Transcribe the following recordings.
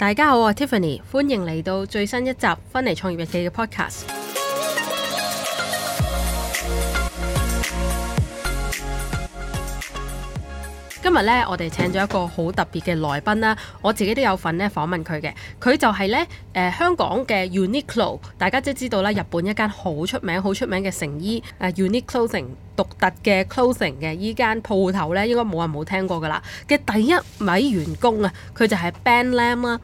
大家好，我係 Tiffany，歡迎嚟到最新一集《芬尼創業日記》嘅 Podcast。今日咧，我哋請咗一個好特別嘅來賓啦。我自己都有份咧訪問佢嘅，佢就係咧誒香港嘅 Uniqlo，大家都知道啦，日本一間好出名、好出名嘅成衣誒 Unique 獨特嘅 clothing 嘅依間鋪頭咧，應該冇人冇聽過噶啦。嘅第一位員工啊，佢就係 Ben Lam 啦。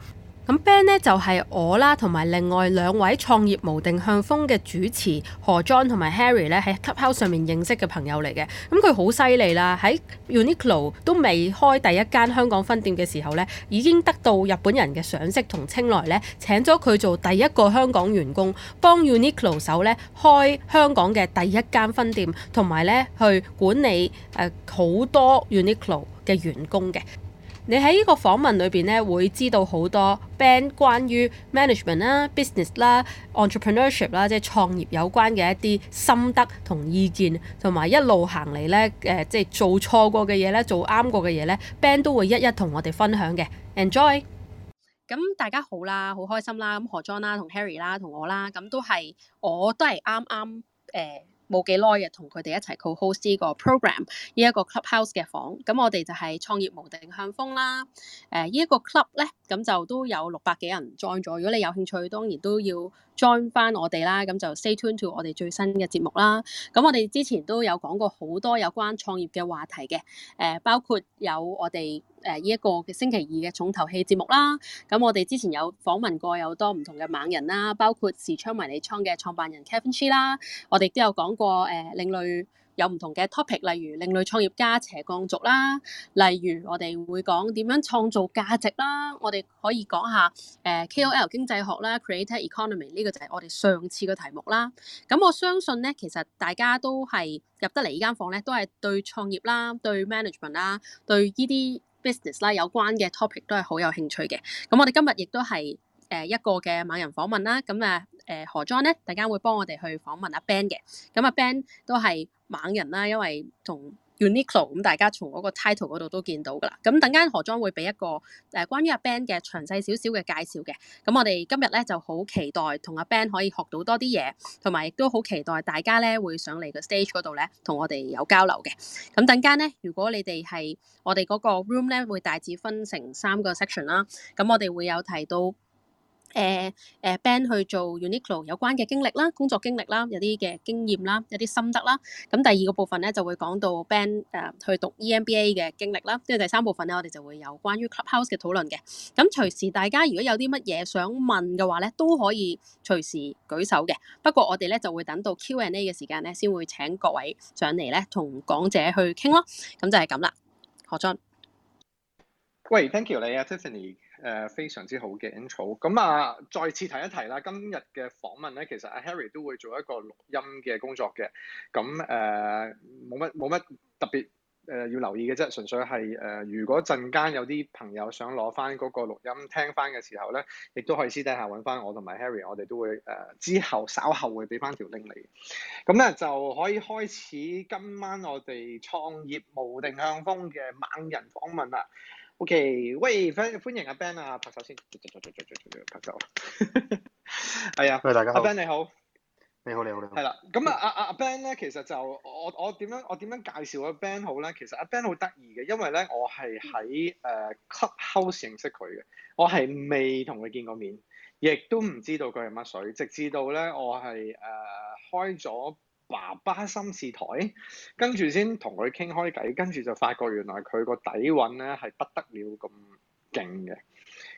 咁 Ben 咧就係、是、我啦，同埋另外兩位創業無定向瘋嘅主持何 John 同埋 Harry 咧，喺 Clubhouse 上面認識嘅朋友嚟嘅。咁佢好犀利啦，喺 Uniqlo 都未開第一間香港分店嘅時候呢，已經得到日本人嘅賞識同青睞咧，請咗佢做第一個香港員工，幫 Uniqlo 手咧開香港嘅第一間分店，同埋咧去管理誒好、呃、多 Uniqlo 嘅員工嘅。你喺呢個訪問裏邊咧，會知道好多 Ben 關於 management 啦、啊、business 啦、啊、entrepreneurship 啦、啊，即係創業有關嘅一啲心得同意見，同埋一路行嚟咧，誒、呃，即係做錯過嘅嘢咧，做啱過嘅嘢咧 Ben 都會一一同我哋分享嘅。Enjoy、嗯。咁大家好啦，好開心啦，咁何莊啦、同 Harry 啦、同我啦，咁都係，我都係啱啱誒。呃冇幾耐嘅，同佢哋一齊 co-host 個 program，呢一個 clubhouse 嘅房，咁我哋就係創業無定向瘋啦。誒、呃，呢一個 club 咧，咁就都有六百幾人 join 咗。如果你有興趣，當然都要。join 翻我哋啦，咁就 stay tuned to 我哋最新嘅節目啦。咁我哋之前都有講過好多有關創業嘅話題嘅，誒、呃、包括有我哋誒依呢一個星期二嘅重頭戲節目啦。咁我哋之前有訪問過有多唔同嘅猛人啦，包括時昌迷你倉嘅創辦人 Kevin She、e、啦，我哋都有講過誒、呃、另類。有唔同嘅 topic，例如另類創業家、斜槓族啦，例如我哋會講點樣創造價值啦，我哋可以講下誒 KOL 經濟學啦，creator economy 呢個就係我哋上次嘅題目啦。咁我相信咧，其實大家都係入得嚟呢間房咧，都係對創業啦、對 management 啦、對呢啲 business 啦有關嘅 topic 都係好有興趣嘅。咁我哋今日亦都係。誒一個嘅猛人訪問啦，咁啊誒何莊咧，等間會幫我哋去訪問阿、啊、Ben 嘅。咁阿、啊、Ben 都係猛人啦，因為同 Uniqlo 咁，大家從嗰個 title 嗰度都見到㗎啦。咁等間何莊會俾一個誒關於阿、啊、Ben 嘅詳細少少嘅介紹嘅。咁我哋今日咧就好期待同阿、啊、Ben 可以學到多啲嘢，同埋亦都好期待大家咧會上嚟個 stage 嗰度咧同我哋有交流嘅。咁等間咧，如果你哋係我哋嗰個 room 咧，會大致分成三個 section 啦。咁我哋會有提到。誒誒 Ben 去做 Uniqlo 有關嘅經歷啦，工作經歷啦，有啲嘅經驗啦，有啲心得啦。咁第二個部分咧就會講到 Ben 誒去讀 EMBA 嘅經歷啦。跟住第三部分咧，我哋就會有關於 Clubhouse 嘅討論嘅。咁隨時大家如果有啲乜嘢想問嘅話咧，都可以隨時舉手嘅。不過我哋咧就會等到 Q&A 嘅時間咧，先會請各位上嚟咧同講者去傾咯。咁就係咁啦，何俊。喂，Thank you 你、uh, 啊，Tiffany。誒、呃、非常之好嘅 intro，咁啊，再次提一提啦，今日嘅訪問咧，其實阿、啊、Harry 都會做一個錄音嘅工作嘅，咁誒冇乜冇乜特別誒、呃、要留意嘅啫，純粹係誒、呃、如果陣間有啲朋友想攞翻嗰個錄音聽翻嘅時候咧，亦都可以私底下揾翻我同埋 Harry，我哋都會誒、呃、之後稍後會俾翻條 link 你，咁咧就可以開始今晚我哋創業無定向瘋嘅猛人訪問啦。O.K. 喂，歡迎阿 Ben 啊，拍手先，拍手。係 啊，歡迎大家。阿 Ben 你好，你好。你好，你好，你好。係啦，咁啊，阿阿、啊啊、Ben 咧，其實就我我點樣我點樣介紹阿 Ben 好咧？其實阿、啊、Ben 好得意嘅，因為咧我係喺誒、uh, Clubhouse 認識佢嘅，我係未同佢見過面，亦都唔知道佢係乜水，直至到咧我係誒、uh, 開咗。爸爸心事台，跟住先同佢傾開偈，跟住就發覺原來佢個底蘊咧係不得了咁勁嘅。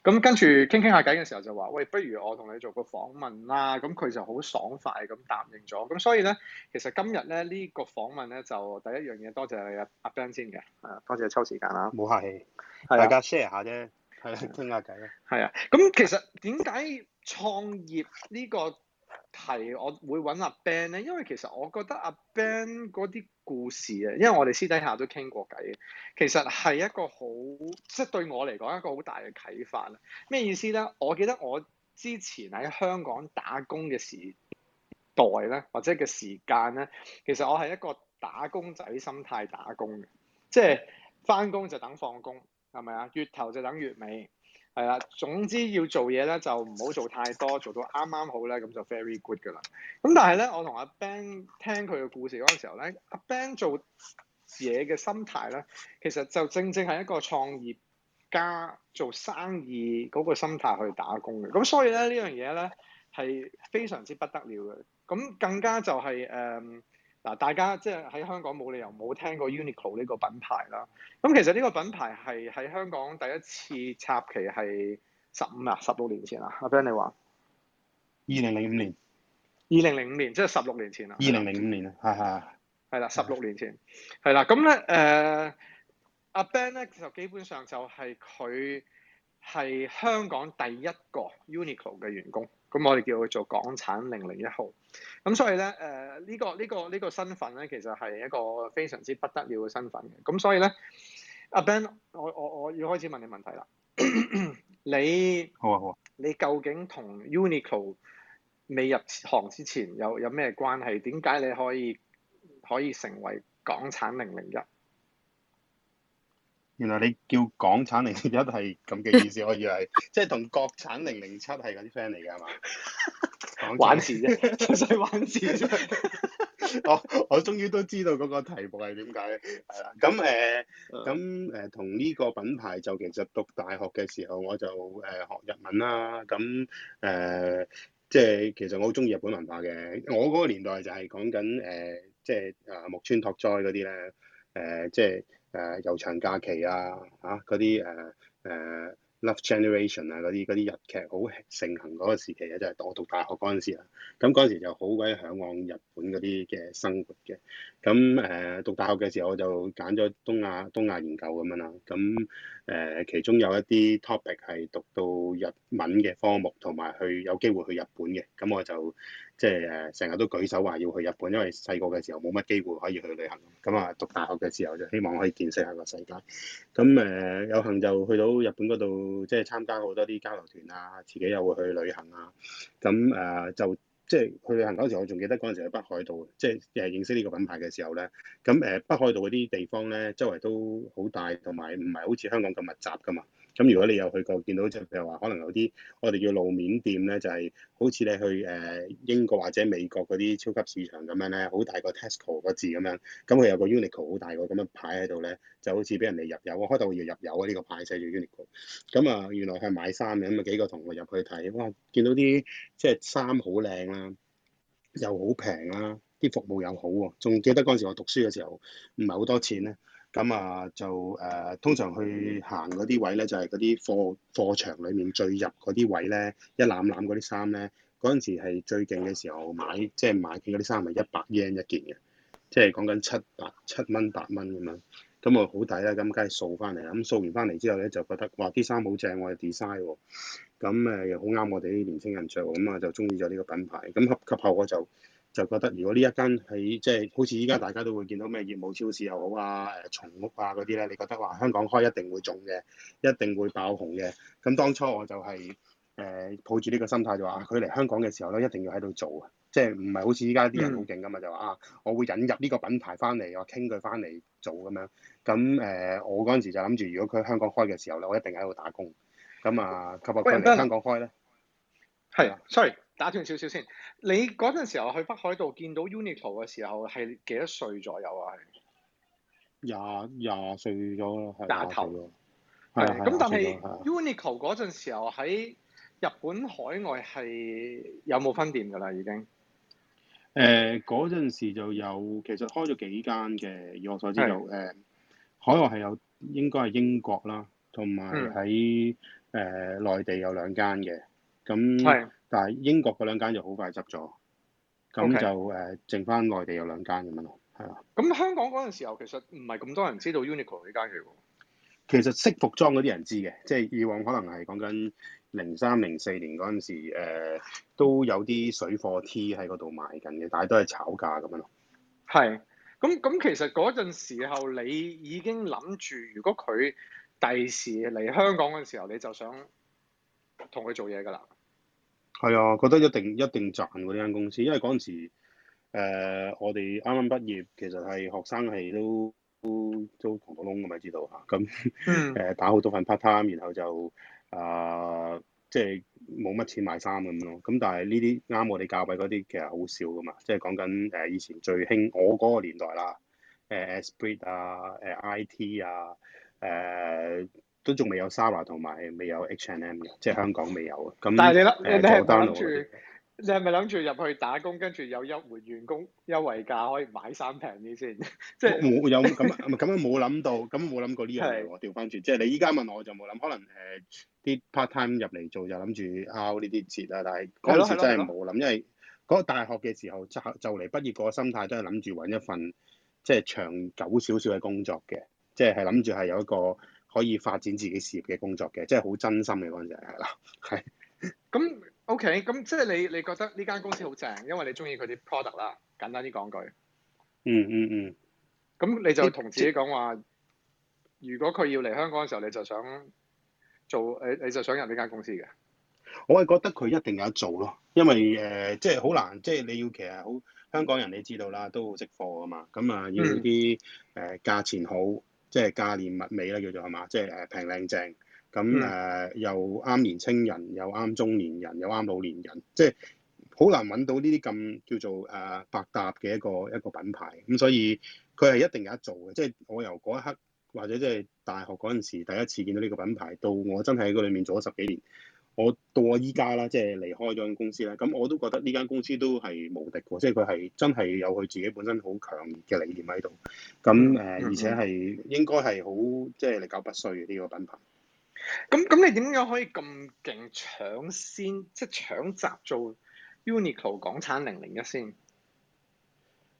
咁跟住傾傾下偈嘅時候就話：喂，不如我同你做個訪問啦。咁佢就好爽快咁答應咗。咁所以咧，其實今日咧呢、這個訪問咧就第一樣嘢多謝你呀，阿 Ben 先嘅。啊，多謝抽時間啊，冇客氣，大家 share 下啫，傾下偈。係啊，咁、啊啊、其實點解創業呢、這個？係我會揾阿 Ben 咧，因為其實我覺得阿 Ben 嗰啲故事啊，因為我哋私底下都傾過偈，其實係一個好，即係對我嚟講一個好大嘅啟發啊！咩意思咧？我記得我之前喺香港打工嘅時代咧，或者嘅時間咧，其實我係一個打工仔心態打工嘅，即係翻工就等放工，係咪啊？月頭就等月尾。係啦，總之要做嘢咧就唔好做太多，做到啱啱好咧咁就 very good 噶啦。咁但係咧，我同阿 Ben 聽佢嘅故事嗰陣時候咧，阿 Ben 做嘢嘅心態咧，其實就正正係一個創業家做生意嗰個心態去打工嘅。咁所以咧，呢樣嘢咧係非常之不得了嘅。咁更加就係、是、誒。呃嗱，大家即係喺香港冇理由冇聽過 Uniqlo 呢個品牌啦。咁其實呢個品牌係喺香港第一次插旗係十五啊十六年前啦，阿 Ben 你話？二零零五年。二零零五年，即係十六年前啦。二零零五年啊，係係的。係啦， 十六年前。係啦， 咁咧誒，阿、呃、Ben 咧就基本上就係佢係香港第一個 Uniqlo 嘅員工。咁我哋叫佢做港產零零一號，咁所以咧，誒、呃、呢、呢個呢、呢個呢、呢個身份咧，其實係一個非常之不得了嘅身份嘅。咁所以咧，阿 Ben，我我我要開始問你問題啦咳咳。你好啊好啊。好啊，你究竟同 Uniqlo 未入行之前有有咩關係？點解你可以可以成為港產零零一？原來你叫港產零零一係咁嘅意思，我以為即係同國產零零七係嗰啲 friend 嚟㗎係嘛？玩字啫，純粹玩字啫。我我終於都知道嗰個題目係點解係啦。咁誒，咁誒同呢個品牌就其實讀大學嘅時候，我就誒、呃、學日文啦。咁、啊、誒、呃，即係其實我好中意日本文化嘅。我嗰個年代就係講緊誒、呃，即係啊木村拓哉嗰啲咧，誒、呃、即係。誒悠、uh, 長假期啊，嚇嗰啲誒誒 Love Generation 啊，嗰啲啲日劇好盛行嗰個時期啊，就係、是、我讀大學嗰陣時啦、啊。咁嗰陣時就好鬼嚮往日本嗰啲嘅生活嘅。咁誒、uh, 讀大學嘅時候，我就揀咗東亞東亞研究咁樣啦。咁誒其中有一啲 topic 係讀到日文嘅科目，同埋去有機會去日本嘅，咁我就即係誒成日都舉手話要去日本，因為細個嘅時候冇乜機會可以去旅行，咁啊讀大學嘅時候就希望可以見識下個世界，咁誒有幸就去到日本嗰度，即係參加好多啲交流團啊，自己又會去旅行啊，咁誒就。即係去旅行嗰陣時，我仲記得嗰陣時喺北海道，即係誒認識呢個品牌嘅時候咧。咁誒北海道嗰啲地方咧，周圍都好大，同埋唔係好似香港咁密集㗎嘛。咁如果你有去過見到即係話可能有啲我哋叫露面店咧，就係好似你去誒英國或者美國嗰啲超級市場咁樣咧，好大個 Tesco 個字咁樣，咁佢有個 Uniqlo 好大個咁樣牌喺度咧，就好似俾人哋入油，我開頭要入油啊，呢個牌寫住 Uniqlo。咁啊，原來係買衫嘅，咁啊幾個同學入去睇，哇！見到啲即係衫好靚啦，又好平啦，啲服務又好喎，仲記得嗰陣時我讀書嘅時候唔係好多錢咧。咁啊，就誒、呃，通常去行嗰啲位咧，就係嗰啲貨貨場裏面最入嗰啲位咧，一攬一攬嗰啲衫咧，嗰陣時係最勁嘅時候買，即係買件嗰啲衫係一百 yen 一件嘅，即係講緊七百七蚊八蚊咁樣，咁啊好抵啦，咁梗係掃翻嚟啦，咁掃完翻嚟之後咧就覺得，哇！啲衫好正我啲 design 喎、哦，咁誒又好啱我哋啲年輕人着喎，咁啊就中意咗呢個品牌，咁吸吸後我就。就覺得如果呢一間喺即係好似依家大家都會見到咩業務超市又好啊誒松屋啊嗰啲咧，你覺得話香港開一定會中嘅，一定會爆紅嘅。咁當初我就係誒抱住呢個心態就話，佢嚟香港嘅時候咧，一定要喺度做啊，即係唔係好似依家啲人好勁㗎嘛，就話啊，我會引入呢個品牌翻嚟，我傾佢翻嚟做咁樣。咁誒，我嗰陣時就諗住，如果佢喺香港開嘅時候咧，我一定喺度打工。咁啊，及到佢嚟香港開咧。係喂、啊，sorry。打斷少少先。你嗰陣時候去北海道見到 Uniqlo 嘅時候係幾多歲左右啊？係廿廿歲咗啦，打廿頭，係咁是。是但係 Uniqlo 嗰陣時候喺日本海外係有冇分店㗎啦？已經誒嗰陣時就有，其實開咗幾間嘅。以我所知道，誒是、呃、海外係有，應該係英國啦，同埋喺誒內地有兩間嘅咁。但係英國嗰兩間就好快執咗，咁就誒淨翻內地有兩間咁樣咯，係啊。咁香港嗰陣時候其實唔係咁多人知道 Uniqlo 呢間嘢喎。其實識服裝嗰啲人知嘅，即係以往可能係講緊零三零四年嗰陣時、呃，都有啲水貨 T 喺嗰度賣緊嘅，但係都係炒價咁樣咯。係，咁咁其實嗰陣時候你已經諗住，如果佢第時嚟香港嗰陣時候，你就想同佢做嘢㗎啦。係啊，覺得一定一定賺喎呢間公司，因為嗰陣時、呃，我哋啱啱畢業，其實係學生係都都都窮到窿咁咪知道嚇，咁、嗯、誒、 呃、打好多份 part time，然後就啊、呃、即係冇乜錢買衫咁咯。咁但係呢啲啱我哋價位嗰啲其實好少㗎嘛，即係講緊誒以前最興我嗰個年代啦，誒 Esprit 啊，誒、呃、I T 啊，誒、呃。都仲未有 Sara 同埋未有 H and M 嘅，即係香港未有。咁但係你咧，你係諗住你係咪諗住入去打工，跟住有一惠員工優惠價可以買衫平啲先？即係冇有咁咁 樣冇諗到，咁冇諗過呢樣嘢我調翻轉，即係是的、就是、你依家問我就冇諗，可能誒啲 part time 入嚟做就諗住攪呢啲折啊。但係嗰陣時真係冇諗，因為嗰個大學嘅時候，就嚟畢業嗰個心態都係諗住揾一份即係、就是、長久少少嘅工作嘅，即係係諗住係有一個。可以發展自己事業嘅工作嘅，即係好真心嘅嗰陣時係啦，係。咁 OK，咁即係你你覺得呢間公司好正，因為你中意佢啲 product 啦。簡單啲講句。嗯嗯嗯。咁、嗯嗯、你就同自己講話，欸、如果佢要嚟香港嘅時候，你就想做，誒你就想入呢間公司嘅。我係覺得佢一定有得做咯，因為誒即係好難，即、就、係、是、你要其實好香港人你知道啦，都好識貨噶嘛，咁啊要啲誒、嗯呃、價錢好。即係價廉物美咧，叫做係嘛？即係誒平靚正，咁誒、嗯、又啱年青人，又啱中年人，又啱老年人，即係好難揾到呢啲咁叫做誒、呃、百搭嘅一個一個品牌。咁所以佢係一定有得做嘅。即、就、係、是、我由嗰一刻，或者即係大學嗰陣時第一次見到呢個品牌，到我真係喺嗰裏面做咗十幾年。我到我依家啦，即係離開咗間公司啦。咁我都覺得呢間公司都係無敵嘅，即係佢係真係有佢自己本身好強烈嘅理念喺度。咁誒、呃，而且係應該係好即係歷久不衰嘅呢個品牌。咁咁，你點樣可以咁勁搶先，即係搶閘做 Uniqlo 港產零零一先？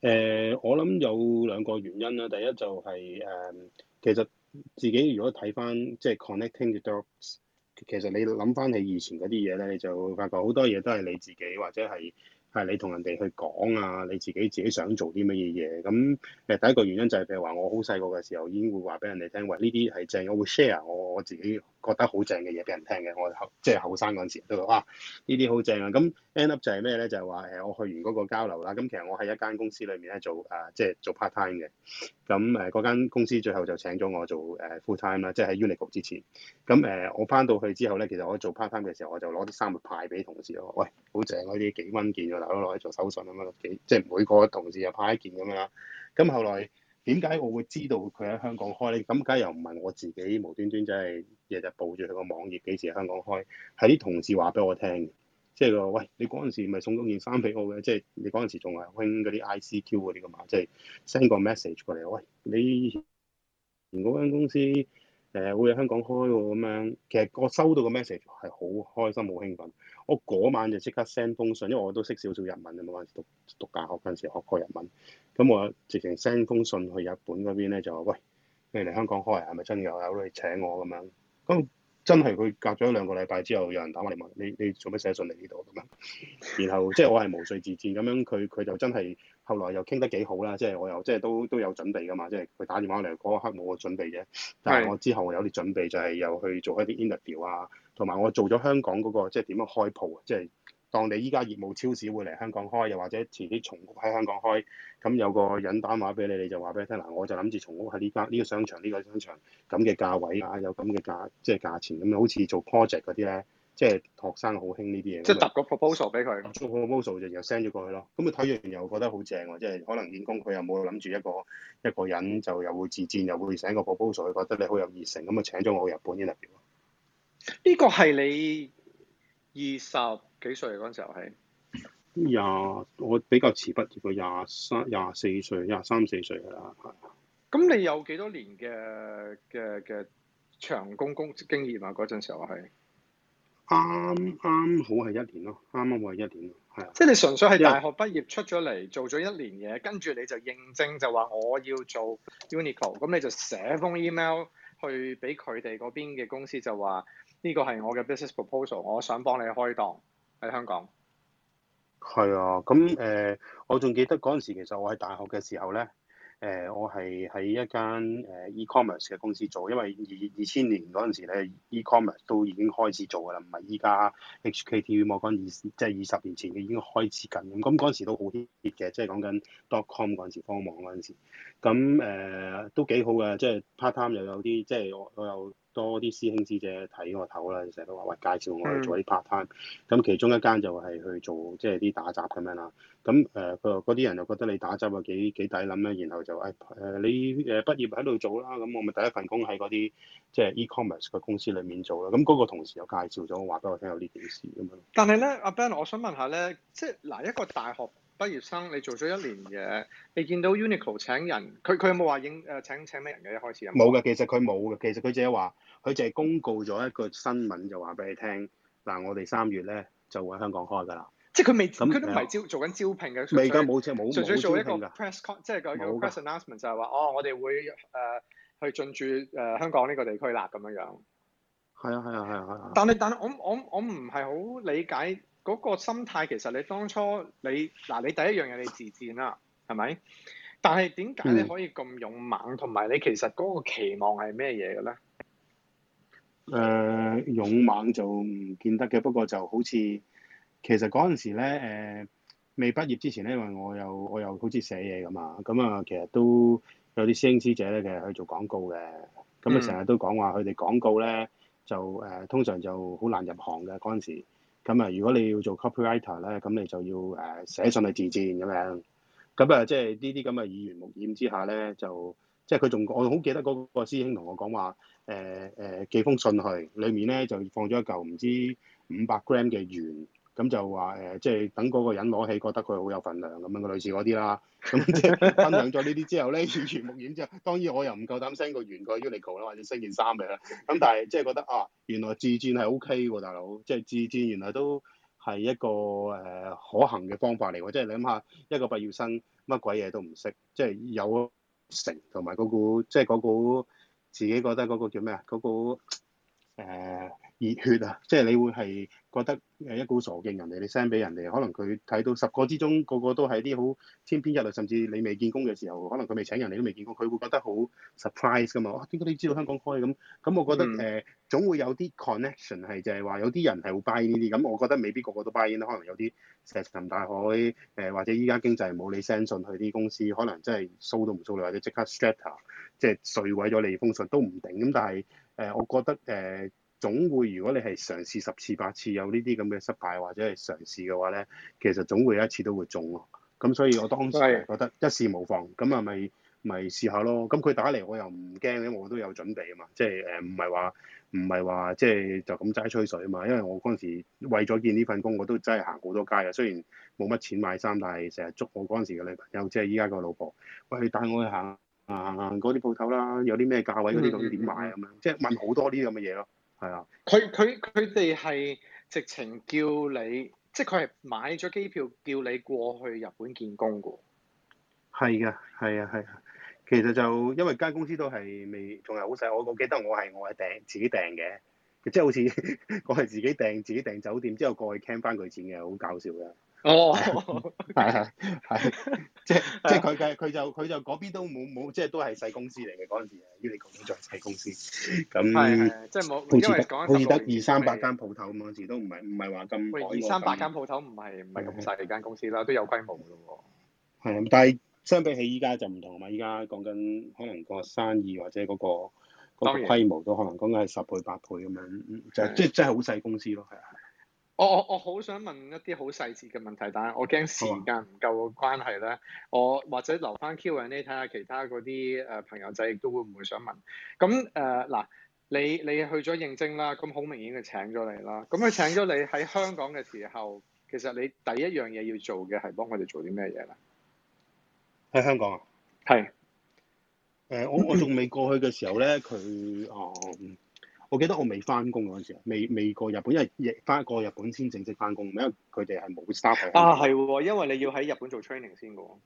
誒，我諗有兩個原因啦。第一就係、是、誒、呃，其實自己如果睇返即係 connecting the dots 其實你諗翻起以前嗰啲嘢咧，你就會發覺好多嘢都係你自己或者係係你同人哋去講啊，你自己自己想做啲乜嘢嘢。咁誒第一個原因就係譬如話，我好細個嘅時候已經會話俾人哋聽，喂，呢啲係正，我會 share 我我自己覺得好正嘅嘢俾人聽嘅。我後即係後生嗰陣時都話，哇呢啲好正啊！咁 end up 就係咩咧？就係話誒，我去完嗰個交流啦。咁其實我喺一間公司裏面咧做誒，即係做 part time 嘅。咁誒嗰間公司最後就請咗我做誒 full time 啦，即係喺 Uniqlo 之前。咁誒我翻到去之後咧，其實我做 part time 嘅時候，我就攞啲衫嚟派俾同事咯。喂，好正嗰啲幾蚊件啊，攞攞嚟做手信咁樣，幾即係每個同事又派一件咁樣啦。咁後來點解我會知道佢喺香港開咧？咁梗係又唔係我自己無端端真係日日報住佢個網頁幾時喺香港開，係啲同事話俾我聽。即係話，喂，你嗰陣時咪送咗件衫俾我嘅，即、就、係、是、你嗰陣時仲係興嗰啲 ICQ 嗰啲噶嘛，即係 send 個 message 過嚟，喂，你連嗰間公司誒、呃、會喺香港開喎、哦、咁樣。其實我收到個 message 係好開心、好興奮，我嗰晚就即刻 send 封信，因為我都識少少日文啊嘛，嗰陣時讀讀大學嗰陣時學過日文，咁我直情 send 封信去日本嗰邊咧，就話、是、喂，你嚟香港開係、啊、咪真嘅，有你嚟請我咁樣，咁。真係佢隔咗兩個禮拜之後，有人打返嚟問你，你做咩寫信嚟呢度咁樣？ 然後即係我係毛遂自薦咁樣，佢佢就真係後來又傾得幾好啦，即係我又即係都都有準備㗎嘛，即係佢打電話嚟嗰、那個、刻冇我準備嘅，但係我之後有啲準備就係又去做一啲 interview 啊，同埋我做咗香港嗰、那個即係點樣開鋪啊，即係。當你依家業務超市會嚟香港開，又或者遲啲重屋喺香港開，咁有個引單話俾你，你就話俾佢聽嗱，我就諗住重屋喺呢間呢個商場呢個商場咁嘅價位啊，有咁嘅價即係價錢咁啊，好似做 project 嗰啲咧，即係學生好興呢啲嘢。即係揼個 proposal 俾佢。proposal 就又 send 咗過去咯，咁佢睇完又覺得好正喎，即係可能見工佢又冇諗住一個一個人就又會自戰，又會醒個 proposal，佢覺得你好有熱誠，咁啊請咗我去日本呢度。呢個係你二十幾歲啊？嗰陣時候係廿，我比較遲畢業，廿三、廿四歲、廿三四歲噶啦，係。咁你有幾多年嘅嘅嘅長工工經驗啊？嗰陣時候係啱啱好係一年咯，啱啱好係一年。係。即係你純粹係大學畢業出咗嚟為做咗一年嘢，跟住你就認證就話我要做 Uniqlo，咁你就寫封 email 去俾佢哋嗰邊嘅公司就話呢、呢個係我嘅 business proposal，我想幫你開檔。喺香港，係啊，咁誒、呃，我仲記得嗰陣時，其實我喺大學嘅時候咧，誒、呃，我係喺一間誒、呃、e-commerce 嘅公司做，因為二二千年嗰陣時咧，e-commerce 都已經開始做㗎啦，唔係依家 HKTV 我講二即係二十年前嘅已經開始緊咁，咁嗰時都好 hit 嘅，即係講緊 dotcom 嗰陣時，方網嗰陣時，咁誒、呃、都幾好嘅，即係 part time 又有啲，即係我我有。多啲師兄師姐睇我頭啦，成日都話喂介紹我去做啲 part time，咁、mm. 其中一間就係去做即係啲打雜咁樣啦。咁誒佢嗰啲人又覺得你打雜啊幾幾抵諗咧，然後就誒誒、哎、你誒畢業喺度做啦，咁我咪第一份工喺嗰啲即係 e-commerce 嘅公司裏面做啦。咁嗰個同事又介紹咗，話俾我聽有呢件事咁樣。但係咧，阿 Ben，我想問下咧，即係嗱一個大學畢業生，你做咗一年嘅，你見到 Uniqlo 請人，佢佢有冇話應誒請請咩人嘅一開始有冇？冇嘅，其實佢冇嘅，其實佢淨係話，佢淨係公告咗一個新聞就話俾你聽，嗱我哋三月咧就會喺香港開㗎啦。1 <1 即係佢未，佢都唔係招做緊招聘嘅。未㗎，冇即係冇。純粹做一個 press con 即係個 press announcement 就係話，哦我哋會誒、呃、去進駐誒香港呢個地區啦咁樣樣。係啊係啊係啊係啊！但係但係我我我唔係好理解。的嗰個心態其實你當初你嗱你第一樣嘢你自薦啦，係咪？但係點解你可以咁勇猛同埋、嗯、你其實嗰個期望係咩嘢嘅咧？誒、呃、勇猛就唔見得嘅，不過就好似其實嗰陣時咧誒、呃、未畢業之前咧，因為我又我又好似寫嘢咁嘛，咁啊其實都有啲師兄師姐咧，其實去做廣告嘅，咁啊成日都講話佢哋廣告咧就誒、呃、通常就好難入行嘅嗰陣時。咁啊，如果你要做 copywriter 咧，咁你就要誒寫信嚟自薦咁樣。咁啊，即係呢啲咁嘅耳濡目染之下咧，就即係佢仲我好記得嗰個師兄同我講話誒誒寄封信去，裏面咧就放咗一舊唔知五百 gram 嘅鉛。咁就話誒，即、呃、係、就是、等嗰個人攞起，覺得佢好有份量咁樣嘅，類似嗰啲啦。咁即係分享咗呢啲之後咧，耳濡目染之後，當然我又唔夠膽 send 個原個 Uniqlo 啦，或者 send 件衫嚟啦。咁但係即係覺得啊，原來自薦係 O K 喎，大佬，即、就、係、是、自薦原來都係一個誒、呃、可行嘅方法嚟喎。即、就、係、是、你諗下，一個畢業生乜鬼嘢都唔識，即、就、係、是、有成，同埋嗰股，即係嗰股、就是、股自己覺得嗰個叫咩啊？嗰股誒。呃熱血啊！即、就、係、是、你會係覺得誒一股傻勁，人哋你 send 俾人哋，可能佢睇到十個之中個個都係啲好千篇一律，甚至你未見工嘅時候，可能佢未請人，你都未見過，佢會覺得好 surprise 㗎嘛？哇、啊！點解你知道香港開咁？咁我覺得誒、嗯、總會有啲 connection 係就係話有啲人係會 buy 呢啲咁。我覺得未必個個都 buy in，可能有啲石沉大海誒、呃，或者依家經濟冇你 send 信，去啲公司，可能真係掃都唔掃你，或者即刻 shredder 即係碎毀咗你封信都唔定咁。但係誒、呃，我覺得誒。呃總會，如果你係嘗試十次八次有呢啲咁嘅失敗或者係嘗試嘅話咧，其實總會一次都會中咯啊。咁所以我當時係覺得一試無妨，咁啊咪咪試下咯。咁佢打嚟我又唔驚嘅，因為我都有準備啊嘛。即係誒，唔係話唔係話即係就咁齋吹水啊嘛。因為我嗰陣時為咗見呢份工，我都真係行好多街呀。雖然冇乜錢買衫，但係成日捉我嗰陣時嘅女朋友，即係依家個老婆，喂，你帶我去行行行嗰啲鋪頭啦，有啲咩價位嗰啲，到底點買咁樣？即係問好多呢啲咁嘅嘢咯。係啊，佢佢佢哋係直情叫你，即係佢係買咗機票叫你過去日本見工噶。係噶，係啊，係啊，其實就因為間公司都係未仲係好細，我我記得我係我係訂自己訂嘅，即係好似我係自己訂、就是， 自己訂自己訂酒店之後過去 claim 翻佢錢嘅，好搞笑嘅。 哦，係係係，即係即係佢嘅佢就佢就嗰邊都冇冇，即係都係細公司嚟嘅嗰陣時啊，要你講再細公司，咁即係冇，因為好似得二三百間鋪頭啊嘛，嗰時都唔係唔係話咁。二三百間鋪頭唔係唔係咁細間公司啦，都有規模嘅喎。係啊，但係相比起依家就唔同啊嘛，依家講緊可能個生意或者嗰個嗰個規模都可能講緊係十倍八倍咁樣，就即係真係好細公司咯，係啊。的我我我好想問一啲好細緻嘅問題，但係我驚時間唔夠嘅關係咧，吧我或者留翻 Q&A 睇下其他嗰啲誒朋友仔亦都會唔會想問。咁誒嗱，你你去咗應徵啦，咁好明顯佢請咗你啦。咁佢請咗你喺香港嘅時候，其實你第一樣嘢要做嘅係幫佢哋做啲咩嘢啦？喺香港啊？係是。誒、呃，我我仲未過去嘅時候咧，佢啊。 嗯我記得我未翻工嗰陣時，未未過日本，因為翻過日本先正式翻工，因為佢哋係冇 staff 啊，係因為你要喺日本做 training 先噶喎。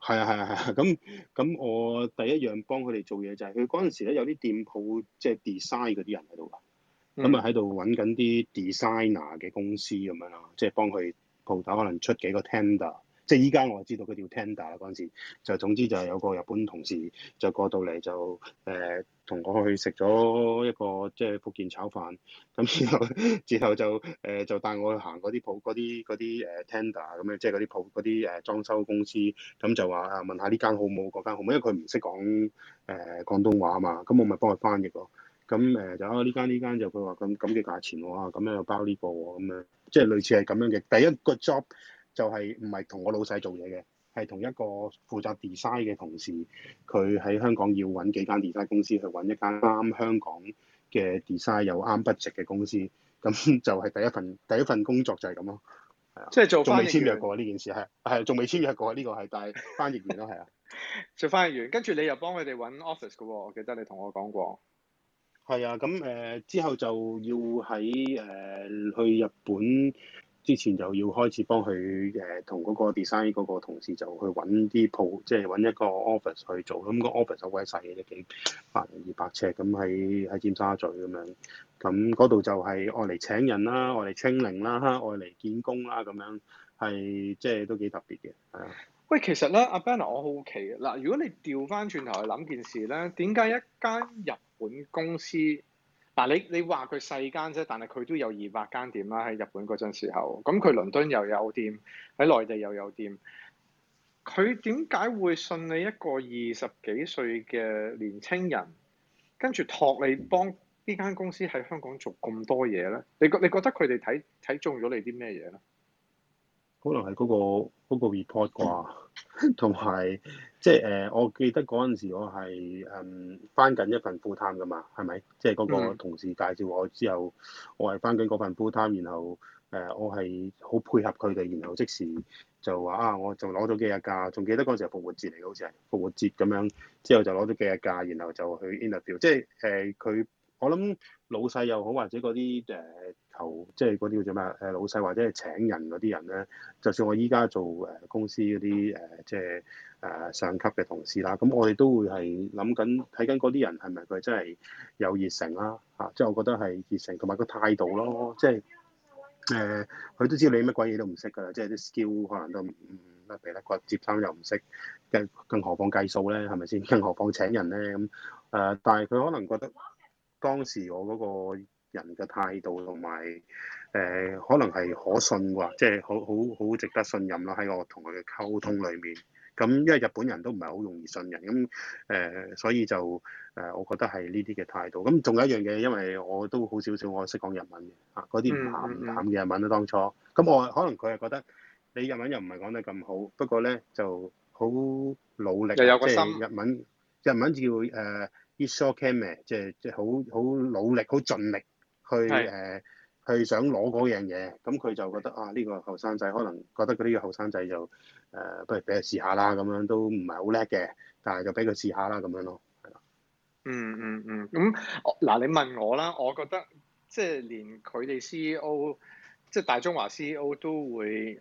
係啊係係，咁咁我第一樣幫佢哋做嘢就係、是，佢嗰陣時咧有啲店鋪即係、就是、design 嗰啲人喺度㗎，咁啊喺度揾緊啲 designer 嘅公司咁樣咯，即、就、係、是、幫佢鋪頭可能出幾個 tender。即係依家我係知道佢叫 tender 嗰陣時，就總之就係有個日本同事就過到嚟就誒同、欸、我去食咗一個即係福建炒飯，咁之後之後就誒、欸、就帶我去行嗰啲鋪嗰啲啲誒 tender 咁樣，即係啲鋪啲誒裝修公司，咁就話啊問下呢間好唔好，嗰間好唔好，因為佢唔識講誒、欸、廣東話嘛，咁我咪幫佢翻譯咯，咁誒就啊呢間呢間就佢話咁咁嘅價錢喎，啊咁樣又包呢、呢個喎，咁樣即係類似係咁樣嘅第一個 job。就係唔係同我老細做嘢嘅，係同一個負責 design 嘅同事，佢喺香港要揾幾間 design 公司去揾一間啱香港嘅 design 有啱 budget 嘅公司，咁就係第一份第一份工作就係咁咯。係啊。即係做仲未簽約過呢件事係係仲未簽約過呢、呢個係，但係翻譯員咯係啊。 做翻譯員，跟住你又幫佢哋揾 office 嘅喎，我記得你同我講過。係啊，咁誒、呃、之後就要喺誒、呃、去日本。之前就要開始幫佢誒同嗰個 design 嗰個同事就去揾啲鋪，即係揾一個 office 去做咁個 office 好鬼細嘅，都幾百零二百尺。咁喺喺尖沙咀咁樣，咁嗰度就係愛嚟請人啦，愛嚟清零啦，嚇，愛嚟見工啦，咁樣係即係都幾特別嘅。係啊。喂，其實咧，阿 Ben 我好奇嗱，如果你調翻轉頭去諗件事咧，點解一間日本公司？嗱你你話佢細間啫，但係佢都有二百間店啦，喺日本嗰陣時候，咁佢倫敦又有店，喺內地又有店。佢點解會信你一個二十幾歲嘅年青人，跟住託你幫呢間公司喺香港做咁多嘢呢？你覺你覺得佢哋睇睇中咗你啲咩嘢呢？可能係嗰個嗰個 report 啩，同埋。即係誒、呃，我記得嗰陣時我係誒返緊一份 full time 㗎嘛，係咪？即係嗰個同事介紹我之後，我係返緊嗰份 full time，然後誒、呃、我係好配合佢哋，然後即時就話啊，我仲攞咗幾日假，仲記得嗰陣時候係復活節嚟嘅好似係，復活節咁樣，之後就攞咗幾日假，然後就去 interview，即係誒佢，我諗老細又好或者嗰啲誒。呃求即係嗰啲叫做咩啊？老細或者係請人嗰啲人咧，就算我依家做誒公司嗰啲誒，即係誒上級嘅同事啦，咁我哋都會係諗緊睇緊嗰啲人係咪佢真係有熱誠啦，嚇、啊，即係我覺得係熱誠，同埋個態度咯，即係誒，佢，呃，都知道你乜鬼嘢都唔識㗎啦，即係啲 skill 可能都唔唔唔叻，唔叻，接生又唔識，更更何況計數咧，係咪先？更何況請人咧咁誒，但係佢可能覺得當時我嗰個人嘅態度同埋誒，可能係可信啩，即係好好好值得信任咯。喺我同佢嘅溝通裏面，咁因為日本人都唔係好容易信任，咁誒、呃，所以就誒、呃，我覺得係呢啲嘅態度。咁仲有一樣嘢，因為我都好少少，我識講日文啊，嗰啲唔鹹唔淡嘅日文啦。嗯嗯、當初咁我可能佢係覺得你日文又唔係講得咁好，不過咧就好努力，即係有個心，日文日文叫誒，isshokenmei，即係即係好好努力，好盡力。佢誒，佢、呃、想攞嗰樣嘢，咁佢就覺得啊，呢、呢個後生仔可能覺得呢啲後生仔就誒、呃，不如俾佢試下啦，咁樣都唔係好叻嘅，但係就俾佢試下啦，咁樣咯，係咯、嗯。嗯嗯嗯，咁嗱你問我啦，我覺得即係、即係、連佢哋 CEO，即係大中華 CEO 都會。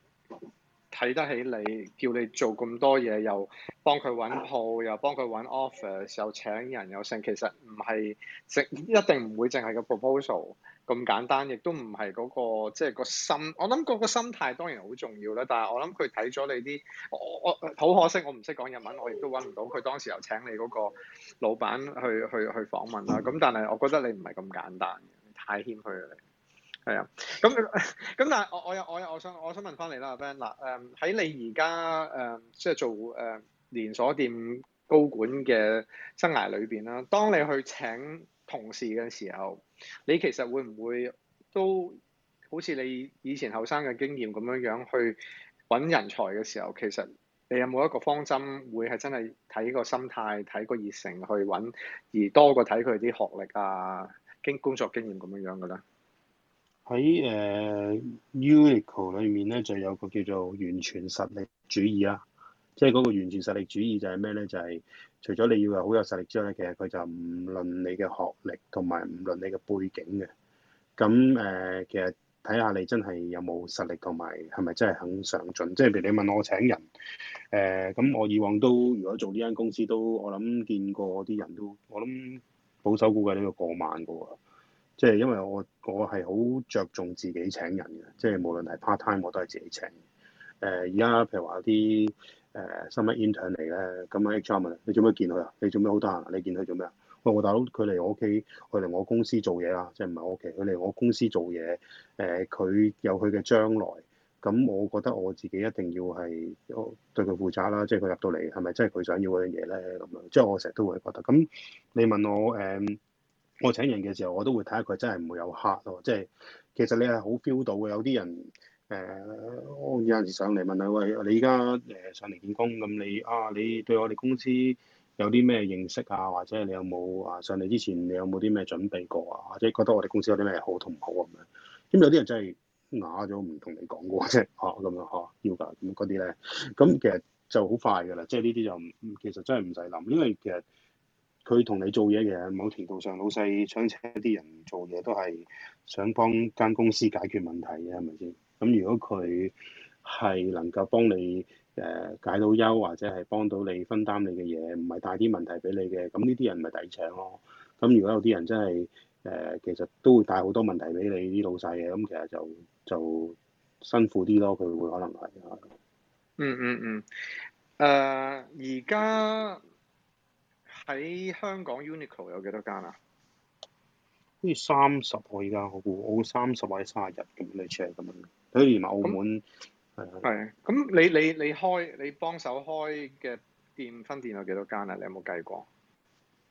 睇得起你，叫你做咁多嘢，又幫佢揾鋪，又幫佢揾 office，又請人，又剩，其實唔係，正一定唔會淨係個 proposal 咁簡單，亦都唔係嗰個即係、就是、個心。我諗嗰個心態當然好重要啦，但係我諗佢睇咗你啲，我我好可惜，我唔識講日文，我亦都揾唔到佢當時又請你嗰個老闆去去去訪問啦。咁但係我覺得你唔係咁簡單，太謙虛啦。係啊，咁咁，但係我我有我有，我想我想問翻、啊、你啦，Ben 嗱，誒喺你而家誒即係做誒、啊、連鎖店高管嘅生涯裏邊啦。當你去請同事嘅時候，你其實會唔會都好似你以前後生嘅經驗咁樣樣去揾人才嘅時候，其實你有冇一個方針會係真係睇個心態、睇個熱誠去揾，而多過睇佢啲學歷啊、經工作經驗咁樣樣嘅咧？喺誒 Uniqlo 裏面咧，就有個叫做完全實力主義啦、啊。即係嗰個完全實力主義就係咩咧？就係、是、除咗你要係好有實力之外咧，其實佢就唔論你嘅學歷同埋唔論你嘅背景嘅。咁誒，uh, 其實睇下你真係有冇實力同埋係咪真係肯上進。即係譬如你問我請人，誒、uh, 咁我以往都如果做呢間公司都，我諗見過啲人都，我諗保守估計都要過萬個喎。即係因為我我係好着重自己請人嘅，即係無論係 part time 我都係自己請。誒而家譬如話啲誒新嘅 intern 嚟咧，咁、呃、阿 H R 問你做咩見佢啊？你做咩好得閒啊？你見佢做咩啊？喂，我大佬，佢嚟我屋企，佢嚟我公司做嘢啦，即係唔係我屋企？佢嚟我公司做嘢，誒佢有佢嘅將來。咁我覺得我自己一定要係對佢負責啦。即係佢入到嚟係咪真係佢想要嗰樣嘢咧？咁樣即係我成日都會覺得。咁你問我誒？呃我請人嘅時候，我都會睇下佢真係唔會有客咯、啊。即係其實你係好 feel 到嘅，有啲人誒，呃、有陣時上嚟問下喂，你而家誒上嚟見工咁，你啊你對我哋公司有啲咩認識啊？或者你有冇啊上嚟之前你有冇啲咩準備過啊？或者覺得我哋公司有啲咩好同唔好咁、啊樣，啊、樣？咁有啲人真係啞咗唔同你講嘅喎，即係嚇咁樣嚇要㗎，咁嗰啲咧，咁其實就好快㗎啦。即係呢啲就其實真係唔使諗，因為其實。佢同你做嘢嘅，某程度上老細，想請啲人做嘢都係想幫間公司解決問題嘅，係咪先？咁如果佢係能夠幫你誒解到憂，或者係幫到你分擔你嘅嘢，唔係帶啲問題俾你嘅，咁呢啲人咪抵請咯。咁如果有啲人真係誒、呃，其實都會帶好多問題俾你啲老細嘅，咁其實就就辛苦啲咯，佢會可能係、嗯。嗯嗯嗯。誒、呃，而家。喺香港 Uniqlo 有幾多間啊？好似三十，我依家我我三十或者卅日咁嚟 check 咁樣，睇完澳門係那啊。係，咁你你你開你幫手開嘅店分店有幾多間啊？你有冇計過？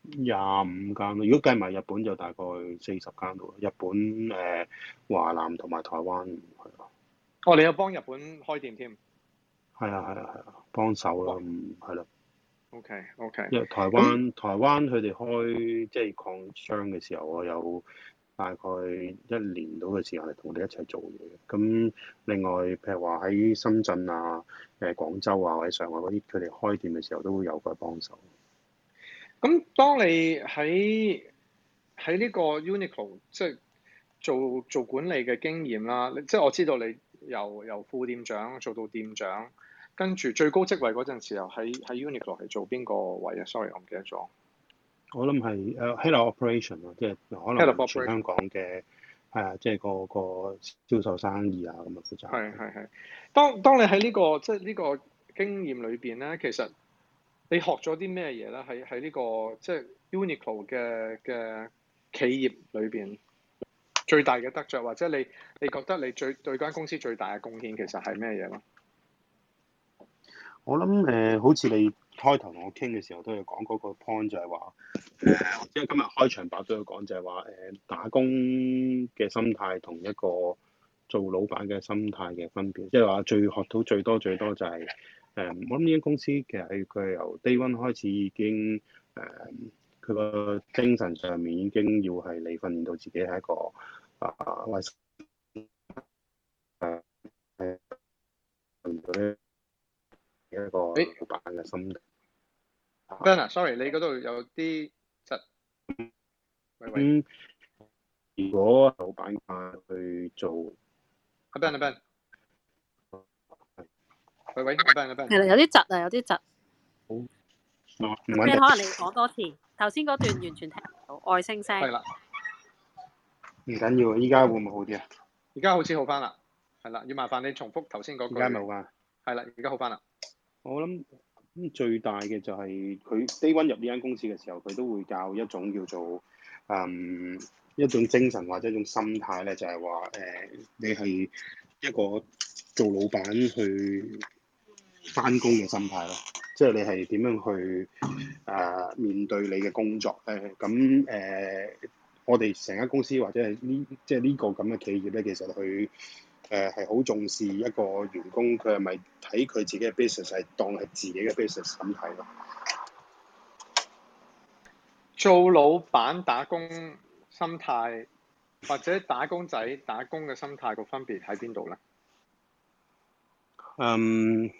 廿五間咯，如果計埋日本就大概四十間度。日本誒、呃、華南同埋台灣係啊。哦，你有幫日本開店添？係啊係啊係啊，幫手啦。咯的，係咯。O K O K，因為台灣、嗯、台灣佢哋開即係擴張嘅時候，我有大概一年到嘅時間嚟同我哋一齊做嘢。咁另外譬如話喺深圳啊、誒廣州啊、或者上海嗰啲，佢哋開店嘅時候都會有佢幫手。咁、嗯、當你喺喺呢個 Uniqlo 即係做做管理嘅經驗啦，即、就、係、是、我知道你由由副店長做到店長。跟住最高職位嗰陣時候，喺喺 Uniqlo 係做邊個位啊？Sorry，我唔記得咗。我諗係誒 Head of Operation 咯，即係可能負責香港嘅係啊，即係個個銷售生意啊咁嘅負責。係係係。當當你喺呢、這個即係呢個經驗裏邊咧，其實你學咗啲咩嘢咧？喺喺呢個即係、就是、Uniqlo 嘅嘅企業裏邊，最大嘅得着，或者你你覺得你最對間公司最大嘅貢獻，其實係咩嘢咧？我諗誒、呃，好似你開頭同我傾嘅時候都有講嗰個 point 就係話誒，即、呃、係今日開場白都有講就係話誒，打工嘅心態同一個做老闆嘅心態嘅分別，即係話最學到最多最多就係、是、誒、呃，我諗呢間公司其實佢係由 day one 開始已經誒，佢、呃、個精神上面已經要係你訓練到自己係一個啊，係、呃。一個老闆嘅心定。Ben 啊，sorry，你嗰度有啲窒。喂喂。如果老闆嘅話去做，阿 Ben，阿 Ben。喂喂，阿 Ben，阿 Ben。係啦，有啲窒啊，有啲窒。好。唔揾。即係可能你講多次，頭先嗰段完全聽唔到外星聲。係啦。唔緊要，依家會唔會好啲啊？依家好似好翻啦。係啦，要麻煩你重複頭先嗰句。依家咪好啊？係啦，依家好翻啦。我諗最大嘅就係佢 Day one 入呢間公司嘅時候，佢都會教一種叫做誒、嗯、一種精神或者一種心態咧，就係話誒你係一個做老闆去翻工嘅心態咯。即係你係點樣去啊、呃、面對你嘅工作咧？咁、呃、誒、呃，我哋成間公司或者係呢即係呢個咁嘅企業咧，其實佢。誒係好重視一個員工，佢係咪睇佢自己嘅 business 係當係自己嘅 business 咁睇咯？做老闆打工心態，或者打工仔打工嘅心態，個分別喺邊度咧？嗯，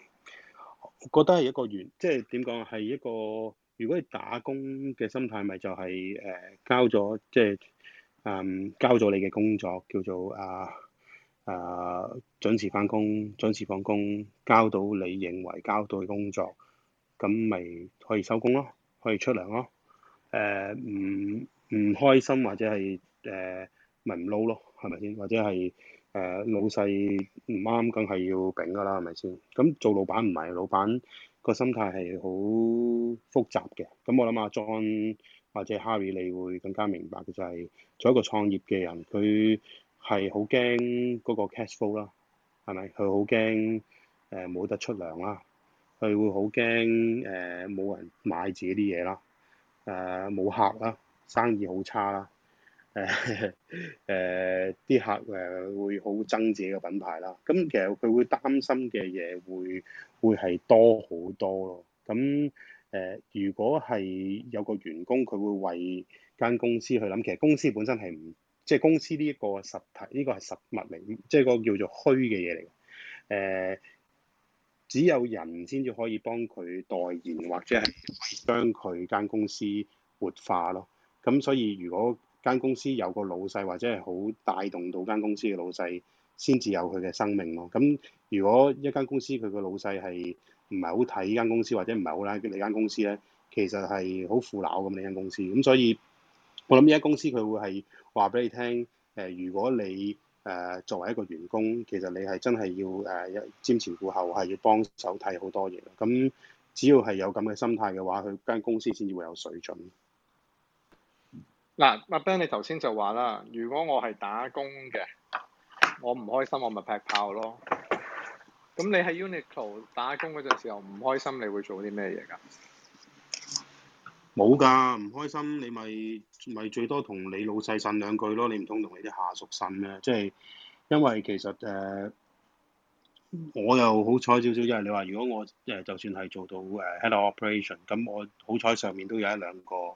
我覺得係一個原，即係點講？係一個，如果你打工嘅心態，咪就係、是、誒、呃、交咗，即、就、係、是、嗯交咗你嘅工作叫做啊。呃誒、uh, 準時翻工，準時放工，交到你認為交到嘅工作，咁咪可以收工咯，可以出糧咯。誒唔唔開心或者係誒，咪唔撈咯，係咪先？或者係誒、uh, uh, 老細唔啱，梗係要頂噶啦，係咪先？咁做老闆唔係老闆，個心態係好複雜嘅。咁我諗阿、啊、John 或者 Harry 你會更加明白嘅就係，做一個創業嘅人，佢。係好驚嗰個 cash flow 啦，係咪？佢好驚誒冇得出糧啦，佢會好驚誒冇人買自己啲嘢啦，啊、呃、冇客啦，生意好差啦，誒誒啲客誒會好憎自己嘅品牌啦。咁其實佢會擔心嘅嘢會會係多好多咯。咁誒、呃，如果係有個員工，佢會為間公司去諗，其實公司本身係唔即係公司呢一個實體，呢、這個係實物嚟，即係個叫做虛嘅嘢嚟。誒、呃，只有人先至可以幫佢代言，或者係將佢間公司活化咯。咁所以，如果間公司有個老細，或者係好帶動到間公司嘅老細，先至有佢嘅生命咯。咁如果一間公司佢個老細係唔係好睇呢間公司，或者唔係好 like 呢間公司咧，其實係好腐朽咁呢間公司。咁所以。我諗呢間公司佢會係話俾你聽，誒、呃，如果你誒、呃、作為一個員工，其實你係真係要誒瞻、呃、前顧後，係要幫手睇好多嘢。咁只要係有咁嘅心態嘅話，佢間公司先至會有水準。嗱、啊，阿 Ben，你頭先就話啦，如果我係打工嘅，我唔開心我咪劈炮咯。咁你喺 Uniqlo 打工嗰陣時又唔開心，你會做啲咩嘢噶？冇㗎，唔開心你咪咪最多同你老細呻兩句咯，你唔通同你啲下屬呻咩？即、就、係、是、因為其實誒、呃，我又好彩少少，因為你話如果我誒就算係做到誒、呃、Head of Operation，咁我好彩上面都有一兩個誒、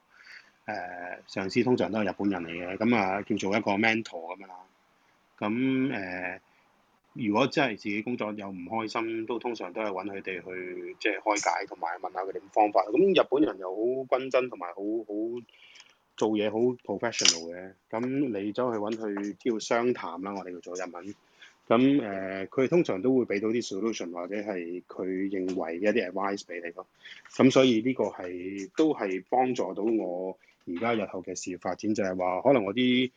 呃、上司，通常都係日本人嚟嘅，咁啊叫做一個 mentor 咁樣啦，咁誒。呃如果真係自己工作有唔開心，都通常都係揾佢哋去即係、就是、開解，同埋問下佢哋嘅方法。咁日本人又好均真，同埋好好做嘢好 professional 嘅。咁你走去揾佢，只要商談啦，我哋叫做日文。咁誒，佢、呃、哋通常都會俾到啲 solution，或者係佢認為嘅一啲 advice 俾你咯。咁所以呢個係都係幫助到我而家日後嘅事業發展，就係、是、話可能我啲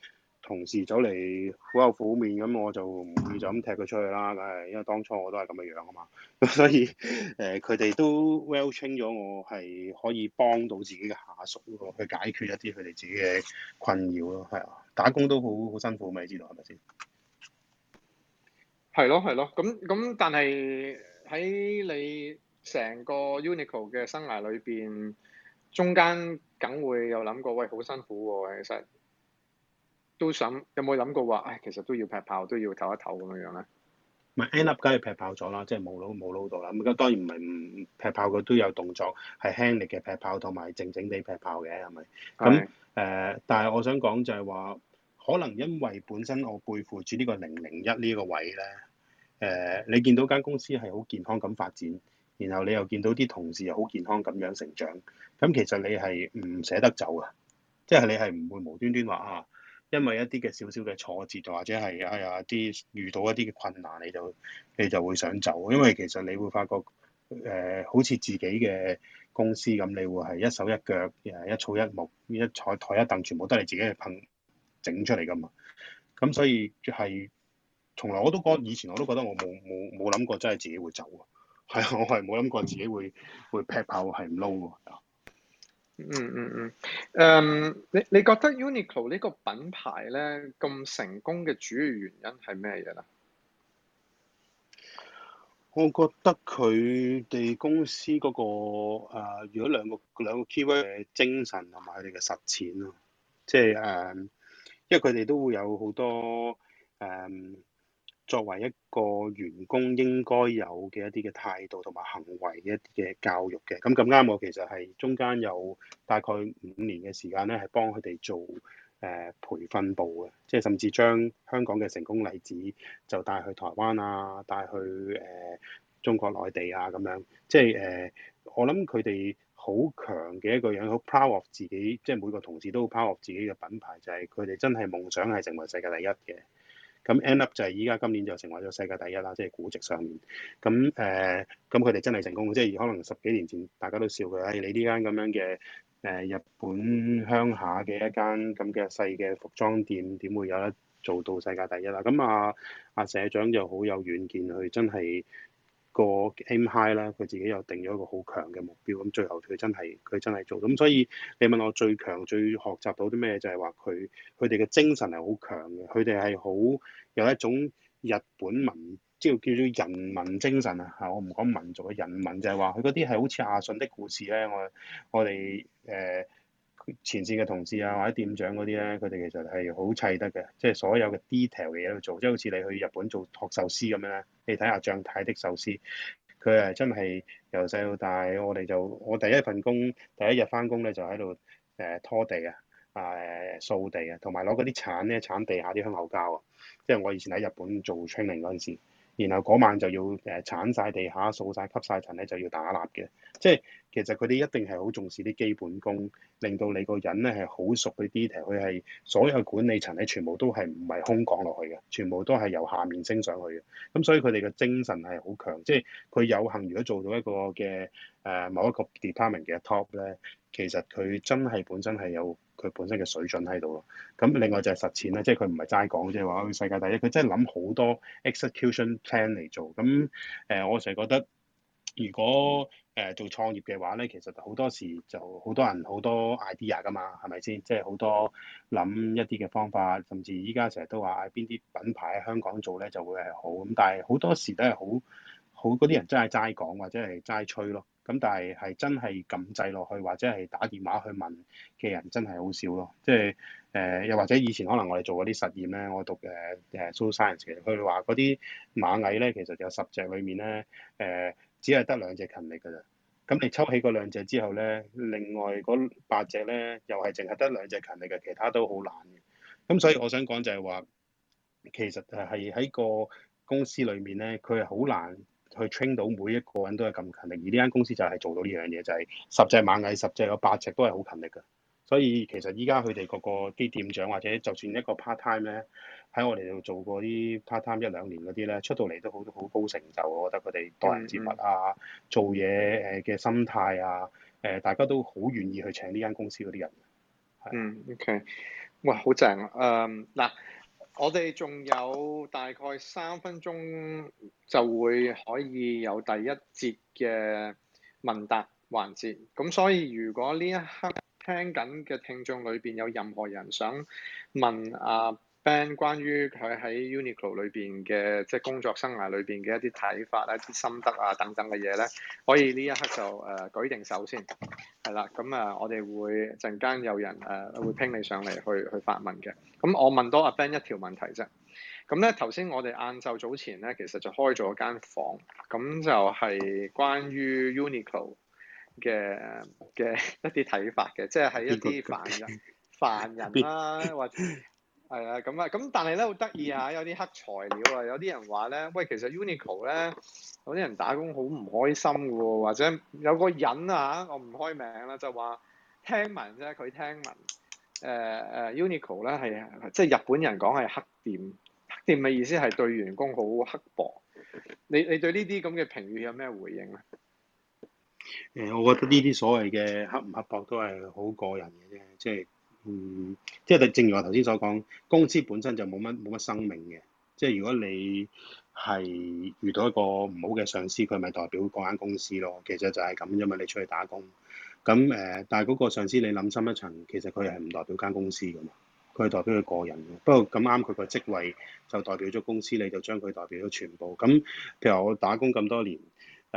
同事走嚟好有苦面咁，我就唔會就咁踢佢出去啦，梗係因為當初我都係咁嘅樣啊嘛。咁所以誒，佢、呃、哋都 well train 咗我係可以幫到自己嘅下屬去解決一啲佢哋自己嘅困擾咯，係啊，打工都好好辛苦咪知道係咪先？係咯，係咯。咁咁但係喺你成個 Uniqlo 嘅生涯裏邊，中間梗會有諗過，喂好辛苦喎，其實～都想有冇諗過話？誒，其實都要劈炮，都要唞一唞咁樣樣咧。唔係，end up 梗係劈炮咗啦，即係冇撈冇撈到啦。咁而家當然唔係唔劈炮，佢都有動作係輕力嘅劈炮，同埋靜靜地劈炮嘅係咪？咁誒的、呃，但係我想講就係話，可能因為本身我背負住呢個零零一呢個位咧，誒、呃，你見到間公司係好健康咁發展，然後你又見到啲同事又好健康咁樣成長，咁其實你係唔捨得走嘅，即、就、係、是、你係唔會無端端話啊～因為一啲嘅少少嘅挫折，或者係啊呀啲遇到一啲嘅困難，你就你就會想走。因為其實你會發覺，誒、呃、好似自己嘅公司咁，你會係一手一腳，一草一木，一坐台一凳，全部都係自己去噴整出嚟噶嘛。咁所以係、就是、從來我都覺得，以前我都覺得我冇冇冇諗過，真係自己會走喎。係 我係冇諗過自己會會劈炮係唔撈㗎。嗯嗯嗯，誒、um,，你你覺得 Uniqlo 呢個品牌咧，咁成功嘅主要原因係咩嘢咧？我覺得佢哋公司嗰、那個、呃、如果兩個兩個 keyword 精神同埋佢哋嘅實踐咯，即係誒，um, 因為佢哋都會有好多誒。Um, 作為一個員工應該有嘅一啲嘅態度同埋行為嘅一啲嘅教育嘅，咁咁啱我其實係中間有大概五年嘅時間咧，係幫佢哋做誒培訓部嘅，即係甚至將香港嘅成功例子就帶去台灣啊，帶去誒、呃、中國內地啊咁樣，即係誒、呃、我諗佢哋好強嘅一個樣，好 proud of 自己，即係每個同事都 proud of 自己嘅品牌，就係佢哋真係夢想係成為世界第一嘅。咁 end up 就係依家今年就成為咗世界第一啦，即係估值上面。咁誒，咁佢哋真係成功即係可能十幾年前大家都笑佢，誒、哎、你呢間咁樣嘅誒、呃、日本鄉下嘅一間咁嘅細嘅服裝店，點會有得做到世界第一啦？咁啊啊社長就好有遠見，佢真係。個 game high 啦，佢自己又定咗一個好強嘅目標，咁最後佢真係佢真係做，咁所以你問我最強最學習到啲咩，就係話佢佢哋嘅精神係好強嘅，佢哋係好有一種日本民，即係叫做人民精神啊嚇，我唔講民族嘅人民就，就係話佢嗰啲係好似阿信的故事咧，我我哋誒。呃前線嘅同事啊，或者店長嗰啲咧，佢哋其實係好砌得嘅，即係所有嘅 detail 嘅嘢都做，即係好似你去日本做學壽司咁樣咧，你睇下張泰的壽司，佢係真係由細到大，我哋就我第一份工第一日翻工咧就喺度誒拖地啊，啊誒掃地啊，同埋攞嗰啲鏟咧鏟地下啲香口膠啊，即係我以前喺日本做 training 嗰陣時，然後嗰晚就要誒鏟晒地下、掃晒、吸晒塵咧就要打蠟嘅，即係。其實佢哋一定係好重視啲基本功，令到你個人咧係好熟啲 detail。佢係所有管理層咧，全部都係唔係空降落去嘅，全部都係由下面升上去嘅。咁所以佢哋嘅精神係好強，即係佢有幸如果做到一個嘅誒、呃、某一個 department 嘅 top 咧，其實佢真係本身係有佢本身嘅水準喺度咯。咁另外就係實踐啦，即係佢唔係齋講啫，話佢世界第一，佢真係諗好多 execution plan 嚟做。咁誒、呃，我成日覺得如果誒做創業嘅話咧，其實好多時就好多人好多 idea 㗎嘛，係咪先？即係好多諗一啲嘅方法，甚至依家成日都話喺邊啲品牌喺香港做咧就會係好咁，但係好多時都係好好嗰啲人真係齋講或者係齋吹咯。咁但係係真係撳掣落去或者係打電話去問嘅人真係好少咯。即係誒，又、呃、或者以前可能我哋做嗰啲實驗咧，我讀誒誒 social science，佢話嗰啲螞蟻咧其實有十隻裡面咧誒。呃只係得兩隻勤力㗎咋，咁你抽起嗰兩隻之後呢，另外嗰八隻呢，又係淨係得兩隻勤力嘅，其他都好懶。咁所以我想講就係話，其實係喺個公司裏面呢，佢係好難去 train 到每一個人都係咁勤力，而呢間公司就係做到呢樣嘢，就係、是、十隻螞蟻十隻有八隻都係好勤力嘅。所以其實依家佢哋個個機店長或者就算一個 part time 呢。喺我哋度做過啲 part time 一兩年嗰啲咧，出到嚟都好好高成就，我覺得佢哋待人接物啊，嗯、做嘢誒嘅心態啊，誒大家都好願意去請呢間公司嗰啲人。嗯，OK，哇，好正啊！誒、嗯，嗱，我哋仲有大概三分鐘就會可以有第一節嘅問答環節，咁所以如果呢一刻聽緊嘅聽眾裏邊有任何人想問啊，Ben 關於佢喺 Uniqlo 裏邊嘅即係工作生涯裏邊嘅一啲睇法、一啲心得啊等等嘅嘢咧，可以呢一刻就誒、呃、舉定手先，係啦。咁啊、呃，我哋會陣間有人誒、呃、會 Pick 你上嚟去去發問嘅。咁我問多阿、啊、Ben 一條問題啫。咁咧頭先我哋晏晝早前咧，其實就開咗一間房，咁就係關於 Uniqlo 嘅嘅一啲睇法嘅，即係係一啲凡人 Be good. 凡人啦、啊，Be good. 或者。係啊，咁啊，咁但係咧好得意啊，有啲黑材料啊，有啲人話咧，喂，其實 Uniqlo 咧，有啲人打工好唔開心嘅喎，或者有個人啊我唔開名啦，就話聽聞啫，佢聽聞誒誒、呃呃、Uniqlo 咧係即係日本人講係黑店，黑店嘅意思係對員工好刻薄。你你對呢啲咁嘅評語有咩回應咧？誒、呃，我覺得呢啲所謂嘅刻唔刻薄都係好個人嘅啫，即係。嗯，即係正如我頭先所講，公司本身就冇乜冇乜生命嘅。即係如果你係遇到一個唔好嘅上司，佢咪代表嗰間公司咯。其實就係咁啫嘛。你出去打工，咁誒、呃，但係嗰個上司你諗深一層，其實佢係唔代表間公司噶嘛，佢係代表佢個人嘅。不過咁啱佢個職位就代表咗公司，你就將佢代表咗全部。咁譬如我打工咁多年。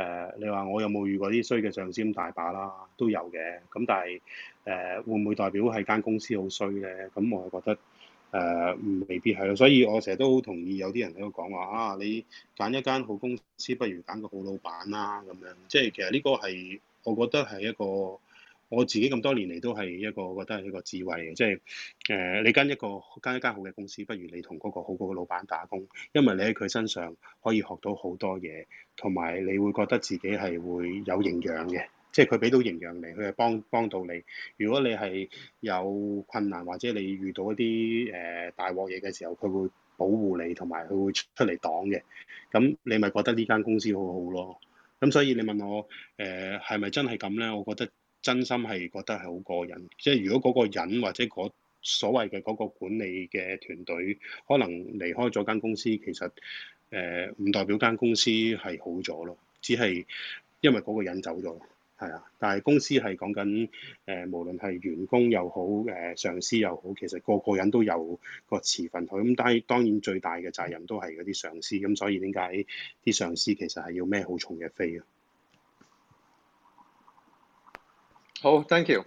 誒，uh, 你話我有冇遇過啲衰嘅上司，咁大把啦，都有嘅。咁但係誒，uh, 會唔會代表係間公司好衰呢？咁我又覺得誒，uh, 未必係咯。所以我成日都好同意有啲人喺度講話啊，你揀一間好公司，不如揀個好老闆啦。咁樣即係其實呢個係我覺得係一個。我自己咁多年嚟都係一個我覺得係一個智慧嘅，即係誒你跟一個跟一間好嘅公司，不如你同嗰個好好嘅老闆打工，因為你喺佢身上可以學到好多嘢，同埋你會覺得自己係會有營養嘅，即係佢俾到營養你，佢係幫幫到你。如果你係有困難或者你遇到一啲誒、呃、大鑊嘢嘅時候，佢會保護你同埋佢會出嚟擋嘅，咁你咪覺得呢間公司好好咯。咁所以你問我誒係咪真係咁呢？我覺得。真心係覺得係好過癮，即係如果嗰個人或者所謂嘅嗰個管理嘅團隊，可能離開咗間公司，其實誒唔代表間公司係好咗咯，只係因為嗰個人走咗，係啊。但係公司係講緊誒，無論係員工又好，誒上司又好，其實個個人都有個持份去。咁但係當然最大嘅責任都係嗰啲上司。咁所以點解啲上司其實係要孭好重嘅飛啊？好，thank you。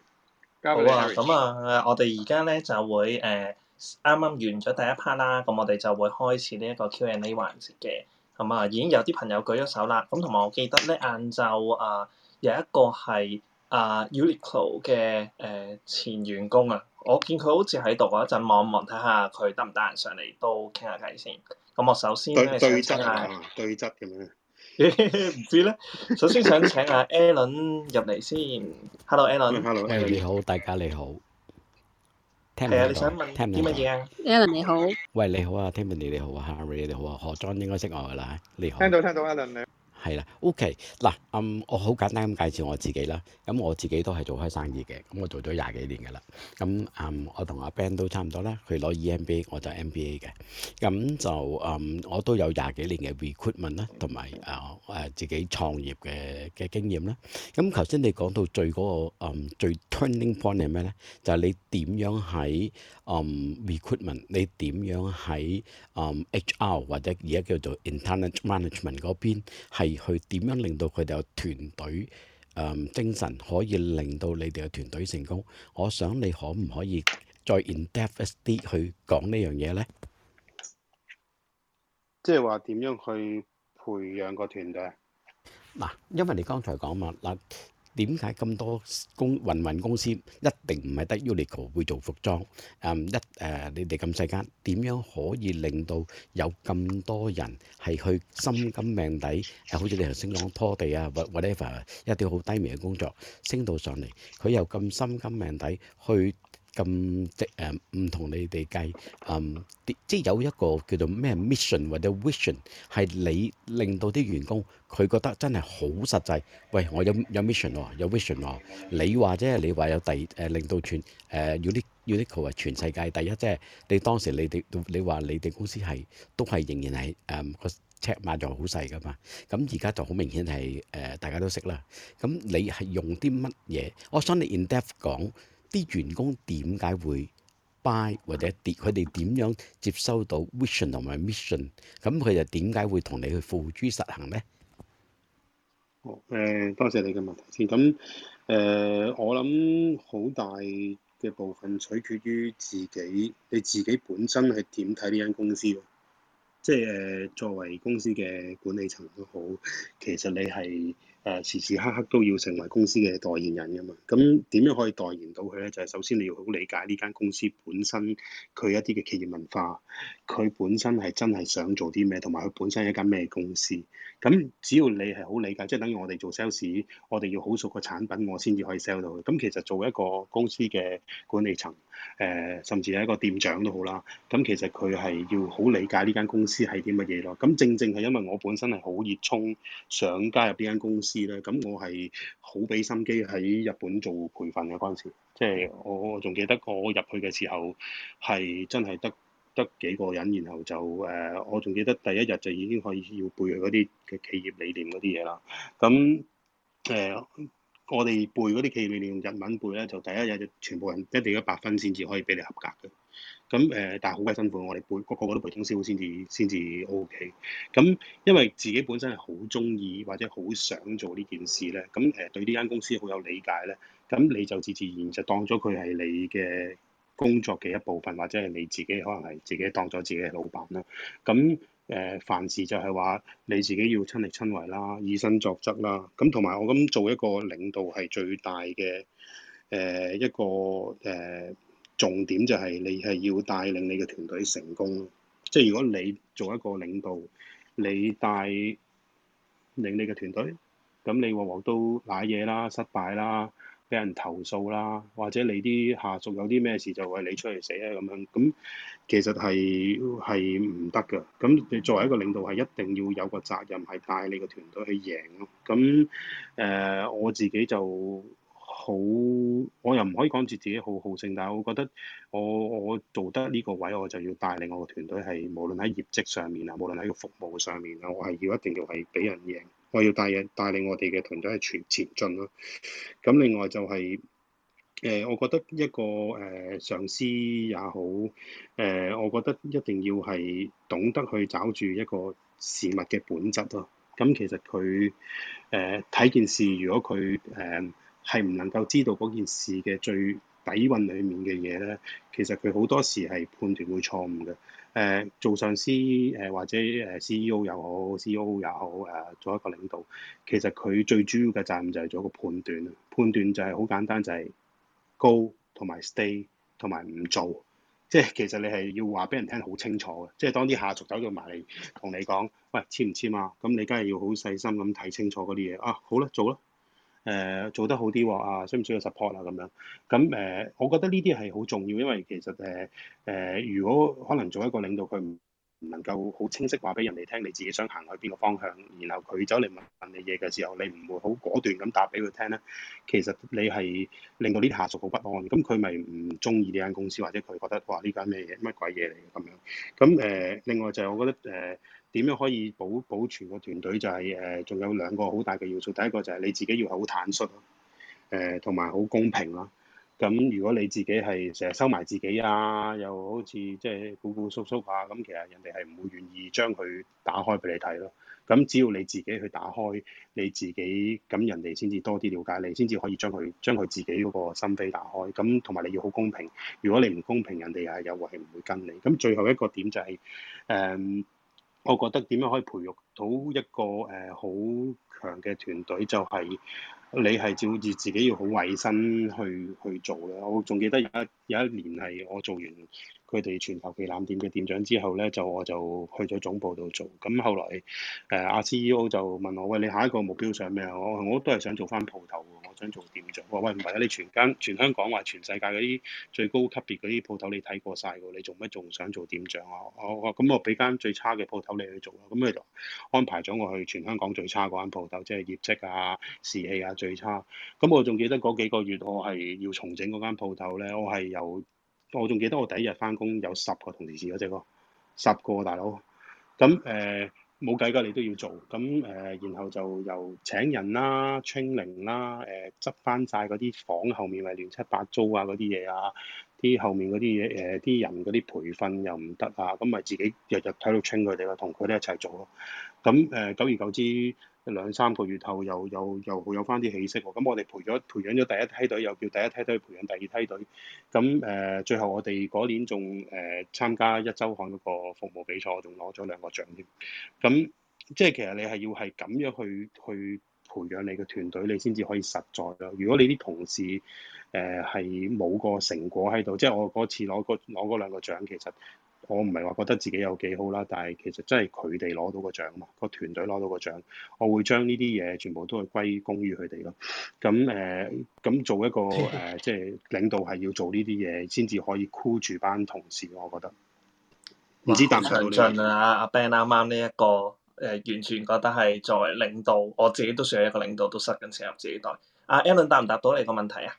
好啊，咁啊，我哋而家咧就會誒啱啱完咗第一 part 啦，咁我哋就會開始呢一個 Q&A 環節嘅，咁、嗯、啊已經有啲朋友舉咗手啦，咁同埋我記得咧晏晝啊有一個係啊、呃、Uniqlo 嘅誒、呃、前員工啊，我見佢好似喺度，我一陣望一望睇下佢得唔得閒上嚟都傾下偈先。咁我首先咧就傾下對質咁、啊、樣。唔知咧，首先想請阿 Allen 入嚟先。Hello，Allen。Hello，你好，大家你好。聽唔聽到？聽唔到乜嘢啊？Allen 你好。喂，你好啊，Tim，你你好啊，Harry 你好啊，何莊應該識我噶啦，你好。聽到聽到，Allen 你好。係、okay，啦，OK 嗱、嗯，我好簡單咁介紹我自己啦。咁、嗯、我自己都係做開生意嘅，咁我做咗廿幾年㗎啦。咁嗯，我同、嗯、阿 Ben 都差唔多啦。佢攞 EMBA，我就係 MBA 嘅。咁、嗯、就嗯，我都有廿幾年嘅 recruitment 啦，同埋啊誒自己創業嘅嘅經驗啦。咁頭先你講到最嗰、那個、嗯、最 turning point 係咩呢？就係、是、你點樣喺、嗯、recruitment，你點樣喺、嗯、HR 或者而家叫做 internal management 嗰邊係去點樣令到佢哋有團隊誒、嗯、精神，可以令到你哋嘅團隊成功？我想你可唔可以再 in depth 啲去講呢樣嘢呢？即係話點樣去培養個團隊？嗱，因為你剛才講啊嘛，嗱。點解咁多公運運公司一定唔係得 Uniqlo 會做服裝？誒一誒你哋咁細間，點樣可以令到有咁多人係去心甘命抵？誒好似你頭先講拖地啊，whatever 一啲好低微嘅工作升到上嚟，佢又咁心甘命抵去。咁即誒唔同你哋計，嗯啲、嗯、即有一個叫做咩 mission 或者 vision 係你令到啲員工佢覺得真係好實際。喂，我有有 mission 喎、哦，有 vision 喎、哦。你話啫，你話有第誒令到全誒 UNIQLO UNIQLO 係全世界第一，即係你當時你哋你話你哋公司係都係仍然係誒個尺碼就好細噶嘛。咁而家就好明顯係誒大家都識啦。咁、嗯、你係用啲乜嘢？我想你 in depth 講。啲員工點解會 buy 或者跌？佢哋點樣接收到 vision 同埋 mission？咁佢又點解會同你去付諸實行呢？哦，多謝你嘅問題先。咁誒、呃，我諗好大嘅部分取決於自己，你自己本身係點睇呢間公司？即係、呃、作為公司嘅管理層都好，其實你係。誒時時刻刻都要成為公司嘅代言人噶嘛，咁點樣可以代言到佢呢？就係、是、首先你要好理解呢間公司本身佢一啲嘅企業文化，佢本身係真係想做啲咩，同埋佢本身係一間咩公司。咁只要你係好理解，即係等於我哋做 sales，我哋要好熟個產品，我先至可以 sell 到去。咁其實做一個公司嘅管理層，誒、呃，甚至係一個店長都好啦。咁其實佢係要好理解呢間公司係啲乜嘢咯。咁正正係因為我本身係好熱衷想加入呢間公司咧，咁我係好俾心機喺日本做培訓嘅嗰陣時，即係我仲記得我入去嘅時候係真係得。得幾個人，然後就誒、呃，我仲記得第一日就已經可以要背佢嗰啲嘅企業理念嗰啲嘢啦。咁誒、呃，我哋背嗰啲企業理念用日文背咧，就第一日就全部人一定一百分先至可以俾你合格嘅。咁誒、呃，但係好鬼辛苦，我哋背個，個個都背通宵先至先至 O K。咁、OK、因為自己本身係好中意或者好想做呢件事咧，咁誒、呃、對呢間公司好有理解咧，咁你就自自然就當咗佢係你嘅。工作嘅一部分，或者係你自己可能係自己當咗自己嘅老闆啦。咁誒、呃、凡事就係話，你自己要親力親為啦，以身作則啦。咁同埋我咁做一個領導係最大嘅誒、呃、一個誒、呃、重點，就係你係要帶領你嘅團隊成功。即係如果你做一個領導，你帶領你嘅團隊，咁你往往都瀨嘢啦、失敗啦。俾人投訴啦，或者你啲下屬有啲咩事就話你出嚟死啊，咁樣，咁其實係係唔得㗎。咁你作為一個領導係一定要有個責任係帶你個團隊去贏咯。咁誒、呃，我自己就好，我又唔可以講自己好好勝，但係我覺得我我做得呢個位我就要帶領我個團隊係無論喺業績上面啊，無論喺個服務上面啊，我係要一定要係俾人贏。我要帶嘢帶領我哋嘅團隊去前前進咯、啊。咁另外就係、是，誒、呃，我覺得一個誒、呃、上司也好，誒、呃，我覺得一定要係懂得去抓住一個事物嘅本質咯、啊。咁其實佢誒睇件事，如果佢誒係唔能夠知道嗰件事嘅最底蘊裡面嘅嘢咧，其實佢好多時係判斷會錯誤嘅。誒、呃、做上司誒、呃、或者誒、呃、CEO 又好，CEO 又好誒做一個領導，其實佢最主要嘅責任就係做一個判斷。判斷就係好簡單，就係 go 同埋 stay 同埋唔做。即係其實你係要話俾人聽好清楚嘅，即係當啲下屬走到埋嚟同你講，喂，簽唔簽啊？咁你梗係要好細心咁睇清楚嗰啲嘢啊。好啦，做啦。誒、呃、做得好啲喎，啊需唔需要 support 啊咁樣，咁、呃、誒我覺得呢啲係好重要，因為其實誒誒、呃、如果可能做一個領導，佢唔能夠好清晰話俾人哋聽，你自己想行去邊個方向，然後佢走嚟問你嘢嘅時候，你唔會好果斷咁答俾佢聽咧，其實你係令到呢啲下屬好不安，咁佢咪唔中意呢間公司，或者佢覺得哇呢間咩嘢乜鬼嘢嚟嘅咁樣，咁、呃、誒另外就我覺得誒。呃點樣可以保保存個團隊就係、是、誒，仲、呃、有兩個好大嘅要素。第一個就係你自己要好坦率咯，誒同埋好公平咯。咁如果你自己係成日收埋自己啊，又好似即係鬼鬼鼠鼠啊，咁其實人哋係唔會願意將佢打開俾你睇咯。咁只要你自己去打開你自己，咁人哋先至多啲了解你，先至可以將佢將佢自己嗰個心扉打開。咁同埋你要好公平。如果你唔公平，人哋又係有為唔會跟你。咁最後一個點就係、是、誒。呃我覺得點樣可以培育到一個誒好、呃、強嘅團隊，就係、是、你係照住自己要好衞生去去做啦。我仲記得而家有一年係我做完佢哋全球旗艦店嘅店長之後呢，就我就去咗總部度做。咁後來誒阿、呃、CEO 就問我：喂，你下一個目標想咩啊？我我都係想做翻鋪頭我想做，做鋪想做店長。喂唔係啊，你全間全香港或全世界嗰啲最高級別嗰啲鋪頭你睇過晒喎，你做乜仲想做店長啊？咁我俾間最差嘅鋪頭你去做。咁你就安排咗我去全香港最差嗰間鋪頭，即係業績啊、士氣啊最差。咁我仲記得嗰幾個月我係要重整嗰間鋪頭呢，我係。由我仲記得我第一日返工有十個同事試嗰只個，十個大佬。咁誒冇計㗎，你都要做。咁誒、呃，然後就由請人啦、清零啦、誒執返晒嗰啲房後面咪亂七八糟啊嗰啲嘢啊。啲後面啲嘢，誒、呃、啲人嗰啲培訓又唔得啊，咁咪自己日日睇到清佢哋咯，同佢哋一齊做咯。咁誒、呃、久而久之，兩三個月後又又又，又有翻啲起色喎。咁我哋培咗培養咗第一梯隊，又叫第一梯隊培養第二梯隊。咁誒、呃、最後我哋嗰年仲誒、呃、參加一週刊嗰個服務比賽，我仲攞咗兩個獎添。咁即係其實你係要係咁樣去去。培養你嘅團隊，你先至可以實在咯。如果你啲同事誒係冇個成果喺度，即係我嗰次攞個攞嗰兩個獎，其實我唔係話覺得自己有幾好啦，但係其實真係佢哋攞到個獎啊嘛，個團隊攞到個獎，我會將呢啲嘢全部都係歸功於佢哋咯。咁誒，咁、呃、做一個誒、呃，即係領導係要做呢啲嘢，先至 可以箍住班同事，我覺得，唔知答唔到你啊！阿 Ben 啱啱呢一個。誒完全覺得係作為領導，我自己都算一個領導，都塞緊錢入自己袋。阿 Alan 答唔答到你個問題啊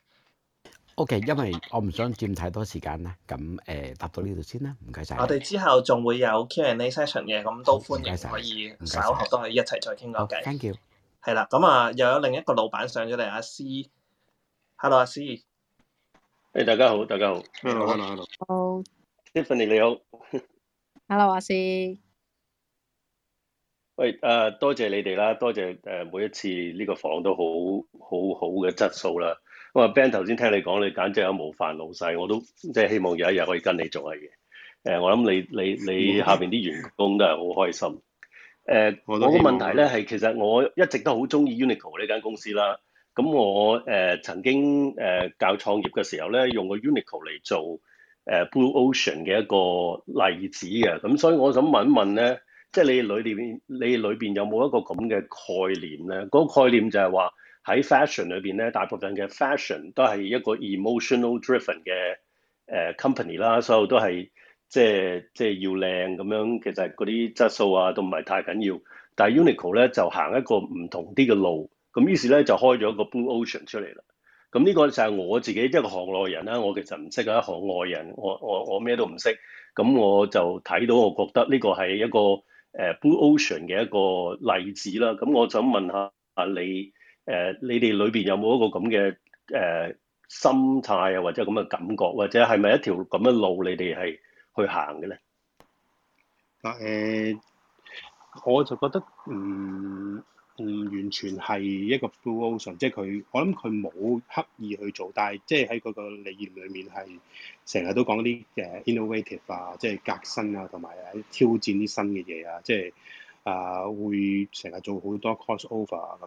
？OK，因為我唔想佔太多時間咧，咁誒答到呢度先啦，唔該晒。我哋之後仲會有 Q&A session 嘅，咁都歡迎可以稍後都可以一齊再傾過偈。Thank you。係啦，咁啊又有另一個老闆上咗嚟，阿 C。Hello，阿 C。誒大家好，大家好，Hello，Hello。好。Tiffany，你好。Hello，阿 C。喂，啊、hey, uh,，多謝你哋啦，多謝誒，每一次呢個房都好好好嘅質素啦。咁啊，Ben 頭先聽你講，你簡直有模範老細，我都即係希望有一日可以跟你做下嘢。誒、uh,，我諗你你你下邊啲員工都係好開心。誒、uh,， 我個問題咧係， 其實我一直都好中意 Uniqlo 呢間公司啦。咁我誒、uh, 曾經誒、uh, 教創業嘅時候咧，用個 Uniqlo 嚟做誒、uh, Blue Ocean 嘅一個例子嘅。咁所以我想問一問咧。即係你裏邊，你裏邊有冇一個咁嘅概念咧？嗰個概念就係話喺 fashion 裏邊咧，大部分嘅 fashion 都係一個 emotional driven 嘅誒 company 啦，所有都係即係即係要靚咁樣。其實嗰啲質素啊都唔係太緊要。但係 Uniqlo 咧就行一個唔同啲嘅路，咁於是咧就開咗個 Blue Ocean 出嚟啦。咁呢個就係我自己一個行內人啦。我其實唔識啊，行外人，我我我咩都唔識。咁我就睇到我覺得呢個係一個。誒 Blue Ocean 嘅一個例子啦，咁我想問下你，誒你哋裏邊有冇一個咁嘅誒心態啊，或者咁嘅感覺，或者係咪一條咁嘅路你哋係去行嘅咧？啊誒，我就覺得嗯。唔、嗯、完全係一個 blue ocean，即係佢，我諗佢冇刻意去做，但係即係喺佢個理念裏面係成日都講啲誒 innovative 啊，即係革新啊，同埋誒挑戰啲新嘅嘢啊，即係啊、呃、會成日做好多 crossover 咁、啊、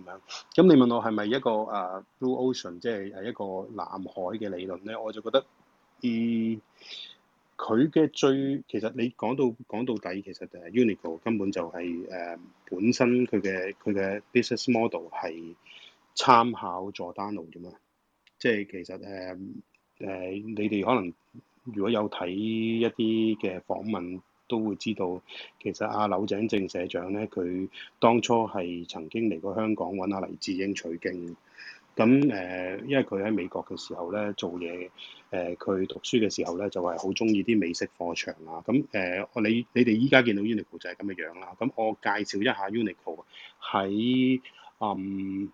樣。咁你問我係咪一個啊、uh, blue ocean，即係係一個藍海嘅理論咧？我就覺得嗯。佢嘅最其實你講到講到底，其實誒 Uniqlo 根本就係、是、誒、呃、本身佢嘅佢嘅 business model 係參考佐丹奴啫嘛，即、就、係、是、其實誒誒、呃呃、你哋可能如果有睇一啲嘅訪問，都會知道其實阿、啊、柳井正社長咧，佢當初係曾經嚟過香港揾阿、啊、黎智英取經。咁誒、呃，因為佢喺美國嘅時候咧做嘢，誒佢、呃、讀書嘅時候咧就係好中意啲美式貨場啊。咁誒、呃，你你哋依家見到 Uniqlo 就係咁嘅樣啦。咁我介紹一下 Uniqlo 喺誒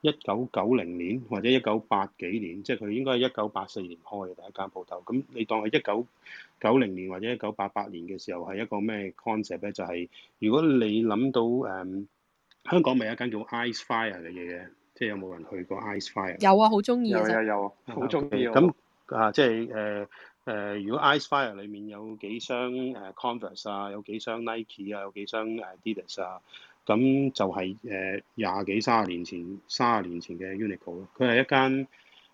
一九九零年或者一九八幾年，即係佢應該係一九八四年開嘅第一間鋪頭。咁你當係一九九零年或者一九八八年嘅時候係一個咩 concept 咧？就係、是、如果你諗到誒、嗯，香港咪有一間叫 Ice Fire 嘅嘢嘅。即係有冇人去過 Icefire？有啊，好中意啊！有啊，好中意啊！咁啊，即係誒誒，如果 Icefire 裡面有幾箱誒 Converse 啊，有幾箱 Nike 啊，有幾箱誒 Adidas 啊，咁就係誒廿幾三十年前、三十年前嘅 Uniqlo 咯。佢係一間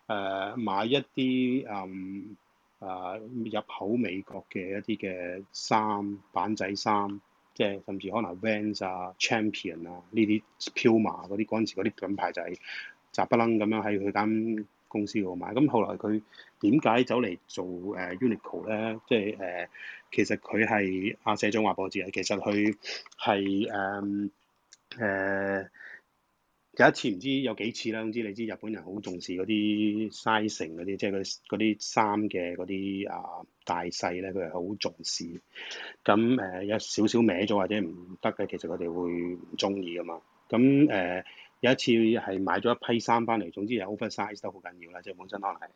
誒買一啲嗯啊、呃、入口美國嘅一啲嘅衫、板仔衫。即係甚至可能 Vans 啊、Champion 啊呢啲 Puma 嗰啲，嗰陣時嗰啲品牌就係雜不楞咁樣喺佢間公司度買。咁後來佢點解走嚟做誒、呃、Uniqlo 咧？即係誒、呃，其實佢係阿社長話過嘅，其實佢係誒誒。呃呃有一次，唔知有幾次啦、呃呃呃，總之你知日本人好重視嗰啲 size 成嗰啲，即係嗰啲啲衫嘅嗰啲啊大細咧，佢係好重視。咁誒有少少歪咗或者唔得嘅，其實佢哋會唔中意噶嘛。咁誒有一次係買咗一批衫翻嚟，總之係 oversize 都好緊要啦，即係本身可能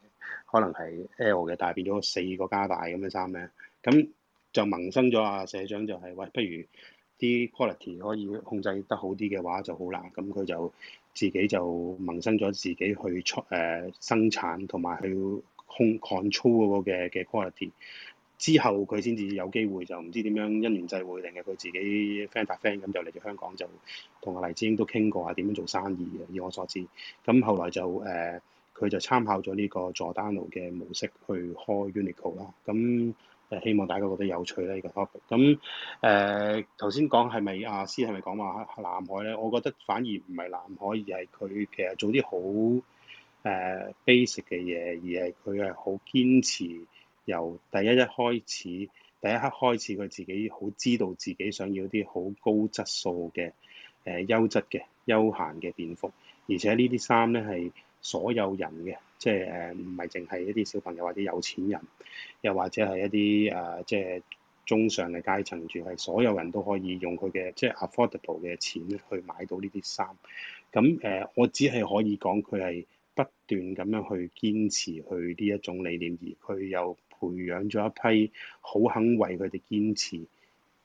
可能係 L 嘅，但係變咗四個加大咁嘅衫咧。咁就萌生咗啊社長就係、是、喂，不如～啲 quality 可以控制得好啲嘅話就好啦，咁佢就自己就萌生咗自己去出誒、呃、生產同埋去控 control 嗰個嘅嘅 quality，之後佢先至有機會就唔知點樣因緣際會定係佢自己 friend 搭 friend 咁就嚟咗香港就同阿黎智英都傾過下、啊、點樣做生意嘅，以我所知，咁後來就誒佢、呃、就參考咗呢個佐丹奴嘅模式去開 Uniqlo 啦，咁。希望大家覺得有趣咧呢、呢個 topic。咁誒頭先講係咪阿師係咪講話南海咧？我覺得反而唔係南海，而係佢其實做啲好誒 basic 嘅嘢，而係佢係好堅持由第一一開始，第一刻開始佢自己好知道自己想要啲好高質素嘅誒、呃、優質嘅休閒嘅便服，而且呢啲衫咧係所有人嘅。即係誒，唔係淨係一啲小朋友或者有錢人，又或者係一啲誒、呃，即係中上嘅階層住係，所有人都可以用佢嘅即係 affordable 嘅錢去買到呢啲衫。咁誒、呃，我只係可以講佢係不斷咁樣去堅持佢呢一種理念，而佢又培養咗一批好肯為佢哋堅持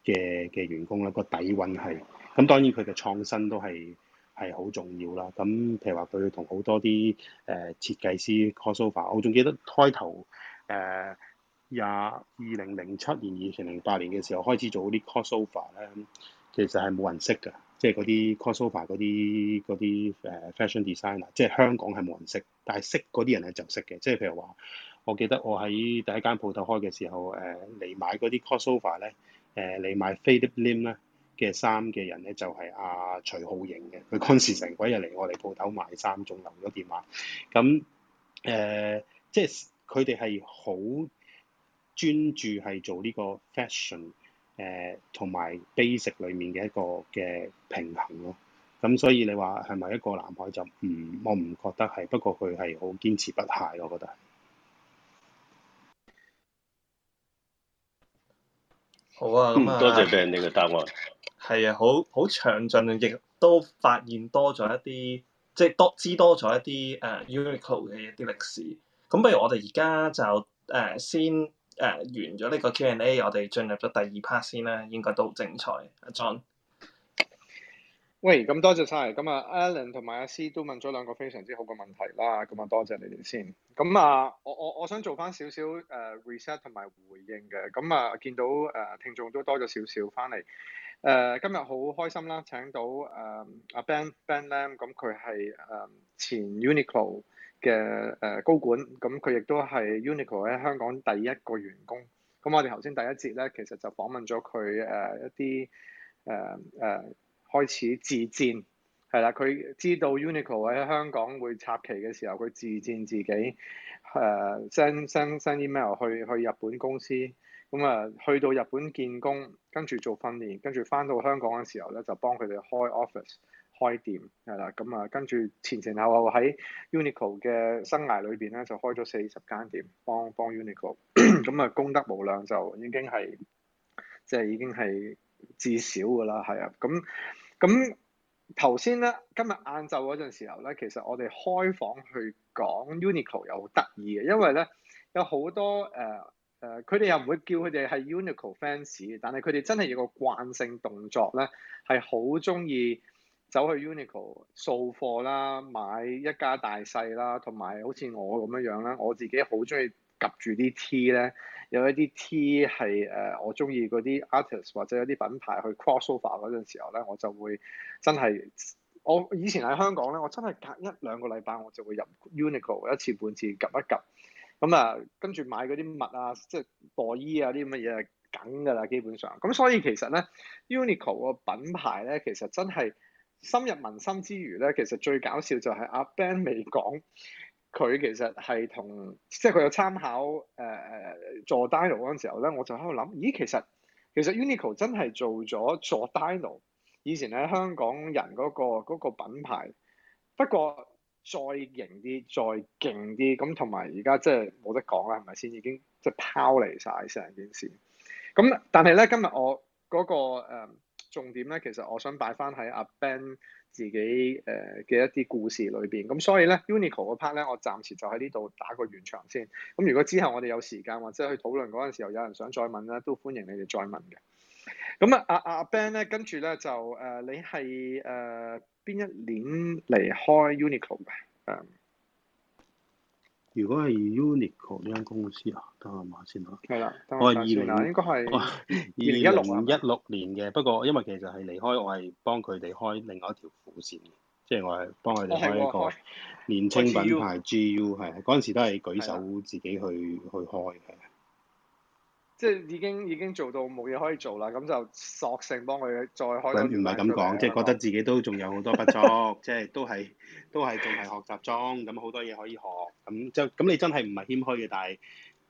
嘅嘅員工啦。那個底蘊係，咁當然佢嘅創新都係。係好重要啦，咁譬如話對同好多啲誒、呃、設計師 crossover，我仲記得開頭誒廿二零零七年、二零零八年嘅時候開始做啲 crossover 咧，其實係冇人識嘅，即係嗰啲 crossover 嗰啲嗰啲誒 fashion designer，即係香港係冇人識，但係識嗰啲人係就識嘅，即係譬如話，我記得我喺第一間店鋪頭開嘅時候，誒、呃、嚟買嗰啲 crossover 咧，誒、呃、嚟買 Phillip Lim 咧。嘅衫嘅人咧就係、是、阿、啊、徐浩瑩嘅，佢嗰陣時成鬼日嚟我哋鋪頭買衫仲留咗電話，咁誒、呃、即係佢哋係好專注係做呢個 fashion 誒、呃、同埋 basic 裏面嘅一個嘅平衡咯，咁所以你話係咪一個南海就唔我唔覺得係，不過佢係好堅持不懈咯，我覺得係。好啊，咁啊。多謝曬你嘅答案。係啊，好好詳盡，亦都發現多咗一啲，即係多知多咗一啲誒、uh, Uniqlo 嘅一啲歷史。咁，不如我哋而家就誒、uh, 先誒、uh, 完咗呢個 Q&A，我哋進入咗第二 part 先啦，應該都精彩。阿 John。喂，咁多謝晒。咁啊，Alan 同埋阿 C 都問咗兩個非常之好嘅問題啦。咁啊，多謝你哋先。咁啊，我我我想做翻少少誒、uh, reset 同埋回應嘅。咁啊，見到誒、uh, 聽眾都多咗少少翻嚟。誒、呃、今日好開心啦！請到誒阿、呃、Ben Ben Lam，咁佢係誒前 Uniqlo 嘅誒、呃、高管，咁、嗯、佢亦都係 Uniqlo 喺香港第一個員工。咁、嗯、我哋頭先第一節咧，其實就訪問咗佢誒一啲誒誒開始自薦，係啦，佢知道 Uniqlo 喺香港會插旗嘅時候，佢自薦自己誒 send send send email 去去日本公司，咁、嗯、啊去到日本見工。跟住做訓練，跟住翻到香港嘅時候咧，就幫佢哋開 office 開店係啦。咁啊，跟住前前後後喺 Uniqlo 嘅生涯裏邊咧，就開咗四十間店，幫幫 Uniqlo。咁 啊，功德無量就已經係即係已經係至少㗎啦。係啊，咁咁頭先咧，今日晏晝嗰陣時候咧，其實我哋開房去講 Uniqlo 有好得意嘅，因為咧有好多誒。呃誒佢哋又唔會叫佢哋係 Uniqlo fans，但係佢哋真係有個慣性動作咧，係好中意走去 Uniqlo 掃貨啦，買一家大細啦，同埋好似我咁樣樣啦。我自己好中意夾住啲 T 咧，有一啲 T 係誒我中意嗰啲 artist 或者一啲品牌去 crossover 嗰陣時候咧，我就會真係我以前喺香港咧，我真係隔一兩個禮拜我就會入 Uniqlo 一次半次夾一夾。咁、嗯、啊，跟住買嗰啲襪啊，即係襯衣啊啲咁嘅嘢，梗㗎啦，基本上。咁所以其實咧，Uniqlo 個品牌咧，其實真係深入民心之餘咧，其實最搞笑就係阿 Ben 未講，佢其實係同，即係佢有參考誒誒、呃、做 Giordano 嗰陣時候咧，我就喺度諗，咦，其實其實 Uniqlo 真係做咗做 Giordano 以前咧香港人嗰、嗰個嗰、嗰個品牌，不過，再型啲，再勁啲，咁同埋而家即係冇得講啦，係咪先？已經即係拋離晒成件事。咁但係咧，今日我嗰、那個、呃、重點咧，其實我想擺翻喺阿 Ben 自己誒嘅、呃、一啲故事裏邊。咁所以咧，Uniqlo 嘅 part 咧，我暫時就喺呢度打個圓場先。咁如果之後我哋有時間或者去討論嗰陣時候，有人想再問咧，都歡迎你哋再問嘅。咁啊，阿、啊、阿 Ben 咧，跟住咧就誒、呃，你係誒。呃邊一年離開 Uniqlo 嘅？如果係 Uniqlo 呢間公司啊，等下馬先啦。係啦，我係二零一六。二零一六。一六年嘅，不過因為其實係離開，我係幫佢哋開另外一條副線即係、就是、我係幫佢哋開一個年青品牌 GU 係，嗰陣時都係舉手自己去的去開嘅。即係已經已經做到冇嘢可以做啦，咁就索性幫佢再開。咁唔係咁講，你說 即係覺得自己都仲有好多不足， 即係都係都係仲係學習中，咁好多嘢可以學，咁就咁你真係唔係謙虛嘅，但係。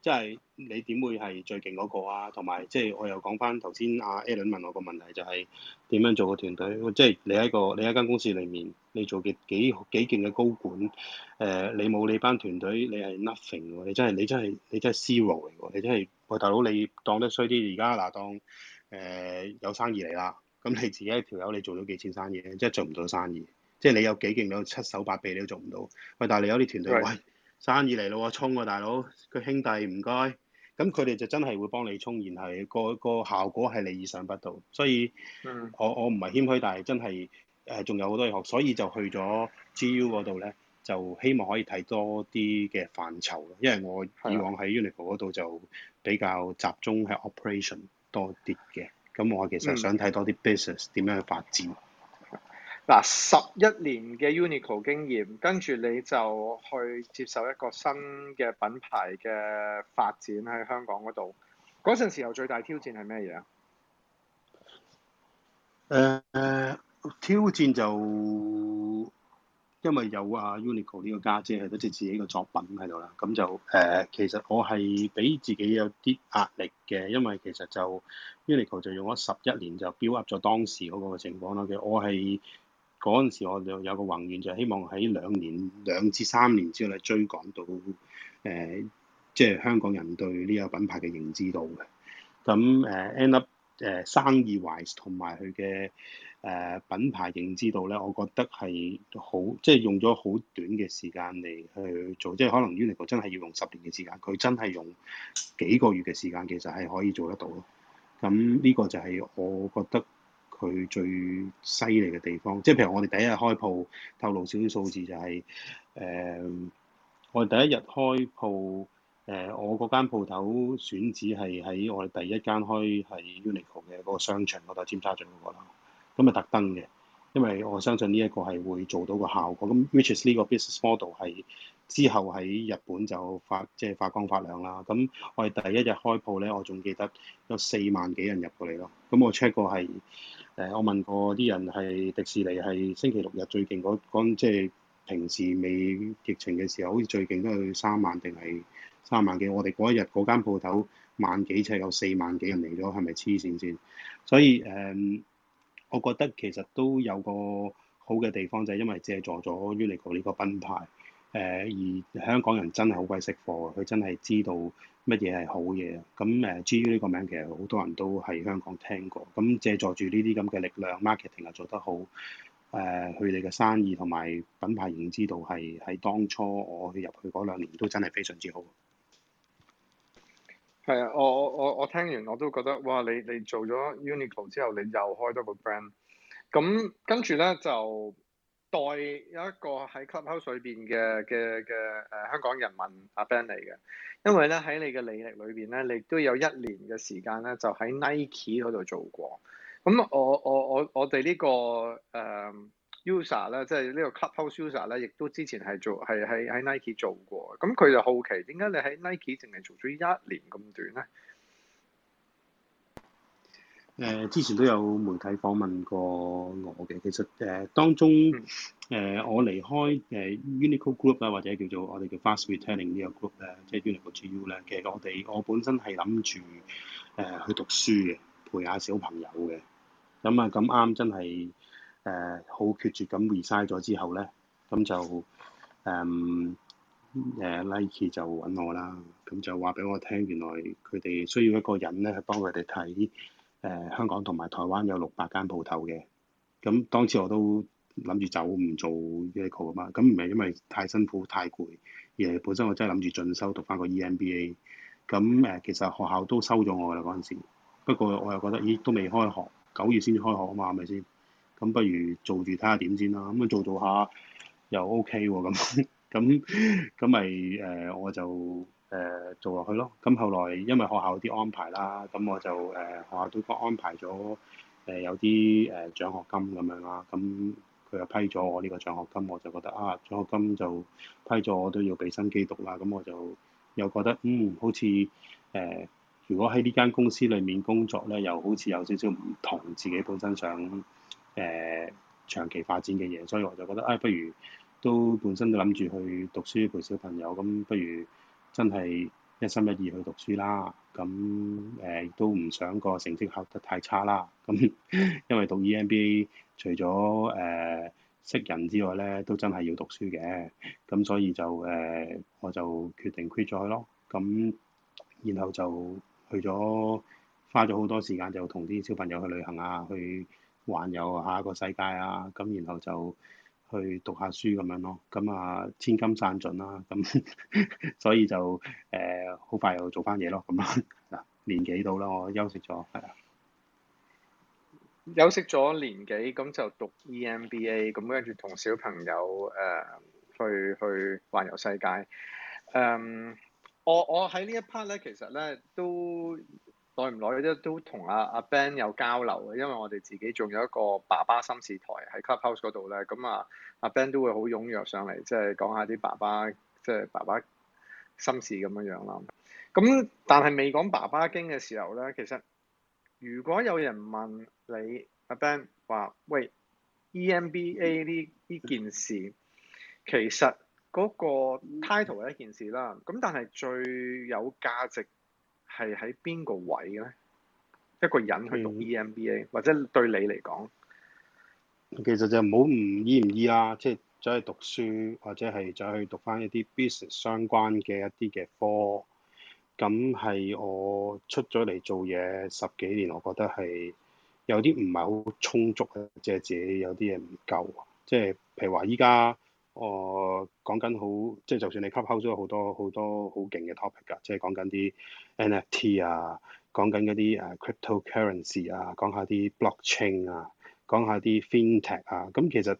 即係你點會係最勁嗰個啊？同埋即係我又講翻頭先阿 Alan 問我個問題就係點樣做個團隊？即係你喺個你喺間公司裡面，你做幾幾幾勁嘅高管？誒、呃，你冇你班團隊，你係 nothing 喎！你真係你真係你真係 zero 嚟喎！你真係。喂，大佬，你當得衰啲，而家嗱當誒、呃、有生意嚟啦，咁你自己一條友你做咗幾千生意咧？即係做唔到生意，即係你有幾勁，有七手八臂你都做唔到。喂，但係你有啲團隊喂。Right. 生意嚟咯，我衝啊，大佬，個兄弟唔該。咁佢哋就真係會幫你衝，然係個個效果係你意想不到。所以、mm. 我我唔係謙虛，但係真係誒仲有好多嘢學，所以就去咗 GU 嗰度咧，就希望可以睇多啲嘅範疇。因為我以往喺 Uniqlo 嗰度就比較集中喺 operation 多啲嘅，咁我其實想睇多啲 business 點樣去發展。嗱、啊，十一年嘅 Uniqlo 經驗，跟住你就去接受一個新嘅品牌嘅發展喺香港嗰度。嗰陣時候最大挑戰係咩嘢啊？誒、呃，挑戰就因為有阿、啊、Uniqlo 呢個家姐係都即自己嘅作品喺度啦。咁就誒、呃，其實我係俾自己有啲壓力嘅，因為其實就 Uniqlo 就用咗十一年就 build up 咗當時嗰個情況啦。其實我係。嗰陣時，我有個宏願，就係、是、希望喺兩年、兩至三年之內追趕到誒，即、呃、係、就是、香港人對呢個品牌嘅認知度嘅。咁誒，End up 誒生意 wise 同埋佢嘅誒品牌認知度咧，我覺得係好，即、就、係、是、用咗好短嘅時間嚟去做，即、就、係、是、可能 Uniqlo 真係要用十年嘅時間，佢真係用幾個月嘅時間，其實係可以做得到咯。咁呢個就係我覺得。佢最犀利嘅地方，即係譬如我哋第一日開鋪透露少少數字就係、是、誒、呃、我哋第一日開鋪誒、呃、我間鋪頭選址係喺我哋第一間開喺 Uniqlo 嘅嗰個商場嗰度尖沙咀嗰、那個啦，咁啊特登嘅。因為我相信呢一個係會做到個效果。咁 Wishes 呢個 business model 係之後喺日本就發即係、就是、發光發亮啦。咁我哋第一日開鋪咧，我仲記得有四萬幾人入過嚟咯。咁我 check 過係誒，我問過啲人係迪士尼係星期六日最勁嗰、那、間、個，即、就、係、是、平時未疫情嘅時候，好似最勁都係三萬定係三萬幾。我哋嗰一日嗰間鋪頭萬幾尺，有四萬幾人嚟咗，係咪黐線先？所以誒。嗯我覺得其實都有個好嘅地方就係、是、因為借助咗 Uniqlo 呢個品牌，誒、呃、而香港人真係好鬼識貨，佢真係知道乜嘢係好嘢。咁誒，GU 呢個名其實好多人都喺香港聽過。咁借助住呢啲咁嘅力量，marketing 又做得好，誒，佢哋嘅生意同埋品牌認知度，係喺當初我去入去嗰兩年都真係非常之好。係啊，我我我我聽完我都覺得，哇！你你做咗 Uniqlo 之後，你又開多個 brand。咁跟住咧就代有一個喺 Clubhouse 裏邊嘅嘅嘅誒、呃、香港人問阿、啊、Ben 嚟嘅，因為咧喺你嘅履歷裏邊咧，你都有一年嘅時間咧就喺 Nike 嗰度做過。咁我我我我哋呢、這個誒。呃 User 咧，即係呢個 Clubhouse user 咧，亦都之前係做係喺喺 Nike 做過。咁佢就好奇，點解你喺 Nike 淨係做咗一年咁短咧？誒，之前都有媒體訪問過我嘅。其實誒，當中誒、嗯呃、我離開誒 Uniqlo Group 啦，或者叫做我哋叫 Fast Retailing 呢個 group 咧，即係 Uniqlo GU 咧。其實我哋我本身係諗住誒去讀書嘅，陪下小朋友嘅。咁啊，咁啱真係～誒好、呃、決絕咁 resign 咗之後呢，咁就誒誒、嗯、Nike、呃、就揾我啦，咁就話俾我聽，原來佢哋需要一個人咧，去幫佢哋睇誒香港同埋台灣有六百間鋪頭嘅。咁當時我都諗住走，唔做 e 呢個啊嘛。咁唔係因為太辛苦太攰，而係本身我真係諗住進修讀翻個 E M B A。咁、呃、誒其實學校都收咗我噶啦嗰陣時，不過我又覺得，咦都未開學，九月先至開學啊嘛，係咪先？咁不如做住睇下點先啦，咁、OK、啊做、呃、做下又 OK 喎，咁咁咁咪誒我就誒做落去咯。咁後來因為學校有啲安排啦，咁我就誒、呃、學校都安排咗誒、呃、有啲誒獎學金咁樣啦。咁佢又批咗我呢個獎學金，我就覺得啊獎學金就批咗我都要俾心機讀啦。咁我就又覺得嗯好似誒、呃、如果喺呢間公司裏面工作咧，又好似有少少唔同自己本身想，誒、呃、長期發展嘅嘢，所以我就覺得，唉、哎，不如都本身都諗住去讀書陪小朋友，咁不如真係一心一意去讀書啦。咁誒亦都唔想個成績考得太差啦。咁因為讀 EMBA 除咗誒、呃、識人之外咧，都真係要讀書嘅。咁所以就誒、呃，我就決定 quit 咗佢咯。咁然後就去咗花咗好多時間，就同啲小朋友去旅行啊，去～環遊一下一個世界啊！咁然後就去讀下書咁樣咯。咁啊，千金散盡啦、啊。咁 所以就誒，好、呃、快又做翻嘢咯。咁啊，嗱年幾到啦？我休息咗係啊。休息咗年幾？咁就讀 E M B A。咁跟住同小朋友誒、呃、去去環遊世界。嗯、呃，我我喺呢一 part 咧，其實咧都～耐唔耐咧都同阿阿 Ben 有交流嘅，因為我哋自己仲有一個爸爸心事台喺 Clubhouse 嗰度咧，咁啊阿 Ben 都會好踴躍上嚟，即係講下啲爸爸即係爸爸心事咁樣樣咯。咁但係未講爸爸經嘅時候咧，其實如果有人問你阿 Ben 話喂 EMBA 呢呢件事，其實嗰個 title 係一件事啦，咁但係最有價值。係喺邊個位嘅咧？一個人去讀 EMBA，嗯，或者對你嚟講，其實就唔好唔依唔依啊！即係走去讀書，或者係走去讀翻一啲 business 相關嘅一啲嘅科。咁係我出咗嚟做嘢十幾年，我覺得係有啲唔係好充足嘅，即係自己有啲嘢唔夠。即係譬如話，依家我講緊好，即係就算你吸收咗好多好多好勁嘅 topic 㗎，即係講緊啲。NFT 啊，講緊嗰啲誒 cryptocurrency 啊，講下啲 blockchain 啊，講下啲 FinTech 啊，咁其實誒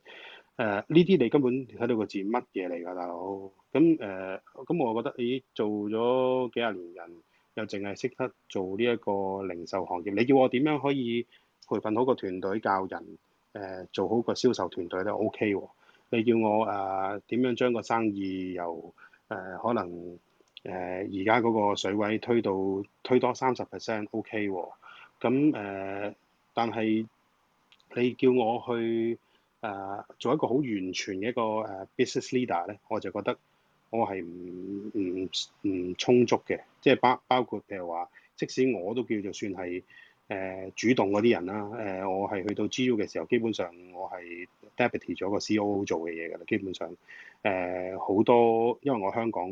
呢啲你根本睇到個字乜嘢嚟㗎大佬？咁誒咁我覺得咦做咗幾廿年人又淨係識得做呢一個零售行業，你叫我點樣可以培訓好個團隊教人誒、呃、做好個銷售團隊都 OK 喎、啊？你叫我誒點、呃、樣將個生意由誒、呃、可能？誒而家嗰個水位推到推多三十 percent，OK 喎。咁、okay、誒、哦呃，但係你叫我去誒、呃、做一個好完全嘅一個誒 business leader 咧，我就覺得我係唔唔唔充足嘅。即係包包括譬如話，即使我都叫做算係誒、呃、主動嗰啲人啦。誒、呃，我係去到 G U 嘅時候，基本上我係 deputy 咗個 C O 做嘅嘢㗎啦。基本上誒好、呃、多，因為我香港。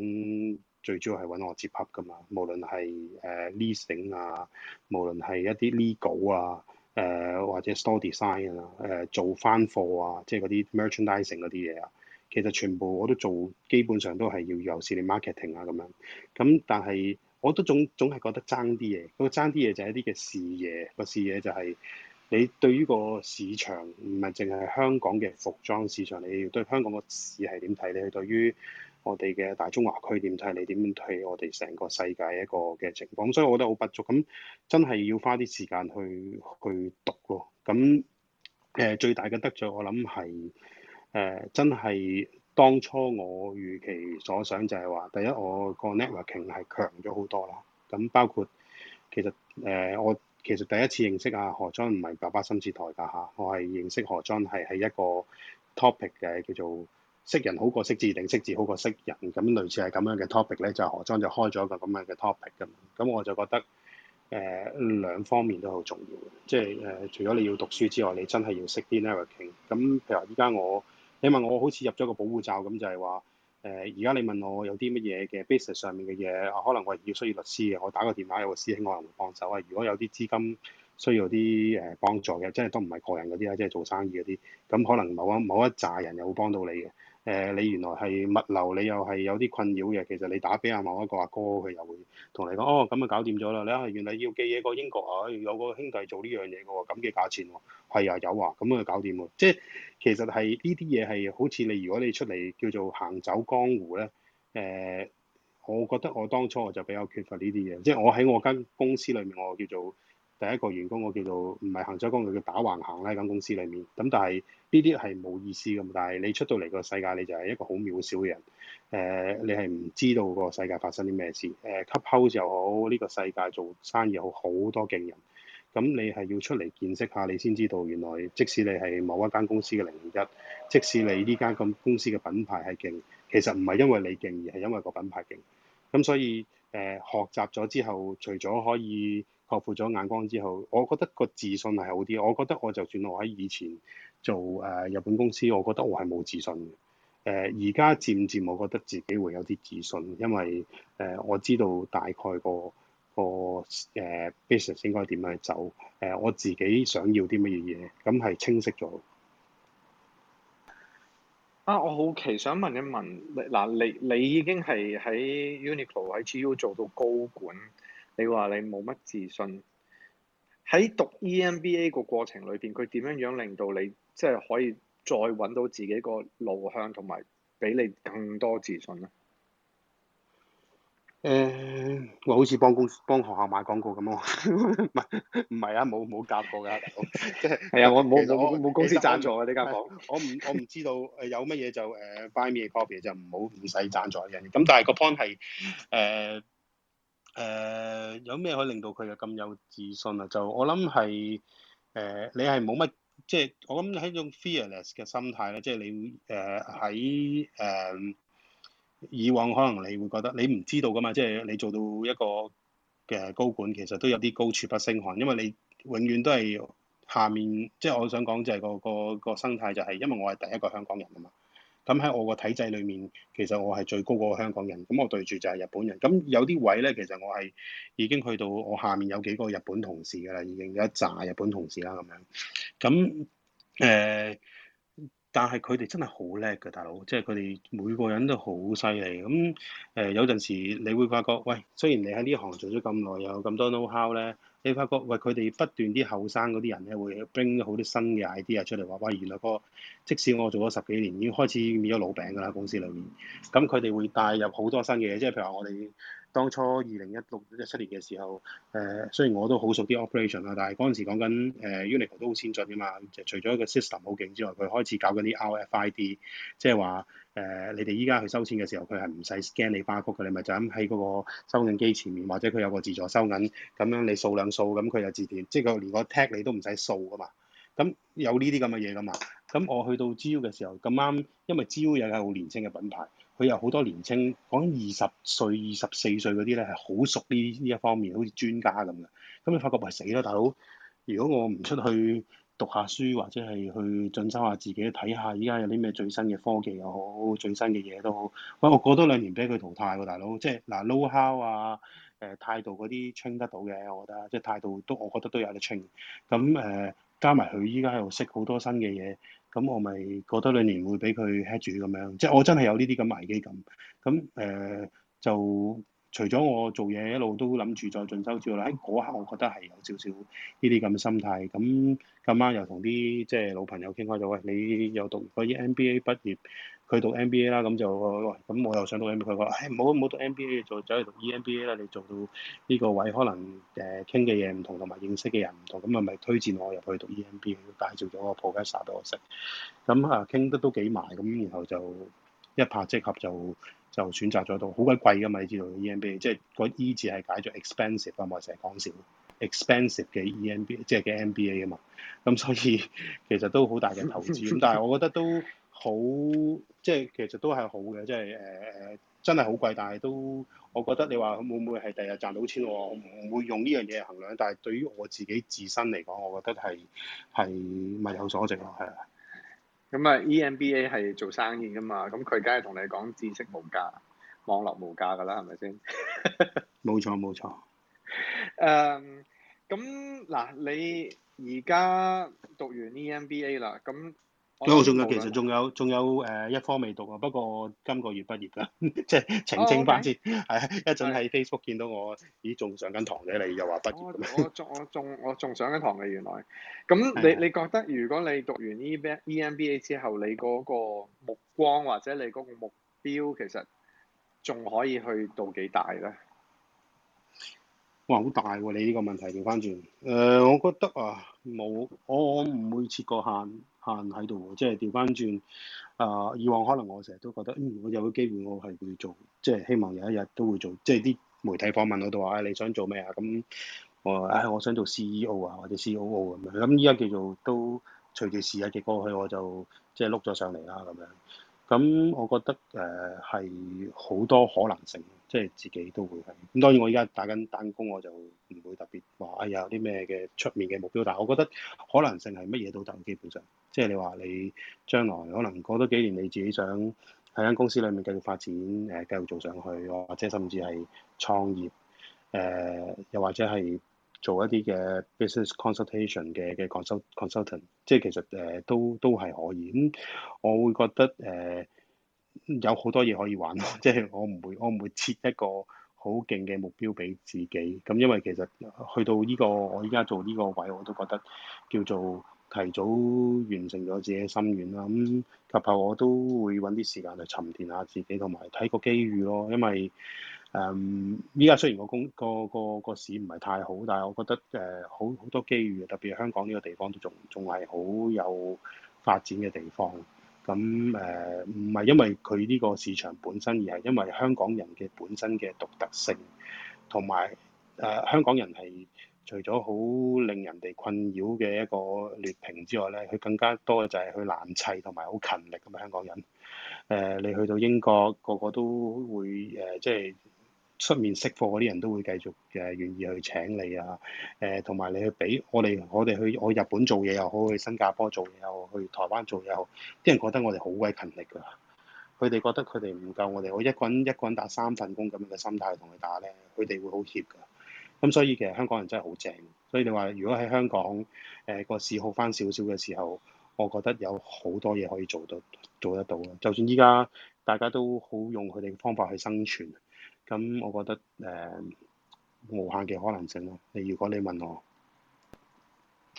最主要係揾我接洽㗎嘛，無論係誒、uh, leasing 啊，無論係一啲 legal 啊，誒、uh, 或者 store design 啊，誒、uh, 做翻貨啊，即係嗰啲 merchandising 嗰啲嘢啊，其實全部我都做，基本上都係要有視力 marketing 啊咁樣。咁但係我都總總係覺得爭啲嘢，咁爭啲嘢就係一啲嘅視野，個視野就係你對於個市場唔係淨係香港嘅服裝市場，你要對香港個市係點睇？你去對於。我哋嘅大中華區點睇？你點樣睇我哋成個世界一個嘅情況？所以我覺得好不足。咁真係要花啲時間去去讀咯。咁誒、呃、最大嘅得著我，我諗係誒真係當初我預期所想就係話，第一我個 networking 係強咗好多啦。咁包括其實誒、呃、我其實第一次認識阿、啊、何莊唔係爸爸心字台噶嚇、啊，我係認識何莊係喺一個 topic 嘅叫做識人好過識字定識字好過識人，咁類似係咁樣嘅 topic 咧，就何裝就開咗一個咁樣嘅 topic 嘅嘛。咁我就覺得誒、呃、兩方面都好重要，即係誒除咗你要讀書之外，你真係要識啲 networking 咁譬如話，依家我你問我好似入咗個保護罩咁，就係話誒，而、呃、家你問我有啲乜嘢嘅 business 上面嘅嘢啊，可能我係要需要律師嘅，我打個電話有個師兄可能會幫手啊。如果有啲資金需要啲誒幫助嘅，即係都唔係個人嗰啲啦，即、就、係、是、做生意嗰啲，咁可能某一某一紮人又會幫到你嘅。誒、呃，你原來係物流，你又係有啲困擾嘅。其實你打俾阿某一個阿哥、哥，佢又會同你講，哦，咁啊搞掂咗啦。你睇下，原來要寄嘢過英國啊，有個兄弟做呢樣嘢嘅喎，咁嘅價錢喎、啊，係啊，有啊，咁啊搞掂喎。即係其實係呢啲嘢係好似你如果你出嚟叫做行走江湖咧，誒、呃，我覺得我當初我就比較缺乏呢啲嘢，即係我喺我間公司裏面，我叫做。第一個員工，我叫做唔係行走工，佢叫打橫行咧。咁公司裏面，咁但係呢啲係冇意思嘅。但係你出到嚟個世界，你就係一個好渺小嘅人。誒、呃，你係唔知道個世界發生啲咩事。誒 Clubhouse 又好，呢、呢個世界做生意又好，好多勁人。咁你係要出嚟見識下，你先知道原來即使你係某一間公司嘅零零一，即使你呢間咁公司嘅品牌係勁，其實唔係因為你勁，而係因為個品牌勁。咁所以誒、呃，學習咗之後，除咗可以。擴闊咗眼光之後，我覺得個自信係好啲。我覺得我就算我喺以前做誒日本公司，我覺得我係冇自信嘅。誒而家漸漸，我覺得自己會有啲自信，因為誒、呃、我知道大概個個誒、呃、basis 應該點樣走。誒、呃、我自己想要啲乜嘢嘢，咁係清晰咗。啊！我好奇想問一問、啊、你，嗱你你已經係喺 Uniqlo 喺 GU 做到高管。你話你冇乜自信，喺讀 EMBA 個過程裏邊，佢點樣樣令到你即係、就是、可以再揾到自己個路向，同埋俾你更多自信咧？誒、欸，我好似幫公司、幫學校買廣告咁 啊？唔係唔係啊，冇冇夾過㗎，即係係啊，我冇冇冇公司贊助㗎呢間房。我唔我唔知道誒有乜嘢就誒、uh, buy me a copy 就唔好唔使贊助呢咁，但係個 point 係誒。Uh, 誒、uh, 有咩可以令到佢又咁有自信啊？就我諗係誒你係冇乜，即係我諗係一種 fearless 嘅心態啦。即係你誒喺誒以往可能你會覺得你唔知道噶嘛。即係你做到一個嘅高管，其實都有啲高處不勝寒，因為你永遠都係下面。即係我想講就係個個個心態就係，因為我係第一個香港人啊嘛。咁喺我個體制裏面，其實我係最高個香港人，咁我對住就係日本人。咁有啲位咧，其實我係已經去到我下面有幾個日本同事㗎啦，已經有一紮日本同事啦咁樣。咁誒、呃，但係佢哋真係好叻嘅，大佬，即係佢哋每個人都好犀利。咁誒、呃、有陣時你會發覺，喂，雖然你喺呢行做咗咁耐，有咁多 know how 咧。你發覺，喂，佢哋不斷啲後生嗰啲人咧，會 bring 咗好多新嘅 idea 出嚟話，喂，原來、個即使我做咗十幾年，已經開始變咗老餅㗎啦，公司裡面。咁佢哋會帶入好多新嘅嘢，即係譬如話，我哋當初二零一六、一七年嘅時候，誒、呃，雖然我都好熟啲 operation 啦，但、呃、係嗰陣時講緊 Uniqlo 都好先進㗎嘛，就除咗一個 system 好勁之外，佢開始搞緊啲 RFID，即係話。誒、呃，你哋依家去收錢嘅時候，佢係唔使 Scan 你花曲嘅，你咪就咁喺嗰個收銀機前面，或者佢有個自助收銀，咁樣你掃兩掃，咁佢就自動，即係佢連個 tag 你都唔使掃啊嘛。咁有呢啲咁嘅嘢噶嘛。咁我去到招嘅時候咁啱，因為招又係好年青嘅品牌，佢有好多年青，講二十歲、二十四歲嗰啲咧係好熟呢呢一方面，好似專家咁嘅。咁你發覺係死啦，大佬！如果我唔出去。讀下書或者係去進修下自己，睇下依家有啲咩最新嘅科技又好，最新嘅嘢都好。喂，我過多兩年俾佢淘汰喎，大佬。即係嗱，low how 啊，誒、呃、態度嗰啲 train 得到嘅，我覺得即係態度都我覺得都有得 train。咁誒加埋佢依家喺度識好多新嘅嘢，咁我咪過多兩年會俾佢 head 住咁樣。即係我真係有呢啲咁嘅危機感。咁誒、呃、就。除咗我做嘢一路都諗住再進修之外啦，喺嗰刻我覺得係有少少呢啲咁嘅心態。咁今晚又同啲即係老朋友傾開咗，喂，你又讀 EMBA 畢業，佢讀 MBA 啦，咁就喂，咁我又想到 MBA，佢話唔好冇冇讀 MBA、哎、做，走去讀 EMBA 啦。你做到呢個位，可能誒傾嘅嘢唔同，同埋認識嘅人唔同，咁啊咪推薦我入去讀 EMBA，介紹咗個 professor 俾我識。咁啊，傾得都幾埋，咁然後就一拍即合就。就選擇咗到好鬼貴㗎嘛，你知道 E M B A，即係個 E 字係解咗 expensive 啊嘛，成日講笑 expensive 嘅 E M B 即係嘅 M B A 啊嘛，咁所以其實都好大嘅投資， 但係我覺得都好即係其實都係好嘅，即係誒誒真係好貴，但係都我覺得你話會唔會係第日賺到錢喎？我唔會用呢樣嘢衡量，但係對於我自己自身嚟講，我覺得係係物有所值咯，係啊。咁啊，E M B A 係做生意噶嘛，咁佢梗係同你講知識無價、網絡無價噶啦，係咪先？冇 錯，冇錯。誒，um，咁嗱，你而家讀完 E M B A 啦，咁。有仲、哦、有，其實仲有仲有誒、呃、一科未讀啊。不過我今個月畢業㗎，即係澄清翻先。係、okay. 一陣喺 Facebook 見到我，咦？仲上緊堂嘅你又話畢業我？我仲我仲我仲上緊堂嘅原來。咁你的你覺得如果你讀完呢邊 EMBA 之後，你嗰個目光或者你嗰個目標，其實仲可以去到幾大咧？哇！好大喎、啊！你呢個問題調翻轉誒，我覺得啊，冇我我唔會設個限。限喺度即係調翻轉啊！以往可能我成日都覺得，嗯，我有個機會，我係會做，即係希望有一日都會做，即係啲媒體訪問我度話，誒、哎，你想做咩啊？咁我誒、哎，我想做 CEO 啊，或者 COO 咁、啊、樣。咁依家叫做都隨住時日嘅過去，我就即係碌咗上嚟啦咁樣。咁我覺得誒係好多可能性。即係自己都會係，咁當然我而家打緊單工，我就唔會特別話，哎呀，有啲咩嘅出面嘅目標。但係我覺得可能性係乜嘢都得，基本上，即係你話你將來可能過多幾年，你自己想喺間公司裡面繼續發展，誒繼續做上去，或者甚至係創業，誒、呃、又或者係做一啲嘅 business consultation 嘅嘅 consult consultant 即係其實誒、呃、都都係可以。咁、嗯、我會覺得誒。呃有好多嘢可以玩，即係我唔會我唔會設一個好勁嘅目標俾自己，咁因為其實去到呢個我依家做呢個位，我都覺得叫做提早完成咗自己嘅心願啦。咁及後我都會揾啲時間去沉澱下自己同埋睇個機遇咯。因為誒依家雖然個工個個個市唔係太好，但係我覺得誒好好多機遇，特別香港呢個地方都仲仲係好有發展嘅地方。咁誒唔係因為佢呢個市場本身，而係因為香港人嘅本身嘅獨特性，同埋誒香港人係除咗好令人哋困擾嘅一個劣評之外呢，佢更加多嘅就係佢難砌同埋好勤力咁嘅香港人。誒、呃，你去到英國，個個都會誒、呃，即係。出面識貨嗰啲人都會繼續誒願意去請你啊，誒同埋你去俾我哋，我哋去我日本做嘢又好，去新加坡做嘢又好，去台灣做嘢又好，啲人覺得我哋好鬼勤力㗎，佢哋覺得佢哋唔夠我哋，我一個人一個人打三份工咁樣嘅心態同佢打呢，佢哋會好怯㗎。咁所以其實香港人真係好正，所以你話如果喺香港誒個市好翻少少嘅時候，我覺得有好多嘢可以做到，做得到啦。就算依家大家都好用佢哋嘅方法去生存。咁我覺得誒、呃、無限嘅可能性咯。你如果你問我，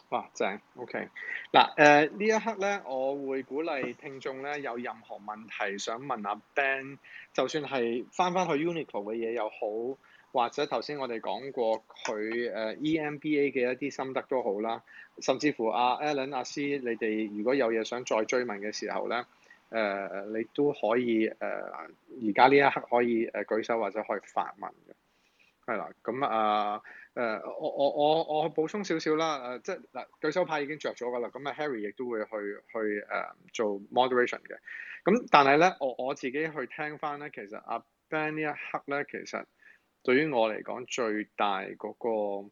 哇，正 OK 嗱，誒呢一刻咧，我會鼓勵聽眾咧，有任何問題想問阿、啊、Ben，就算係返返去 Uniqlo 嘅嘢又好，或者頭先我哋講過佢誒、呃、EMBA 嘅一啲心得都好啦，甚至乎阿、啊、Alan 阿、啊、C，你哋如果有嘢想再追問嘅時候咧。誒，uh, 你都可以誒，而家呢一刻可以誒、uh, 舉手或者可以發問嘅，係啦。咁、嗯、啊，誒、uh, uh，我我我我補充少少啦。誒、uh，即係嗱，舉手牌已經着咗㗎啦。咁啊，Harry 亦都會去去誒、uh, 做 moderation 嘅。咁、嗯、但係咧，我我自己去聽翻咧，其實阿 Ben 呢一刻咧，其實對於我嚟講最大嗰、個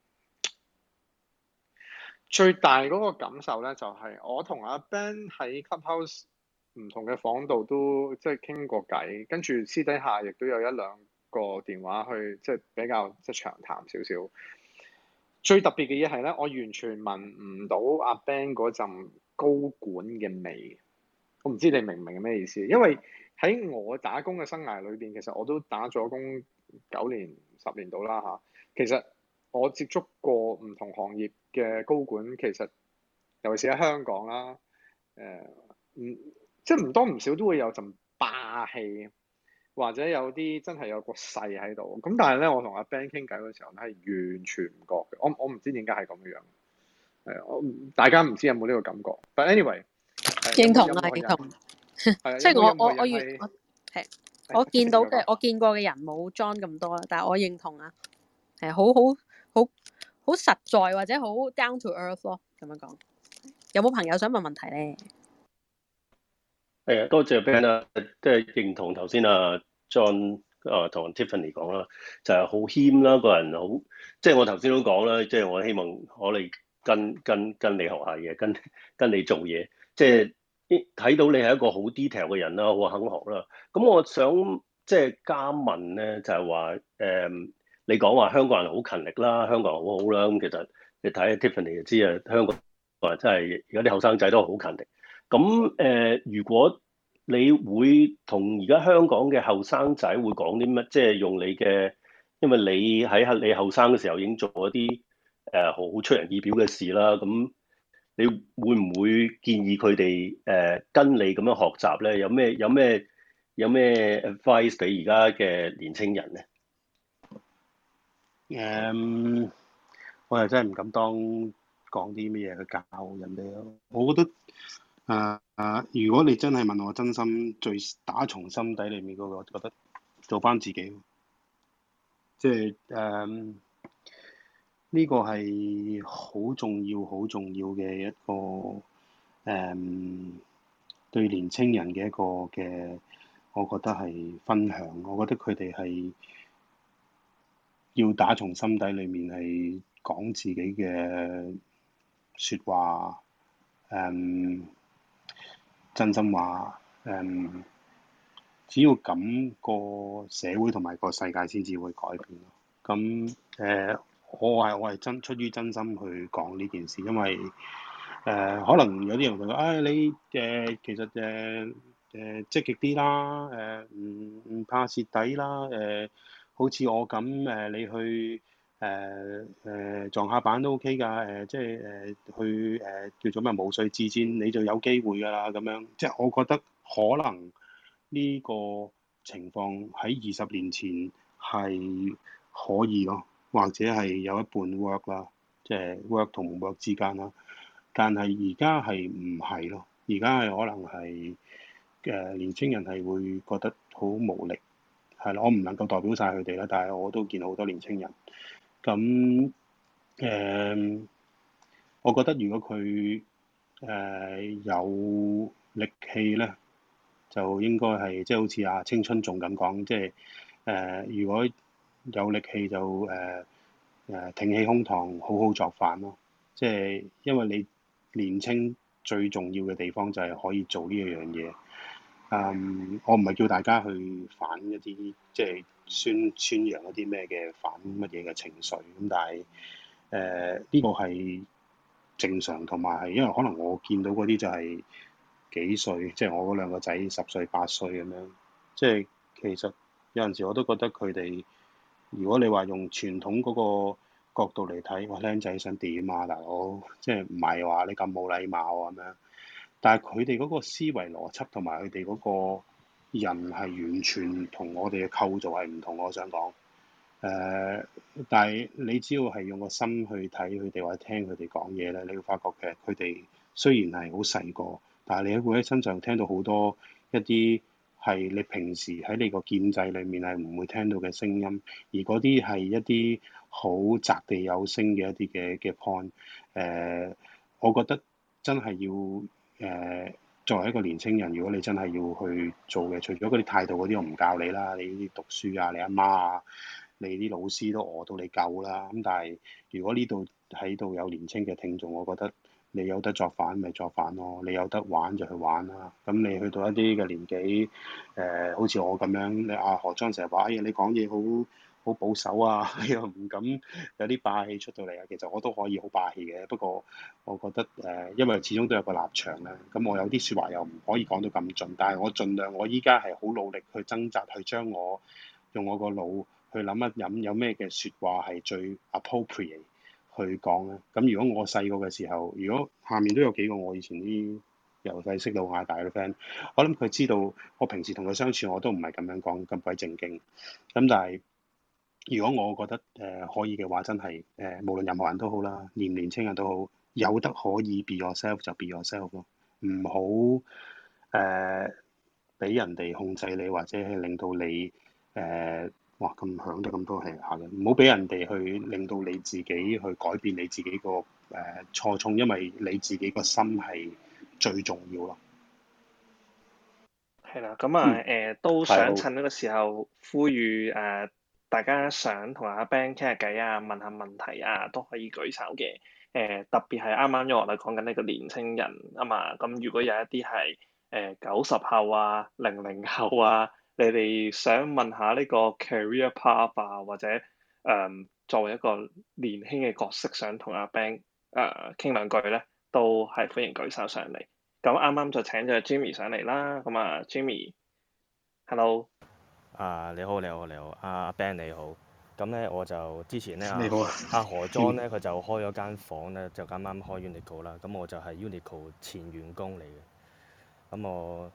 最大嗰個感受咧，就係我同阿 Ben 喺 Clubhouse。唔同嘅房度都即係傾過偈，跟住私底下亦都有一兩個電話去即係比較即係長談少少。最特別嘅嘢係咧，我完全聞唔到阿 Ben 嗰陣高管嘅味。我唔知你明唔明咩意思？因為喺我打工嘅生涯裏邊，其實我都打咗工九年十年到啦嚇。其實我接觸過唔同行業嘅高管，其實尤其是喺香港啦，誒、呃，嗯。即係唔多唔少都會有陣霸氣，或者有啲真係有個勢喺度。咁但係咧，我同阿 Ben 傾偈嘅時候咧，係完全唔覺嘅。我我唔知點解係咁樣。係啊，我大家唔知有冇呢個感覺。But anyway，認同啊，認同。即係我我我越係我見到嘅我見過嘅人冇 John 咁多啦。但係我認同啊，係好好好好實在或者好 down to earth 咯。咁樣講，有冇朋友想問問題咧？係多謝 Ben 啊，即係認同頭先阿 John 啊同 Tiffany 講啦，就係好謙啦，個人好，即係我頭先都講啦，即係我希望我哋跟跟跟你學下嘢，跟跟你做嘢，即係睇到你係一個好 detail 嘅人啦，我肯學啦。咁我想即係加問咧，就係話誒，你講話香港人好勤力啦，香港人好好啦，咁其實你睇下 Tiffany 就知啊，香港人真係有啲後生仔都好勤力。咁誒、呃，如果你會同而家香港嘅後生仔會講啲乜，即、就、係、是、用你嘅，因為你喺你後生嘅時候已經做咗一啲誒好出人意表嘅事啦。咁你會唔會建議佢哋誒跟你咁樣學習咧？有咩有咩有咩 advice 俾而家嘅年青人咧？誒，um, 我又真係唔敢當講啲咩嘢去教人哋咯。我覺得。誒，uh, 如果你真係問我真心最打從心底裏面嗰個，我覺得做翻自己，即係誒呢個係好重要、好重要嘅一個誒、um, 對年青人嘅一個嘅，我覺得係分享。我覺得佢哋係要打從心底裏面係講自己嘅説話，誒、um,。真心話，誒、嗯，只要咁個社會同埋個世界先至會改變咯。咁誒、呃，我係我係真出於真心去講呢件事，因為誒、呃，可能有啲人會講，誒、哎、你誒、呃、其實誒誒、呃呃、積極啲啦，誒唔唔怕蝕底啦，誒、呃，好似我咁誒、呃，你去，誒誒、呃、撞下板都 OK 㗎，誒、呃、即係誒、呃、去誒、呃、叫做咩無序之戰，你就有機會㗎啦。咁樣即係我覺得可能呢個情況喺二十年前係可以咯，或者係有一半 work 啦，即係 work 同唔 work 之間啦。但係而家係唔係咯？而家係可能係誒、呃、年青人係會覺得好無力係咯。我唔能夠代表晒佢哋啦，但係我都見到好多年青人。咁誒、呃，我覺得如果佢誒、呃、有力氣咧，就應該係即係好似阿青春仲咁講，即係誒，如果有力氣就誒誒挺起胸膛，呃呃、好好作反咯。即、就、係、是、因為你年青最重要嘅地方就係可以做呢一樣嘢。嗯、呃，我唔係叫大家去反一啲即係，就是宣宣揚一啲咩嘅反乜嘢嘅情緒咁，但係誒呢個係正常，同埋係因為可能我見到嗰啲就係幾歲，即係我嗰兩個仔十歲八歲咁樣，即係其實有陣時我都覺得佢哋，如果你話用傳統嗰個角度嚟睇，話僆仔想點啊大佬，即係唔係話你咁冇禮貌咁樣，但係佢哋嗰個思維邏輯同埋佢哋嗰個人係完全同我哋嘅構造係唔同，我想講。誒、呃，但係你只要係用個心去睇佢哋或者聽佢哋講嘢咧，你會發覺嘅，佢哋雖然係好細個，但係你會喺身上聽到好多一啲係你平時喺你個建制裡面係唔會聽到嘅聲音，而嗰啲係一啲好擲地有聲嘅一啲嘅嘅 point、呃。誒，我覺得真係要誒。呃作為一個年青人，如果你真係要去做嘅，除咗嗰啲態度嗰啲，我唔教你啦。你啲讀書啊，你阿媽啊，你啲老師都餓到你夠啦。咁但係，如果呢度喺度有年青嘅聽眾，我覺得你有得作反咪作反咯，你有得玩就去玩啦。咁你去到一啲嘅年紀，誒、呃，好似我咁樣，你阿何莊成日話，哎呀，你講嘢好～好保守啊，又唔敢有啲霸氣出到嚟啊！其實我都可以好霸氣嘅，不過我覺得誒、呃，因為始終都有個立場啦。咁我有啲説話又唔可以講到咁盡，但係我盡量，我依家係好努力去掙扎，去將我用我個腦去諗一諗有咩嘅説話係最 appropriate 去講咧。咁如果我細個嘅時候，如果下面都有幾個我以前啲由細識到亞大嘅 friend，我諗佢知道我平時同佢相處，我都唔係咁樣講咁鬼正經。咁但係。如果我覺得誒可以嘅話，真係誒無論任何人都好啦，年年青人都好，有得可以 be yourself 就 be yourself 咯，唔好誒俾人哋控制你或者係令到你誒，哇咁響得咁多嘅壓力，唔好俾人哋去令到你自己去改變你自己個誒初衷，因為你自己個心係最重要咯。係啦，咁啊誒都想趁呢個時候呼籲誒。呃大家想同阿 Ben 傾下偈啊，問下問題啊，都可以舉手嘅。誒、呃，特別係啱啱因為我哋講緊呢個年青人啊嘛，咁、嗯、如果有一啲係誒九十後啊、零零後啊，你哋想問下呢個 career path 啊，或者誒、呃、作為一個年輕嘅角色，想同阿 Ben 誒傾兩句咧，都係歡迎舉手上嚟。咁啱啱就請咗 Jimmy 上嚟啦。咁啊，Jimmy，hello。Jimmy, Hello. 啊，你好你好你好，阿阿、啊、Ben 你好。咁咧、嗯、我就之前咧阿好、啊、何莊咧佢就開咗間房咧就啱啱開 UNIQLO 啦。咁、嗯、我就係 UNIQLO 前員工嚟嘅，咁我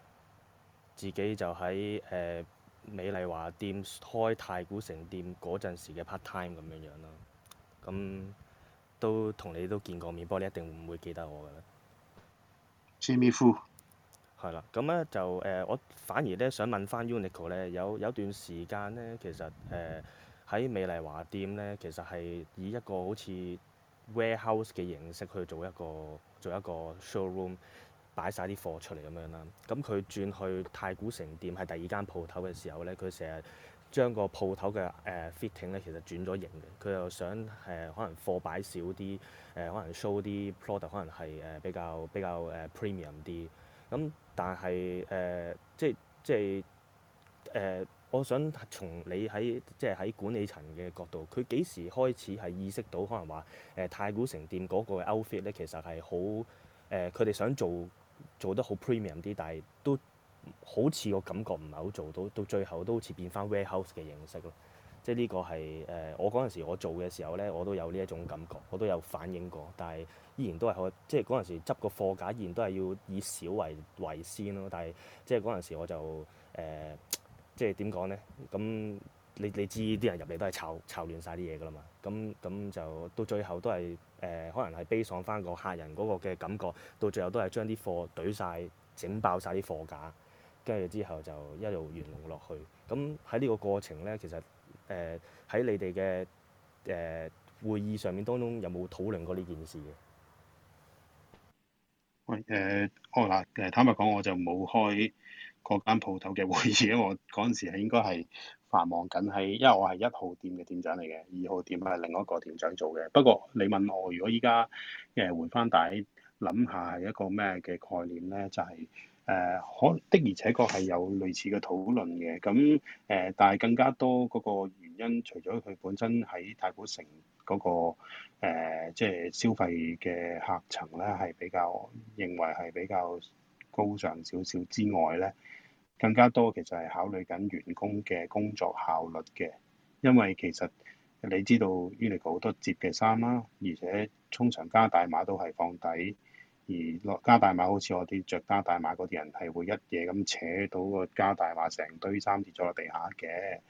自己就喺誒、呃、美麗華店開太古城店嗰陣時嘅 part time 咁樣樣咯。咁都同你都見過面，不過你一定唔會記得我㗎啦。Jimmy Fu。係啦，咁咧就誒、呃，我反而咧想問翻 Uniqlo 咧，有有段時間咧，其實誒喺、呃、美麗華店咧，其實係以一個好似 warehouse 嘅形式去做一個做一個 showroom，擺晒啲貨出嚟咁樣啦。咁佢、嗯、轉去太古城店係第二間鋪頭嘅時候咧，佢成日將個鋪頭嘅誒 fitting 咧，其實轉咗型嘅。佢又想誒、呃，可能貨擺少啲，誒、呃、可能 show 啲 product，可能係誒、呃、比較比較誒、呃、premium 啲。咁、嗯嗯但係誒、呃，即係即係誒、呃，我想從你喺即係喺管理層嘅角度，佢幾時開始係意識到可能話誒、呃、太古城店嗰個 outfit 咧，其實係好誒，呃、佢哋想做做得好 premium 啲，但係都好似個感覺唔係好做到，到最後都好似變返 warehouse 嘅形式咯。即係呢個係誒、呃，我嗰陣時我做嘅時候呢，我都有呢一種感覺，我都有反映過，但係依然都係可，即係嗰陣時執個貨架，依然都係要以少為為先咯。但係即係嗰陣時我就誒、呃，即係點講呢？咁你你知啲人入嚟都係炒炒亂晒啲嘢㗎啦嘛。咁咁就到最後都係誒、呃，可能係悲喪返個客人嗰個嘅感覺，到最後都係將啲貨懟晒，整爆晒啲貨架，跟住之後就一路完龍落去。咁喺呢個過程呢，其實～誒喺你哋嘅誒會議上面當中，有冇討論過呢件事嘅？喂誒，我嗱誒坦白講，我就冇開嗰間鋪頭嘅會議，因為我嗰陣時係應該係繁忙緊喺，因為我係一號店嘅店長嚟嘅，二號店係另一個店長做嘅。不過你問我，如果依家誒換翻底諗下係一個咩嘅概念咧，就係誒可的而且確係有類似嘅討論嘅。咁誒、呃，但係更加多嗰、那個。因除咗佢本身喺太古城嗰、那個、呃、即係消費嘅客層咧，係比較認為係比較高尚少少之外咧，更加多其實係考慮緊員工嘅工作效率嘅，因為其實你知道 Uniqlo 好多折嘅衫啦，而且通常加大碼都係放底，而落加大碼好似我哋着加大碼嗰啲人係會一夜咁扯到個加大碼成堆衫跌咗落地下嘅。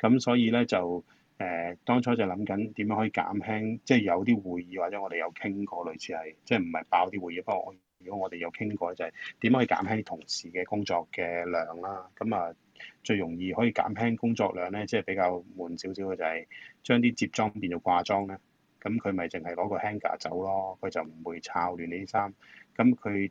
咁所以咧就誒、呃、當初就諗緊點樣可以減輕，即係有啲會議或者我哋有傾過，類似係即係唔係爆啲會議，不過如果我哋有傾過就係、是、點可以減輕同事嘅工作嘅量啦、啊。咁啊最容易可以減輕工作量咧，即係比較悶少少嘅就係將啲摺裝變做掛裝咧。咁佢咪淨係攞個 hanger 走咯，佢就唔會抄亂你啲衫。咁佢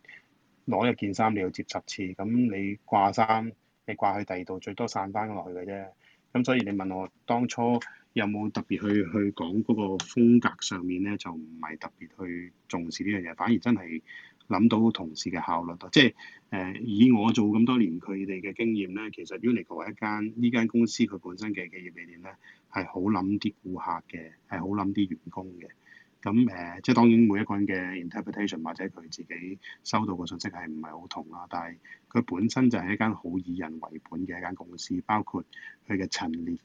攞一件衫你要摺十次，咁你掛衫你掛去第二度最多散翻落去嘅啫。咁所以你問我當初有冇特別去去講嗰個風格上面呢？就唔係特別去重視呢樣嘢，反而真係諗到同事嘅效率。即係、呃、以我做咁多年佢哋嘅經驗呢，其實 Uniqlo 係一間呢間公司佢本身嘅企業理念呢，係好諗啲顧客嘅，係好諗啲員工嘅。咁誒、呃，即係當然每一個人嘅 interpretation 或者佢自己收到嘅信息係唔係好同啦，但係佢本身就係一間好以人為本嘅一間公司，包括佢嘅陳列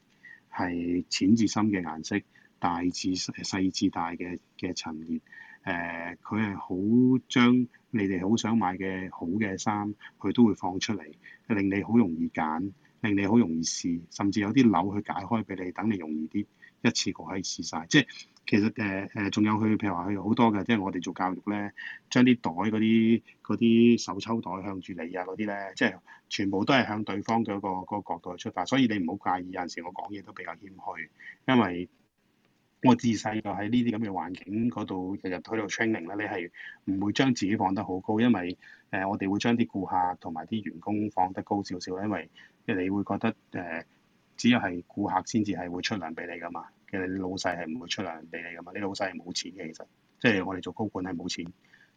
係淺至深嘅顏色，大至細至大嘅嘅陳列。誒、呃，佢係好將你哋好想買嘅好嘅衫，佢都會放出嚟，令你好容易揀，令你好容易試，甚至有啲鈕去解開俾你，等你容易啲一,一次過可以試晒。即係。其實誒誒，仲有佢，譬如話佢好多嘅，即係我哋做教育咧，將啲袋嗰啲嗰啲手抽袋向住你啊嗰啲咧，即係全部都係向對方嗰個嗰個角度去出發，所以你唔好介意。有陣時我講嘢都比較謙虛，因為我自細就喺呢啲咁嘅環境嗰度，日日都喺度 training 咧，你係唔會將自己放得好高，因為誒我哋會將啲顧客同埋啲員工放得高少少，因為即係你會覺得誒，只有係顧客先至係會出糧俾你噶嘛。其實你老細係唔會出糧俾你噶嘛？你老細係冇錢嘅，其實即係我哋做高管係冇錢，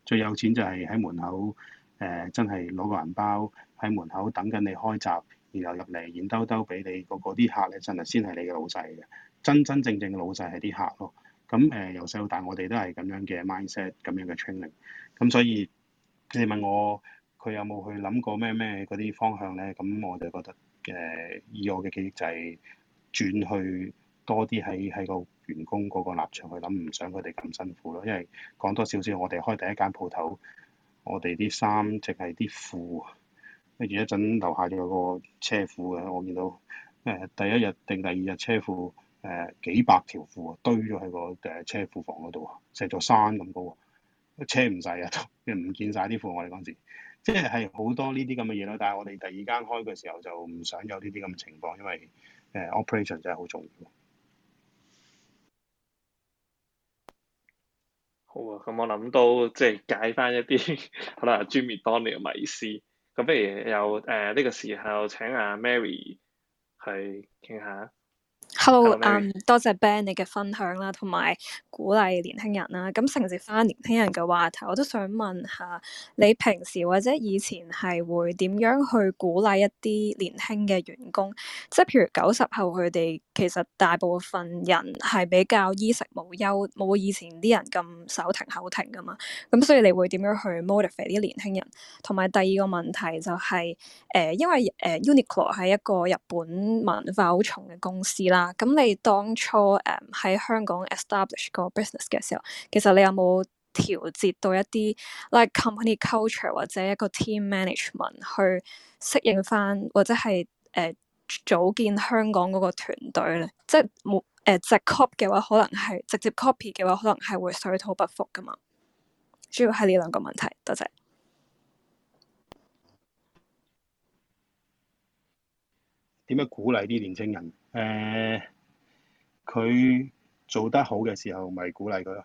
最有錢就係喺門口誒、呃，真係攞個銀包喺門口等緊你開閘，然後入嚟現兜兜俾你、嗰個啲客咧，真係先係你嘅老細嘅，真真正正嘅老細係啲客咯。咁誒，由、呃、細到大我哋都係咁樣嘅 mindset，咁樣嘅 training。咁所以佢哋問我佢有冇去諗過咩咩嗰啲方向咧？咁我就覺得誒、呃，以我嘅記憶就係轉去。多啲喺喺個員工嗰個立場去諗，唔想佢哋咁辛苦咯。因為講多少少，我哋開第一間鋪頭，我哋啲衫淨係啲褲，跟住一陣樓下仲有個車庫嘅，我見到誒第一日定第二日車庫誒幾百條褲啊，堆咗喺個誒車庫房嗰度啊，成座山咁高啊，車唔晒啊，即唔見晒啲褲。我哋嗰陣時即係係好多呢啲咁嘅嘢咯。但係我哋第二間開嘅時候就唔想有呢啲咁嘅情況，因為誒 operation 真係好重要。好啊，咁、嗯、我諗到即係解返一啲可能朱咪當年嘅迷思，咁不如又誒呢個時候請阿、啊、Mary 去傾下。Hello，、um, 多謝 Ben 你嘅分享啦，同埋鼓勵年輕人啦。咁承接翻年輕人嘅話題，我都想問下你平時或者以前係會點樣去鼓勵一啲年輕嘅員工？即係譬如九十後佢哋其實大部分人係比較衣食無憂，冇以前啲人咁手停口停噶嘛。咁所以你會點樣去 modify 啲年輕人？同埋第二個問題就係、是、誒、呃，因為誒、呃、Uniqlo 係一個日本文化好重嘅公司。啦，咁你當初誒喺香港 establish 個 business 嘅時候，其實你有冇調節到一啲 like company culture 或者一個 team management 去適應返，或者係誒、呃、組建香港嗰個團隊咧？即係冇誒直 copy 嘅話，可能係直接 copy 嘅話，可能係會水土不服㗎嘛。主要係呢兩個問題。多謝。點樣鼓勵啲年青人？誒佢、呃、做得好嘅時候，咪鼓勵佢咯。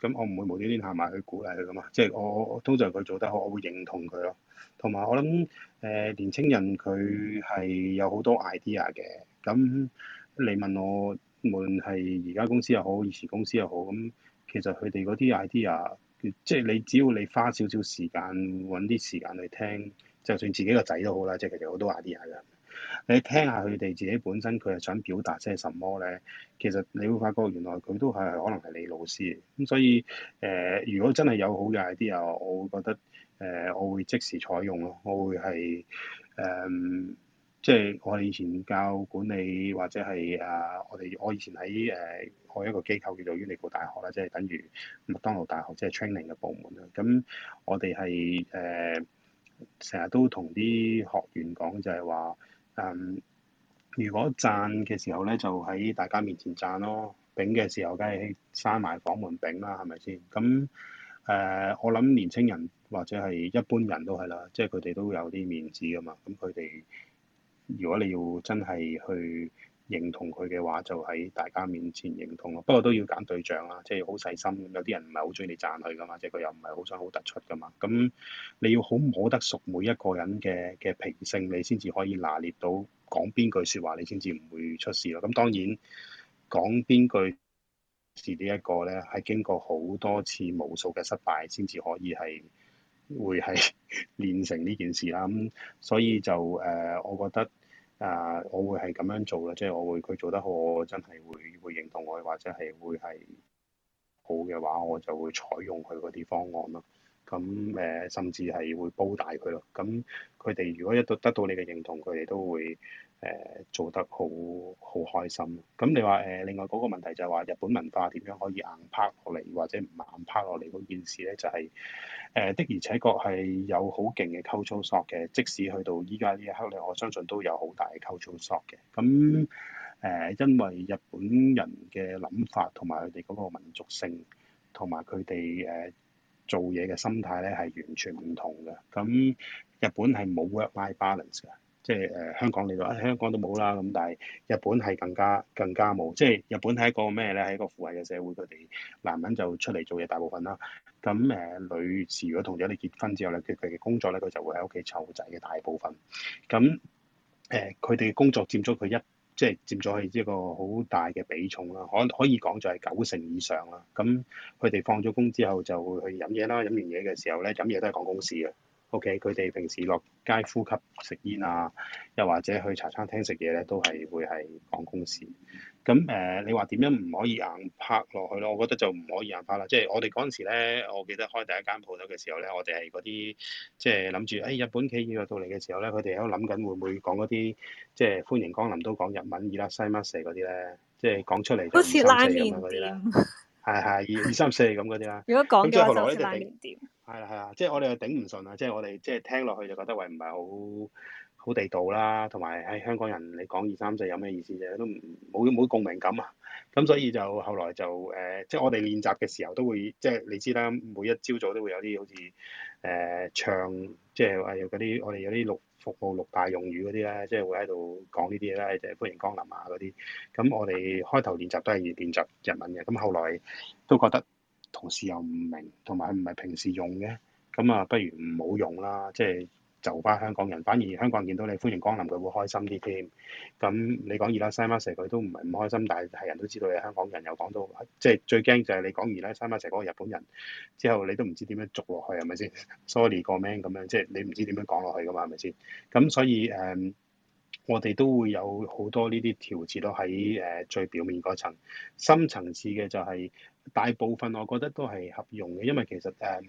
咁我唔會無端端行埋去鼓勵佢㗎嘛，即係我通常佢做得好，我會認同佢咯。同埋我諗誒、呃、年青人佢係有好多 idea 嘅。咁你問我，無論係而家公司又好，以前公司又好，咁其實佢哋嗰啲 idea，即係你只要你花少少時間搵啲時間去聽，就算自己個仔都好啦。即係其實好多 idea 㗎。你一聽一下佢哋自己本身佢係想表達些什麼咧，其實你會發覺原來佢都係可能係你老師，咁所以誒、呃，如果真係有好嘅 idea，我會覺得誒、呃，我會即時採用咯，我會係誒，即、呃、係、就是、我哋以前教管理或者係啊，我、呃、哋我以前喺誒、呃、我一個機構叫做 UNIQLO 大學啦，即、就、係、是、等於麥當勞大學，即、就、係、是、training 嘅部門啦，咁我哋係誒成日都同啲學員講就係話。Um, 如果讚嘅時候呢，就喺大家面前讚咯，炳嘅時候，梗係閂埋房門炳啦，係咪先？咁誒、呃，我諗年輕人或者係一般人都係啦，即係佢哋都有啲面子㗎嘛，咁佢哋如果你要真係去認同佢嘅話，就喺大家面前認同咯。不過都要揀對象啦，即係好細心。有啲人唔係好鍾意你讚佢㗎嘛，即係佢又唔係好想好突出㗎嘛。咁你要好摸得熟每一個人嘅嘅脾性，你先至可以拿捏到講邊句說話，你先至唔會出事咯。咁當然講邊句是呢一個呢，係經過好多次無數嘅失敗，先至可以係會係練成呢件事啦。咁所以就誒、呃，我覺得。啊！Uh, 我會係咁樣做嘅，即係我會佢做得好，我真係會會認同佢，或者係會係好嘅話，我就會採用佢嗰啲方案咯。咁誒、呃，甚至係會煲大佢咯。咁佢哋如果一到得，得到你嘅認同，佢哋都會。誒做得好好，開心咯！咁你話誒、呃、另外嗰個問題就係話日本文化點樣可以硬拍落嚟或者唔硬拍落嚟嗰件事咧，就係、是、誒、呃、的而且確係有好勁嘅溝通索嘅，即使去到依家呢一刻咧，我相信都有好大嘅溝通索嘅。咁誒、呃、因為日本人嘅諗法同埋佢哋嗰個民族性同埋佢哋誒做嘢嘅心態咧係完全唔同嘅。咁日本係冇 work-life balance 㗎。即係誒香港嚟到，香港都冇啦。咁但係日本係更加更加冇。即係日本係一個咩咧？係一個父系嘅社會，佢哋男人就出嚟做嘢大部分啦。咁誒女士如果同咗你結婚之後咧，佢佢嘅工作咧，佢就會喺屋企湊仔嘅大部分。咁誒佢哋嘅工作佔咗佢一，即係佔咗佢一個好大嘅比重啦。可可以講就係九成以上啦。咁佢哋放咗工之後就會去飲嘢啦。飲完嘢嘅時候咧，飲嘢都係講公司嘅。O.K. 佢哋平時落街呼吸食煙啊，又或者去茶餐廳食嘢咧，都係會係講公事。咁誒，你話點樣唔可以硬拍落去咯？我覺得就唔可以硬拍啦。即係我哋嗰陣時咧，我記得開第一間鋪頭嘅時候咧，我哋係嗰啲即係諗住誒日本企 i 到嚟嘅時候咧，佢哋喺度諗緊會唔會講嗰啲即係歡迎光臨都講日文 i r 西 s 四嗰啲咧，即係講出嚟。都是拉麪店。係係二二三四咁嗰啲啦。如果講嘅都係拉麪係啦，係 啊，即係我哋又頂唔順啊！即係我哋即係聽落去就覺得喂唔係好好地道啦，同埋唉香港人你講二三四有咩意思啫？都冇冇共鳴感啊！咁所以就後來就誒，即、呃、係、就是、我哋練習嘅時候都會即係、就是、你知啦，每一朝早都會有啲好似誒、呃、唱，即係嗰啲我哋有啲六服務六大用語嗰啲咧，即係會喺度講呢啲嘢啦，就係、是就是、歡迎光臨啊嗰啲。咁我哋開頭練習都係練習日文嘅，咁後來都覺得。同事又唔明，同埋唔係平時用嘅，咁啊不如唔好用啦，即係就翻、是、香港人，反而香港人見到你歡迎光臨，佢會開心啲添。咁你講二啦三啦四，佢都唔係唔開心，但係人都知道你係香港人又，又講到即係最驚就係你講二啦三啦成個日本人，之後你都唔知點樣續落去係咪先？Sorry 個 man 咁樣，即、就、係、是、你唔知點樣講落去噶嘛係咪先？咁所以誒、嗯，我哋都會有好多呢啲調節都喺誒最表面嗰層，深層次嘅就係、是。大部分我覺得都係合用嘅，因為其實誒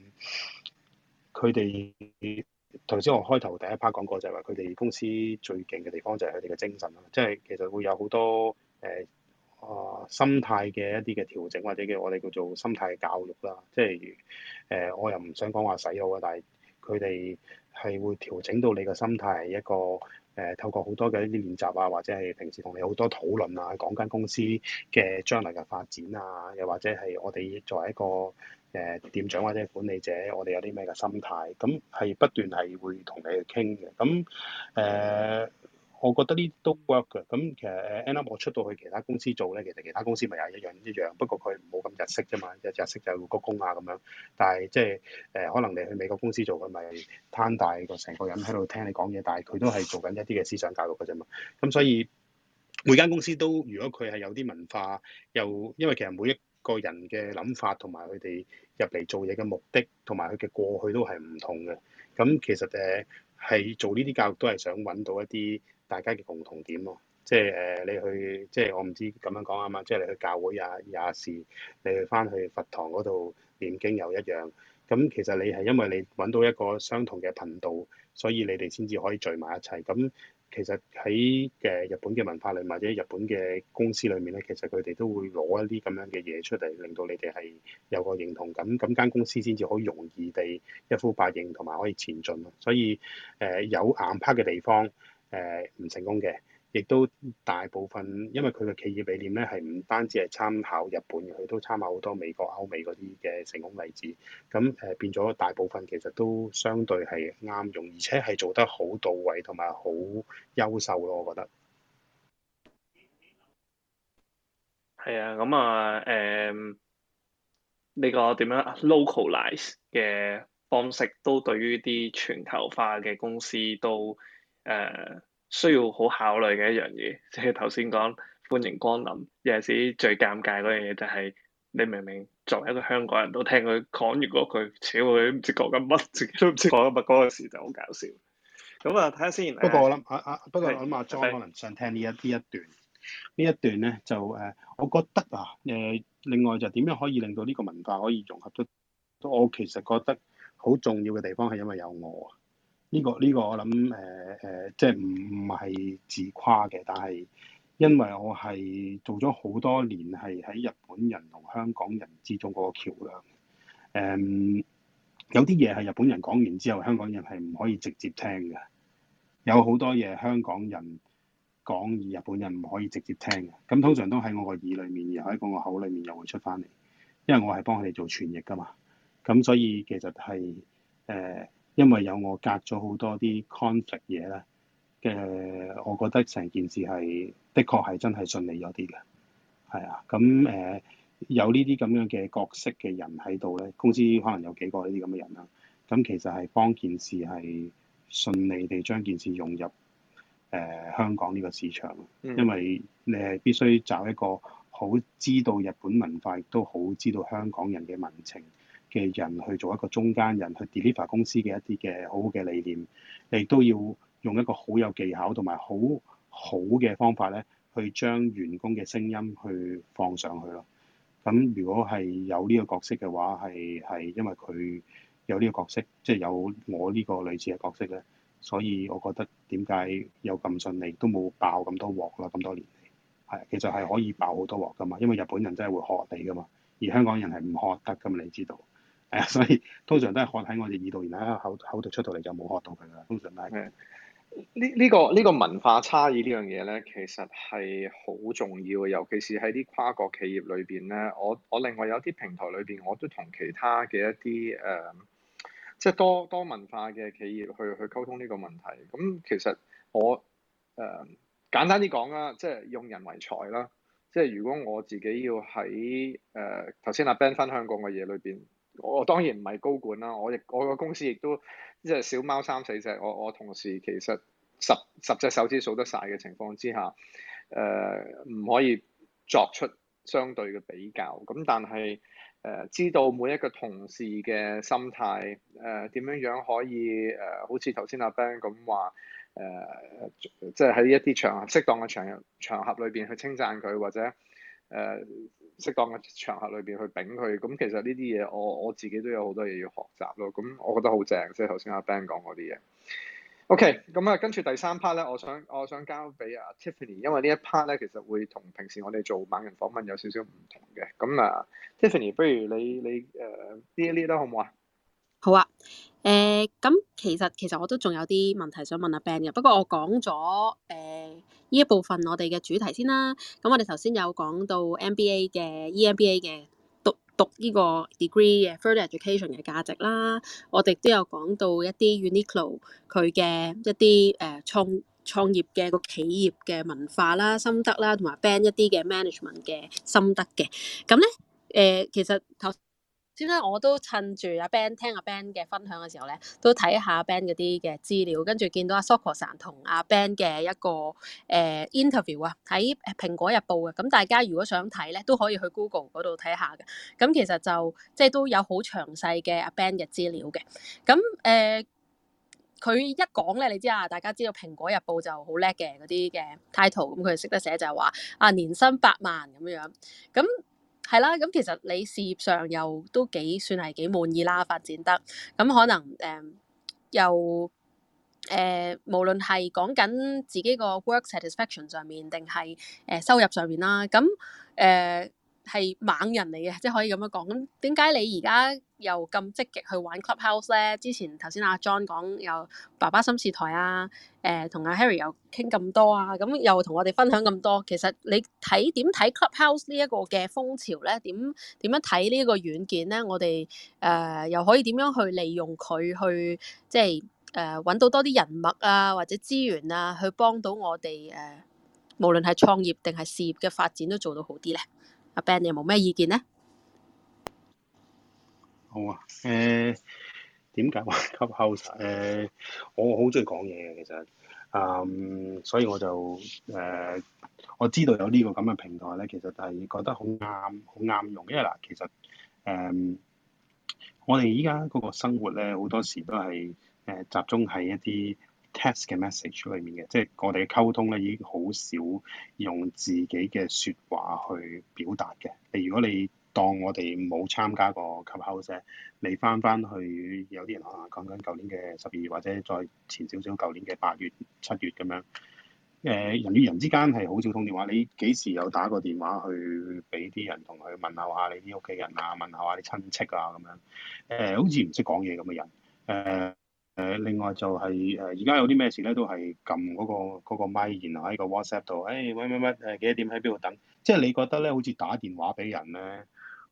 佢哋頭先我開頭第一 part 講過就係話佢哋公司最勁嘅地方就係佢哋嘅精神啦，即係其實會有好多誒啊、呃、心態嘅一啲嘅調整或者叫我哋叫做心態嘅教育啦，即係誒、呃、我又唔想講話洗腦啊，但係佢哋係會調整到你嘅心態係一個。誒透過好多嘅一啲練習啊，或者係平時同你好多討論啊，講間公司嘅將來嘅發展啊，又或者係我哋作為一個誒店長或者管理者，我哋有啲咩嘅心態，咁係不斷係會同你去傾嘅。咁誒。呃我覺得呢都 work 㗎，咁其實誒，Anya 我出到去其他公司做咧，其實其他公司咪又一樣一樣，不過佢冇咁日式啫嘛，日日式鞠個躬啊咁樣，但係即係誒，可能你去美國公司做佢咪攤大個成個人喺度聽你講嘢，但係佢都係做緊一啲嘅思想教育㗎啫嘛，咁所以每間公司都如果佢係有啲文化，又因為其實每一個人嘅諗法同埋佢哋入嚟做嘢嘅目的同埋佢嘅過去都係唔同嘅，咁其實誒係做呢啲教育都係想揾到一啲。大家嘅共同點咯，即係誒、呃、你去，即係我唔知咁樣講啊嘛。即係你去教會也也是，你去翻去佛堂嗰度念經又一樣。咁其實你係因為你揾到一個相同嘅頻道，所以你哋先至可以聚埋一齊。咁其實喺嘅日本嘅文化裏面，或者日本嘅公司裏面咧，其實佢哋都會攞一啲咁樣嘅嘢出嚟，令到你哋係有個認同感，咁咁間公司先至好容易地一呼百應同埋可以前進，所以誒、呃、有硬 part 嘅地方。誒唔、uh, 成功嘅，亦都大部分因為佢嘅企業理念咧，係唔單止係參考日本，佢都參考好多美國歐美嗰啲嘅成功例子。咁誒、呃、變咗大部分其實都相對係啱用，而且係做得好到位同埋好優秀咯，我覺得。係啊，咁啊誒、呢、嗯，這個點樣 localize 嘅方式都對於啲全球化嘅公司都。誒、uh, 需要好考慮嘅一樣嘢，即係頭先講歡迎光臨。有陣時最尷尬嗰樣嘢就係、是、你明明作為一個香港人都聽佢講，如果佢扯你唔知講緊乜，自己都唔知講緊乜嗰個事就好搞笑。咁啊，睇下先。不過我諗啊啊，不過我諗阿莊可能想聽呢一呢一段，呢一段咧就誒、呃，我覺得啊誒、呃，另外就點樣可以令到呢個文化可以融合到？我其實覺得好重要嘅地方係因為有我。呢個呢個我諗誒誒，即係唔唔係自誇嘅，但係因為我係做咗好多年係喺日本人同香港人之中嗰個橋梁。誒，有啲嘢係日本人講完之後，香港人係唔可以直接聽嘅。有好多嘢香港人講，日本人唔可以直接聽嘅。咁通常都喺我個耳裏面，又喺我個口裏面，又會出翻嚟。因為我係幫佢哋做傳譯噶嘛。咁所以其實係誒。呃因為有我隔咗好多啲 conflict 嘢咧嘅，我覺得成件事係的確係真係順利咗啲嘅，係啊，咁誒、呃、有呢啲咁樣嘅角色嘅人喺度呢，公司可能有幾個呢啲咁嘅人啦，咁其實係幫件事係順利地將件事融入誒、呃、香港呢個市場，嗯、因為你係必須找一個好知道日本文化，亦都好知道香港人嘅民情嘅人去做一個中間人去 deliver 公司嘅一啲嘅好好嘅理念，你都要用一個好有技巧同埋好好嘅方法咧，去將員工嘅聲音去放上去咯。咁如果係有呢個角色嘅話，係係因為佢有呢個角色，即係有我呢個類似嘅角色咧，所以我覺得點解有咁順利，都冇爆咁多鑊啦，咁多年嚟，係其實係可以爆好多鑊噶嘛，因為日本人真係會學你噶嘛，而香港人係唔學得噶嘛，你知道。所以通常都係看喺我哋耳度，然後喺口口度出到嚟，就冇學到佢啦。通常都係。呢呢、這個呢、這個文化差異呢樣嘢咧，其實係好重要嘅，尤其是喺啲跨國企業裏邊咧。我我另外有啲平台裏邊，我都同其他嘅一啲誒、呃，即係多多文化嘅企業去去溝通呢個問題。咁、嗯、其實我誒、呃、簡單啲講啦，即係用人為財啦。即係如果我自己要喺誒頭先阿 Ben 分享過嘅嘢裏邊。我當然唔係高管啦，我亦我個公司亦都即係、就是、小貓三四隻，我我同事其實十十隻手指數得晒嘅情況之下，誒、呃、唔可以作出相對嘅比較。咁但係誒、呃、知道每一個同事嘅心態，誒點樣樣可以誒、呃，好似頭先阿 Ben 咁話誒，即係喺一啲場合適當嘅場場合裏邊去稱讚佢或者誒。呃適當嘅場合裏邊去抦佢，咁其實呢啲嘢我我自己都有好多嘢要學習咯。咁我覺得好正，即係頭先阿 Ben 講嗰啲嘢。OK，咁啊，跟住第三 part 咧，我想我想交俾阿 Tiffany，因為一呢一 part 咧，其實會同平時我哋做盲人訪問有少少唔同嘅。咁啊，Tiffany，不如你你誒呢一啲得好唔好啊？好啊，誒、呃、咁其實其實我都仲有啲問題想問阿、啊、Ben 嘅，不過我講咗誒呢一部分我哋嘅主題先啦。咁、嗯、我哋頭先有講到 MBA 嘅 EMBA 嘅讀讀呢個 degree 嘅 Further Education 嘅價值啦，我哋都有講到一啲 Uniqlo 佢嘅一啲誒、呃、創創業嘅個企業嘅文化啦、心得啦，同埋 Ben 一啲嘅 management 嘅心得嘅。咁咧誒，其實頭先生，我都趁住阿 Ben 聽阿 Ben 嘅分享嘅時候咧，都睇下 Ben 嗰啲嘅資料，跟住見到阿 Sokosan 同阿 Ben 嘅一個誒 interview 啊，喺、呃、蘋果日報嘅，咁大家如果想睇咧，都可以去 Google 嗰度睇下嘅。咁、嗯、其實就即係都有好詳細嘅阿 Ben 嘅資料嘅。咁、嗯、誒，佢、呃、一講咧，你知啊，大家知道蘋果日報就好叻嘅嗰啲嘅 title，咁佢識得寫就係話啊年薪百萬咁樣，咁、嗯。係啦，咁、嗯、其實你事業上又都幾算係幾滿意啦，發展得咁、嗯、可能誒、呃、又誒、呃，無論係講緊自己個 work satisfaction 上面定係誒收入上面啦，咁、嗯、誒。呃係猛人嚟嘅，即係可以咁樣講。咁點解你而家又咁積極去玩 Clubhouse 咧？之前頭先阿 John 講有爸爸心事台啊，誒同阿 Harry 又傾咁多啊，咁又同我哋分享咁多。其實你睇點睇 Clubhouse 呢一個嘅風潮咧？點點樣睇呢一個軟件咧？我哋誒、呃、又可以點樣去利用佢去即係誒揾到多啲人脈啊，或者資源啊，去幫到我哋誒、呃，無論係創業定係事業嘅發展都做到好啲咧。阿 Ben，你有冇咩意見咧？好啊，誒點解玩 Clubhouse？誒我好中意講嘢嘅，其實啊、嗯，所以我就誒、呃、我知道有呢個咁嘅平台咧。其實係覺得好啱，好啱用因為，嗱，其實誒、嗯，我哋依家嗰個生活咧，好多時都係誒集中喺一啲，test 嘅 message 裏面嘅，即係我哋嘅溝通咧，已經好少用自己嘅説話去表達嘅。你如果你當我哋冇參加過 Clubhouse，你翻翻去有啲人可能講緊舊年嘅十二月，或者再前少少舊年嘅八月、七月，咁樣。誒，人與人之間係好少通電話。你幾時有打過電話去俾啲人同佢問候下你啲屋企人啊？問候下你親戚啊咁樣。誒、呃，好似唔識講嘢咁嘅人。誒、呃。誒，另外就係誒，而家有啲咩事咧，都係撳嗰個嗰個咪，然後喺個 WhatsApp 度，誒，乜乜乜，誒，幾多點喺邊度等，即係你覺得咧，好似打電話俾人咧。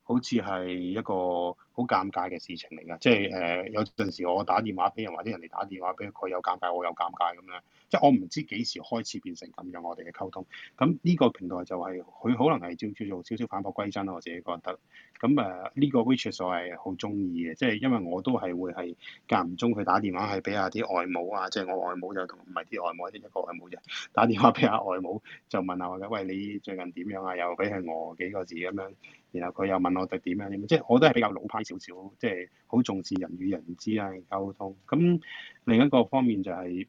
好似係一個好尷尬嘅事情嚟㗎，即係誒有陣時我打電話俾人，或者人哋打電話俾佢，有尷尬，我有尷尬咁樣。即係我唔知幾時開始變成咁樣，我哋嘅溝通咁呢個平台就係、是、佢可能係叫叫做少少返璞歸真咯，我自己覺得。咁誒呢個 WeChat 我係好中意嘅，即係因為我都係會係間唔中去打電話係俾下啲外母啊，即、就、係、是、我外母就同唔係啲外母，就是、一個外母就打電話俾下外母，就問下我嘅，喂你最近點樣啊？又俾係我幾個字咁樣。然後佢又問我哋點樣點樣，即係我都係比較老派少少，即係好重視人與人之間嘅溝通。咁另一個方面就係、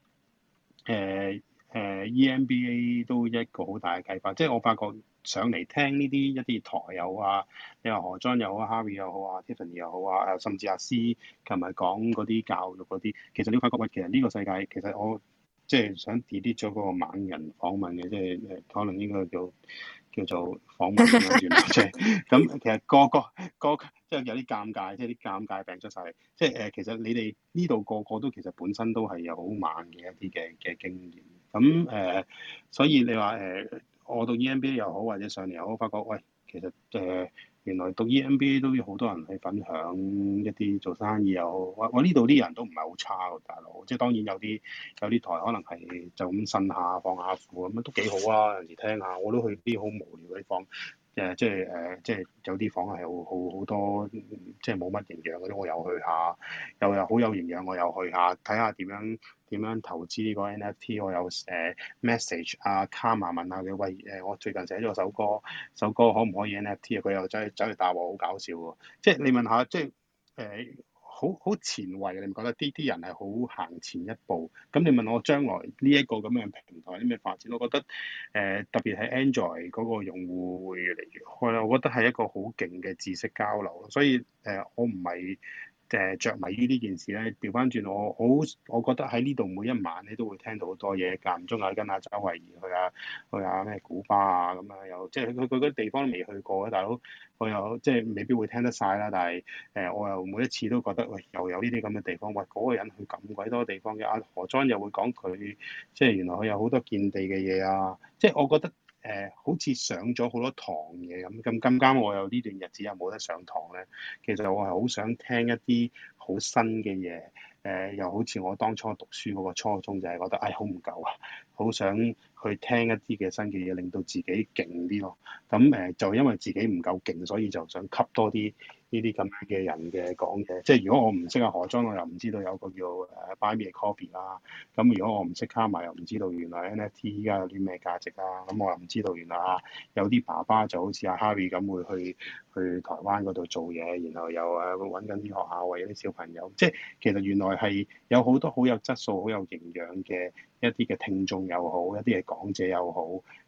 是、誒誒、呃呃、EMBA 都一個好大嘅啟發，即係我發覺上嚟聽呢啲一啲台友啊，你話何莊又好，Harry 啊又好啊，好啊，Tiffany 又好啊，甚至阿 C 同埋講嗰啲教育嗰啲，其實你發覺喂，其實呢個世界其實我即係想 delete 咗嗰個猛人訪問嘅，即係誒可能應該叫。叫做訪問咁樣，即咁，其實個個個即係有啲尷尬，即係啲尷尬病出晒嚟，即係誒，其實你哋呢度個個都其實本身都係有好猛嘅一啲嘅嘅經驗，咁、嗯、誒、呃，所以你話誒、呃，我到 EMBA 又好，或者上嚟又好，發覺喂，其實誒。呃原來讀 EMBA 都有好多人去分享一啲做生意又好，我我呢度啲人都唔係好差喎，啊，大佬，即係當然有啲有啲台可能係就咁呻下放下苦，咁樣都幾好啊，有時聽下我都去啲好無聊嘅地方。誒即係誒，即係有啲房係好好好多，即係冇乜營養嗰啲，我又去下，又又好有營養，我又去下，睇下點樣點樣投資呢個 NFT，我有誒、呃、message 阿 Karma 問下佢，喂誒、呃，我最近寫咗首歌，首歌可唔可以 NFT 啊？佢又走去走去答我，好搞笑喎！即係你問下，即係誒。呃好好前衞，你唔覺得啲啲人係好行前一步？咁你問我將來呢一個咁樣平台，啲咩發展，我覺得誒、呃、特別係 Android 嗰個用戶會越嚟越開啦。我覺得係一個好勁嘅知識交流，所以誒、呃、我唔係。誒著迷於呢件事咧，調翻轉我好，我覺得喺呢度每一晚你都會聽到好多嘢，間唔中又跟阿周慧儀去下去下咩古巴啊咁樣又，又即係佢佢嗰啲地方都未去過嘅大佬，我又即係未必會聽得晒啦，但係誒我又每一次都覺得喂、欸、又有呢啲咁嘅地方，喂，嗰、嗰個人去咁鬼多地方嘅，阿、啊、何莊又會講佢即係原來佢有好多見地嘅嘢啊，即係我覺得。誒、呃、好似上咗好多堂嘢咁，咁今間我有呢段日子又冇得上堂咧，其實我係好想聽一啲好新嘅嘢，誒、呃、又好似我當初讀書嗰個初衷就係覺得誒好唔夠啊，好想去聽一啲嘅新嘅嘢，令到自己勁啲咯。咁誒就因為自己唔夠勁，所以就想吸多啲。呢啲咁嘅人嘅講嘢，即係如果我唔識阿何莊，我又唔知道有個叫誒 Buy Me A Coffee 啦。咁如果我唔識卡埋，又唔知道原來 NFT 依、啊、家有啲咩價值啦、啊。咁我又唔知道原來啊有啲爸爸就好似阿 Harry 咁會去去台灣嗰度做嘢，然後又誒揾緊啲學校或者啲小朋友，即係其實原來係有好多好有質素、好有營養嘅一啲嘅聽眾又好，一啲嘅講者又好，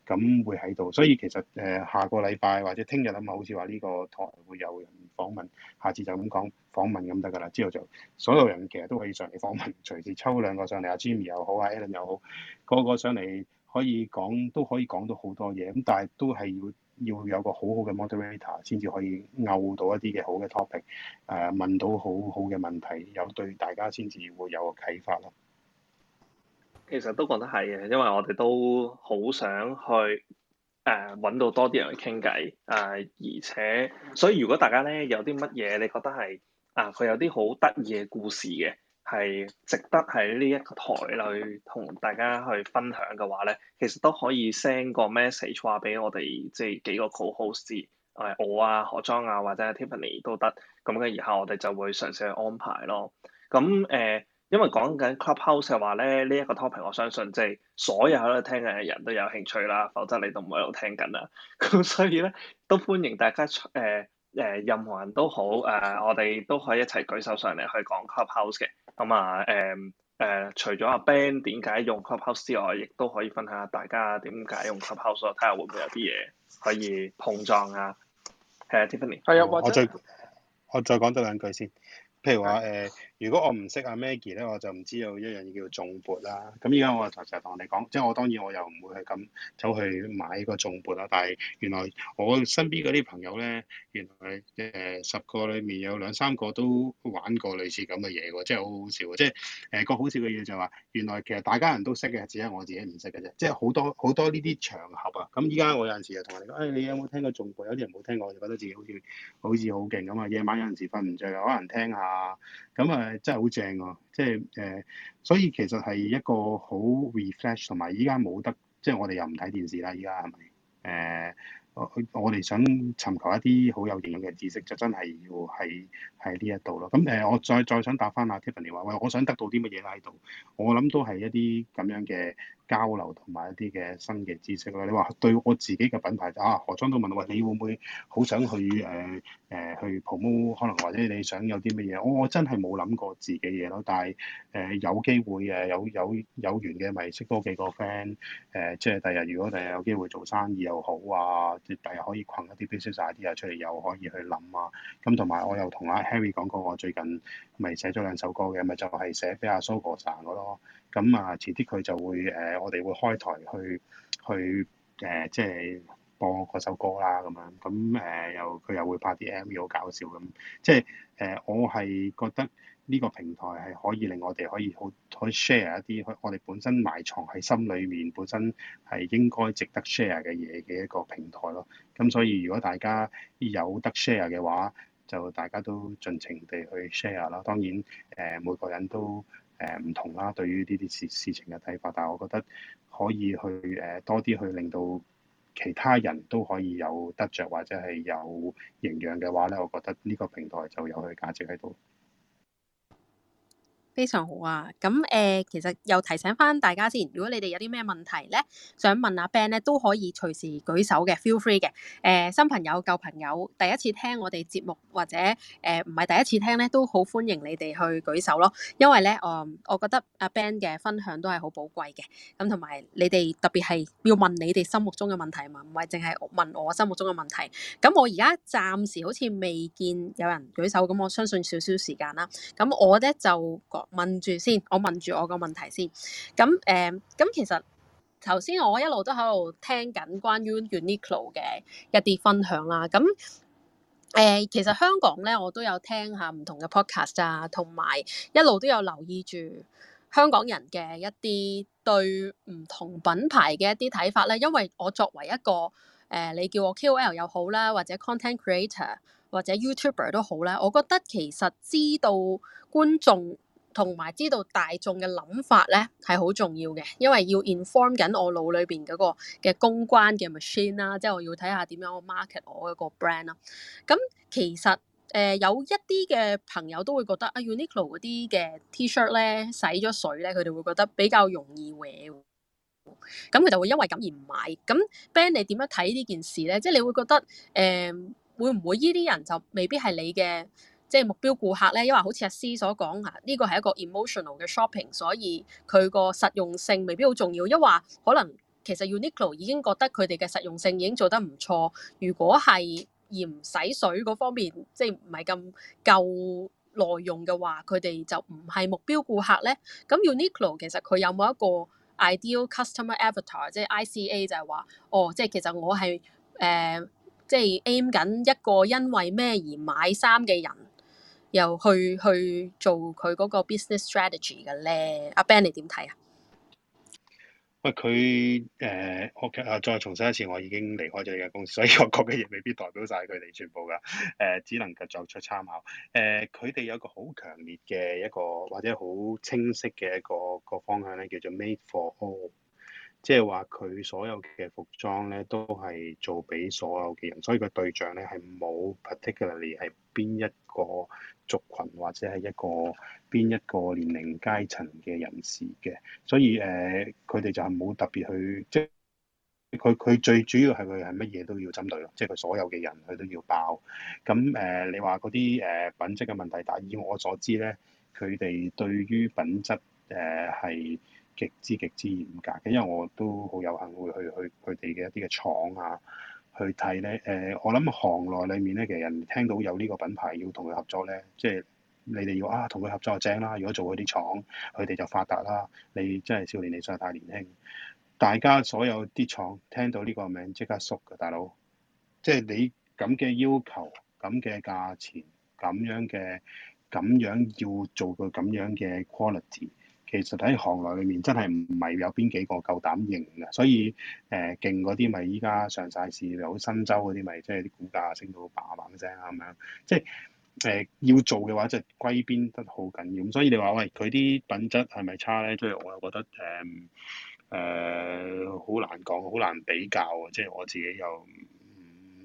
咁會喺度。所以其實誒下個禮拜或者聽日啊嘛，好似話呢個台會有人。訪問，下次就咁講訪問咁得㗎啦。之後就所有人其實都可以上嚟訪問，隨時抽兩個上嚟阿、啊、Jimmy 又好啊，Allen 又好，個個上嚟可以講都可以講到好多嘢。咁但係都係要要有個好好嘅 moderator 先至可以勾到一啲嘅好嘅 topic，誒問到好好嘅問題，有對大家先至會有個啟發啦。其實都覺得係嘅，因為我哋都好想去。誒搵、啊、到多啲人去傾偈，誒、啊、而且所以如果大家咧有啲乜嘢，你覺得係啊佢有啲好得意嘅故事嘅，係值得喺呢一個台裏同大家去分享嘅話咧，其實都可以 send 個 message 話俾我哋，即係幾個 co-host，誒、啊、我啊何莊啊或者 Tiffany 都得，咁、啊、嘅，然後我哋就會嘗試去安排咯，咁誒。呃因為講緊 Clubhouse 嘅話咧，呢、這、一個 topic 我相信即係所有喺度聽嘅人都有興趣啦，否則你都唔喺度聽緊啦。咁 所以咧都歡迎大家誒誒、呃，任何人都好誒、呃，我哋都可以一齊舉手上嚟去講 Clubhouse 嘅。咁啊誒誒，除咗阿 Ben 點解用 Clubhouse 之外，亦都可以分享下大家點解用 Clubhouse，睇下會唔會有啲嘢可以碰撞啊。係啊，Tiffany。係啊，或者我再我再講多兩句先。譬如話誒、呃，如果我唔識阿 Maggie 咧，我就唔知有一樣嘢叫重撥啦。咁依家我就成日同人哋講，即係我當然我又唔會係咁走去買個重撥啦。但係原來我身邊嗰啲朋友咧，原來誒十、呃、個裡面有兩三個都玩過類似咁嘅嘢喎，即係好好笑嘅。即係誒個好笑嘅嘢就係、是、話，原來其實大家人都識嘅，只係我自己唔識嘅啫。即係好多好多呢啲場合啊。咁依家我有陣時就同人哋講、哎，你有冇聽過重撥？有啲人冇聽過，我就覺得自己好似好似好勁咁啊。夜晚有陣時瞓唔着，可能聽下。啊，咁誒真係好正㗎，即係誒，所以其實係一個好 refresh 同埋依家冇得，即係我哋又唔睇電視啦，依家係咪？誒、呃，我哋想尋求一啲好有營養嘅知識，就真係要喺喺呢一度咯。咁誒、呃，我再再想答翻阿 Tiffany 話，喂，我我想得到啲乜嘢啦喺度？我諗都係一啲咁樣嘅。交流同埋一啲嘅新嘅知識啦，你話對我自己嘅品牌？啊何莊都問我，你會唔會好想去誒誒、呃呃、去 promote，可能或者你想有啲乜嘢？我我真係冇諗過自己嘢咯，但係誒、呃、有機會誒有有有緣嘅咪識多幾個 friend，誒、呃、即係第日，日如果第日，日有機會做生意又好啊，第日，日可以羣一啲 business idea 出嚟又可以去諗啊，咁同埋我又同阿 Harry 講過，我最近咪寫咗兩首歌嘅，咪就係、是、寫俾阿 Sogo 賺我咯。咁啊，遲啲佢就會誒、呃，我哋會開台去去誒，即、呃、係、就是、播嗰首歌啦，咁樣，咁誒又佢又會拍啲 MV，好搞笑咁。即係誒，我係覺得呢個平台係可以令我哋可以好去 share 一啲，我哋本身埋藏喺心裏面，本身係應該值得 share 嘅嘢嘅一個平台咯。咁所以如果大家有得 share 嘅話，就大家都盡情地去 share 啦。當然誒、呃，每個人都～誒唔、呃、同啦，對於呢啲事事情嘅睇法，但係我覺得可以去誒、呃、多啲去令到其他人都可以有得著，或者係有營養嘅話咧，我覺得呢個平台就有佢價值喺度。非常好啊，咁誒、呃，其實又提醒翻大家先，如果你哋有啲咩問題咧，想問阿 Ben 咧，都可以隨時舉手嘅，feel free 嘅。誒、呃，新朋友、舊朋友，第一次聽我哋節目或者誒唔係第一次聽咧，都好歡迎你哋去舉手咯。因為咧，我、呃、我覺得阿 Ben 嘅分享都係好寶貴嘅。咁同埋你哋特別係要問你哋心目中嘅問題嘛，唔係淨係問我心目中嘅問題。咁我而家暫時好似未見有人舉手，咁我相信少少少時間啦。咁我咧就問住先，我問住我個問題先。咁、嗯、誒，咁、嗯嗯、其實頭先我一路都喺度聽緊關於 Uniqlo 嘅一啲分享啦。咁、嗯、誒，嗯嗯、其實香港咧，我都有聽下唔同嘅 podcast 啊，同埋一路都有留意住香港人嘅一啲對唔同品牌嘅一啲睇法咧。因為我作為一個誒、呃，你叫我 KOL 又好啦，或者 content creator 或者 YouTuber 都好啦，我覺得其實知道觀眾，同埋知道大眾嘅諗法咧係好重要嘅，因為要 inform 緊我腦裏邊嗰個嘅公關嘅 machine 啦，即係我要睇下點樣我 market 我一個 brand 啦。咁、嗯、其實誒、呃、有一啲嘅朋友都會覺得、啊、Uniqlo 嗰啲嘅 T-shirt 咧洗咗水咧，佢哋會覺得比較容易 w，咁佢就會因為咁而唔買。咁、嗯、Ben 你點樣睇呢件事咧？即係你會覺得誒、呃、會唔會呢啲人就未必係你嘅？即係目標顧客咧，因為好似阿 C 所講嚇，呢個係一個 emotional 嘅 shopping，所以佢個實用性未必好重要。因為話可能其實 Uniqlo 已經覺得佢哋嘅實用性已經做得唔錯，如果係嫌洗水嗰方面即係唔係咁夠耐用嘅話，佢哋就唔係目標顧客咧。咁 Uniqlo 其實佢有冇一個 ideal customer avatar，即係 ICA 就係話，哦，即係其實我係誒、呃、即係 aim 緊一個因為咩而買衫嘅人。又去去做佢嗰個 business strategy 嘅咧，阿 Ben 你點睇啊？喂，佢誒，OK 啊，呃、我再重申一次，我已經離開咗呢間公司，所以我講嘅嘢未必代表晒佢哋全部㗎，誒、呃，只能夠作出參考。誒、呃，佢哋有個好強烈嘅一個或者好清晰嘅一個一個方向咧，叫做 made for all，即係話佢所有嘅服裝咧都係做俾所有嘅人，所以個對象咧係冇 particularly 係邊一個族群或者係一個邊一個年齡階層嘅人士嘅，所以誒佢哋就係冇特別去，即係佢佢最主要係佢係乜嘢都要針對咯，即係佢所有嘅人佢都要爆。咁誒、呃，你話嗰啲誒品質嘅問題，但係以我所知咧，佢哋對於品質誒係、呃、極之極之嚴格嘅，因為我都好有幸會去去佢哋嘅一啲嘅廠啊。去睇咧，誒、呃，我諗行內裡面咧，其實人聽到有呢個品牌要同佢合作咧，即係你哋要啊，同佢合作就正啦。如果做佢啲廠，佢哋就發達啦。你真係少年，你實在太年輕。大家所有啲廠聽到呢個名即刻縮嘅大佬，即係你咁嘅要求、咁嘅價錢、咁樣嘅、咁樣要做個咁樣嘅 quality。其實喺行內裏面真係唔係有邊幾個夠膽型㗎，所以誒、呃、勁嗰啲咪依家上晒市，有新洲嗰啲咪即係啲股價升到叭叭聲啊咁樣，即係誒要做嘅話就歸邊得好緊要，所以你話喂佢啲品質係咪差咧？即係我又覺得誒誒好難講，好難比較啊，即係我自己又。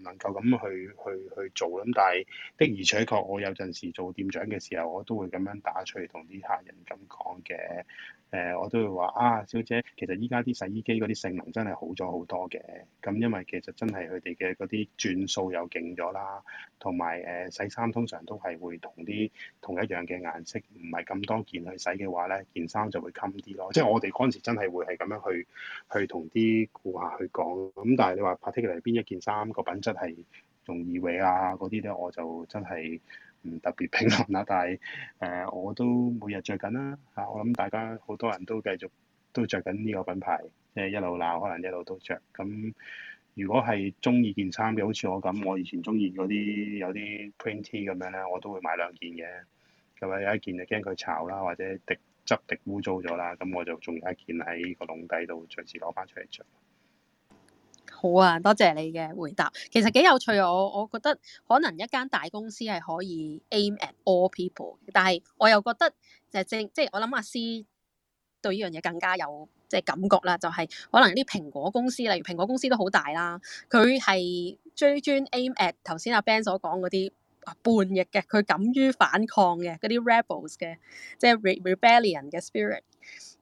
能夠咁去去去做咁，但係的而且確，我有陣時做店長嘅時候，我都會咁樣打趣同啲客人咁講嘅。誒、呃，我都會話啊，小姐，其實依家啲洗衣機嗰啲性能真係好咗好多嘅。咁因為其實真係佢哋嘅嗰啲轉數又勁咗啦，同埋誒洗衫通常都係會同啲同一樣嘅顏色，唔係咁多件去洗嘅話呢件衫就會襟啲咯。即係我哋嗰陣時真係會係咁樣去去同啲顧客去講。咁但係你話 particular 邊一件衫個品質？係仲以為啊嗰啲咧，我就真係唔特別評論啦。但係誒、呃，我都每日着緊啦嚇。我諗大家好多人都繼續都着緊呢個品牌，即係一路鬧，可能一路都着。咁如果係中意件衫嘅，好似我咁，我以前中意嗰啲有啲 print tee 咁樣咧，我都會買兩件嘅。咁啊有一件就驚佢炒啦，或者滴執滴污糟咗啦，咁我就仲有一件喺個籠底度，隨時攞翻出嚟着。好啊，多謝你嘅回答。其實幾有趣啊，我我覺得可能一間大公司係可以 aim at all people，但係我又覺得就係、正即係、就係、我諗阿 C 對呢樣嘢更加有即係、就係、感覺啦，就係、係、可能啲蘋果公司，例如蘋果公司都好大啦，佢係追尊 aim at 頭先阿 Ben 所講嗰啲。半叛逆嘅佢敢於反抗嘅嗰啲 rebels 嘅，即係 rebellion 嘅 spirit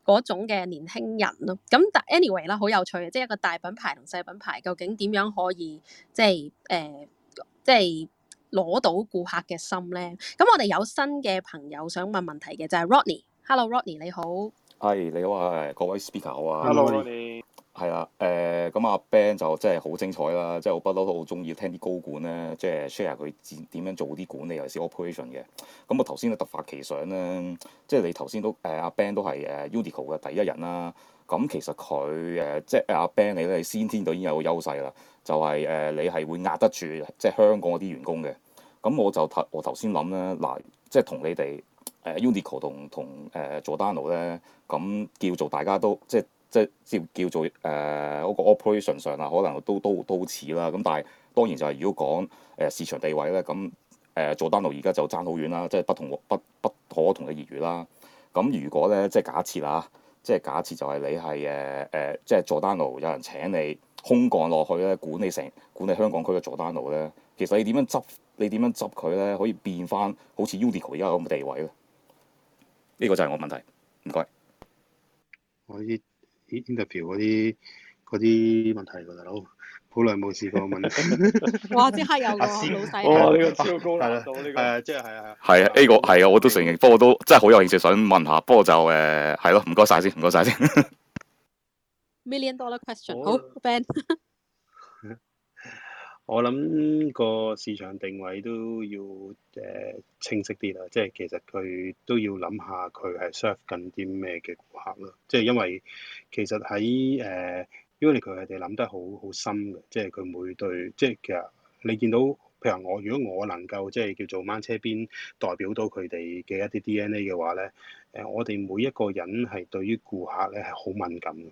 嗰種嘅年輕人咯。咁但 anyway 啦，好有趣嘅，即係一個大品牌同細品牌究竟點樣可以即係誒，即係攞、呃、到顧客嘅心咧？咁我哋有新嘅朋友想問問題嘅就係、是、Ronnie。Hello Ronnie 你好。係你好，係各位 speaker 好啊。Hello 係啦，誒咁阿 Ben 就真係好精彩啦，即係我不嬲都好中意聽啲高管咧，即係 share 佢點點樣做啲管理，尤其是 operation 嘅。咁、嗯、我頭先都突發奇想咧，即係你頭先都誒阿、啊、Ben 都係誒 Uniqlo 嘅第一人啦。咁、嗯、其實佢誒即係阿 Ben 你咧先天已經有個優勢，就是呃嗯、啦，就係誒你係會壓得住即係香港嗰啲員工嘅。咁我就我頭先諗咧，嗱，即係同你哋誒 Uniqlo 同同誒佐丹奴咧，咁、呃、叫做大家都即係。即係叫叫做誒嗰、呃那個 operation 上啊，可能都都都似啦。咁但係當然就係如果講誒、呃、市場地位咧，咁、呃、誒佐丹奴而家就爭好遠啦，即係不同不不可同嘅異誼啦。咁如果咧即係假設啦，即係假設就係你係誒誒，即係佐丹奴有人請你空降落去咧，管理成管理香港區嘅佐丹奴咧，其實你點樣執你點樣執佢咧，可以變返好似 Uniqlo 而家咁嘅地位咧？呢、這個就係我問題。唔該。我 interview 嗰啲嗰啲問題㗎，大佬，好耐冇試過問。哇！即刻有個老細。呢個超高難度呢個。係啊，即係係啊。係啊，呢個係啊，我都承認，不過都真係好有興趣想問下，不過就誒係咯，唔該晒先，唔該晒先。Million dollar question，好，Ben。我諗個市場定位都要誒、呃、清晰啲啦，即係其實佢都要諗下佢係 serve 緊啲咩嘅顧客啦。即係因為其實喺誒 Uniqlo 佢哋諗得好好深嘅，即係佢每對即係其實你見到譬如我，如果我能夠即係叫做掹車邊代表到佢哋嘅一啲 DNA 嘅話咧，誒、呃、我哋每一個人係對於顧客咧係好敏感嘅。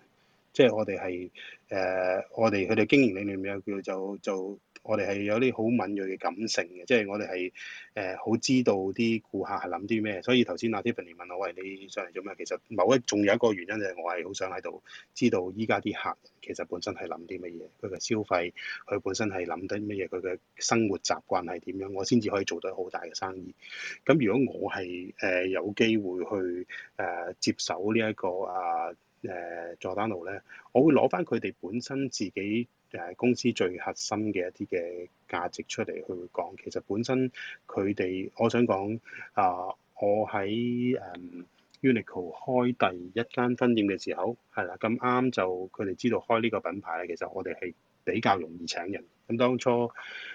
即係我哋係誒，我哋佢哋經營理念咩叫就就，就我哋係有啲好敏鋭嘅感性嘅，即係我哋係誒好知道啲顧客係諗啲咩，所以頭先阿 Tiffany 問我喂你上嚟做咩？其實某一仲有一個原因就係我係好想喺度知道依家啲客人其實本身係諗啲乜嘢，佢嘅消費，佢本身係諗緊乜嘢，佢嘅生活習慣係點樣，我先至可以做到好大嘅生意。咁如果我係誒、呃、有機會去誒、呃、接手呢一個啊～、呃誒、呃、佐丹奴咧，我會攞翻佢哋本身自己誒、呃、公司最核心嘅一啲嘅價值出嚟去講。其實本身佢哋，我想講啊、呃，我喺誒、呃、Uniqlo 開第一間分店嘅時候，係啦咁啱就佢哋知道開呢個品牌咧。其實我哋係比較容易請人。咁當初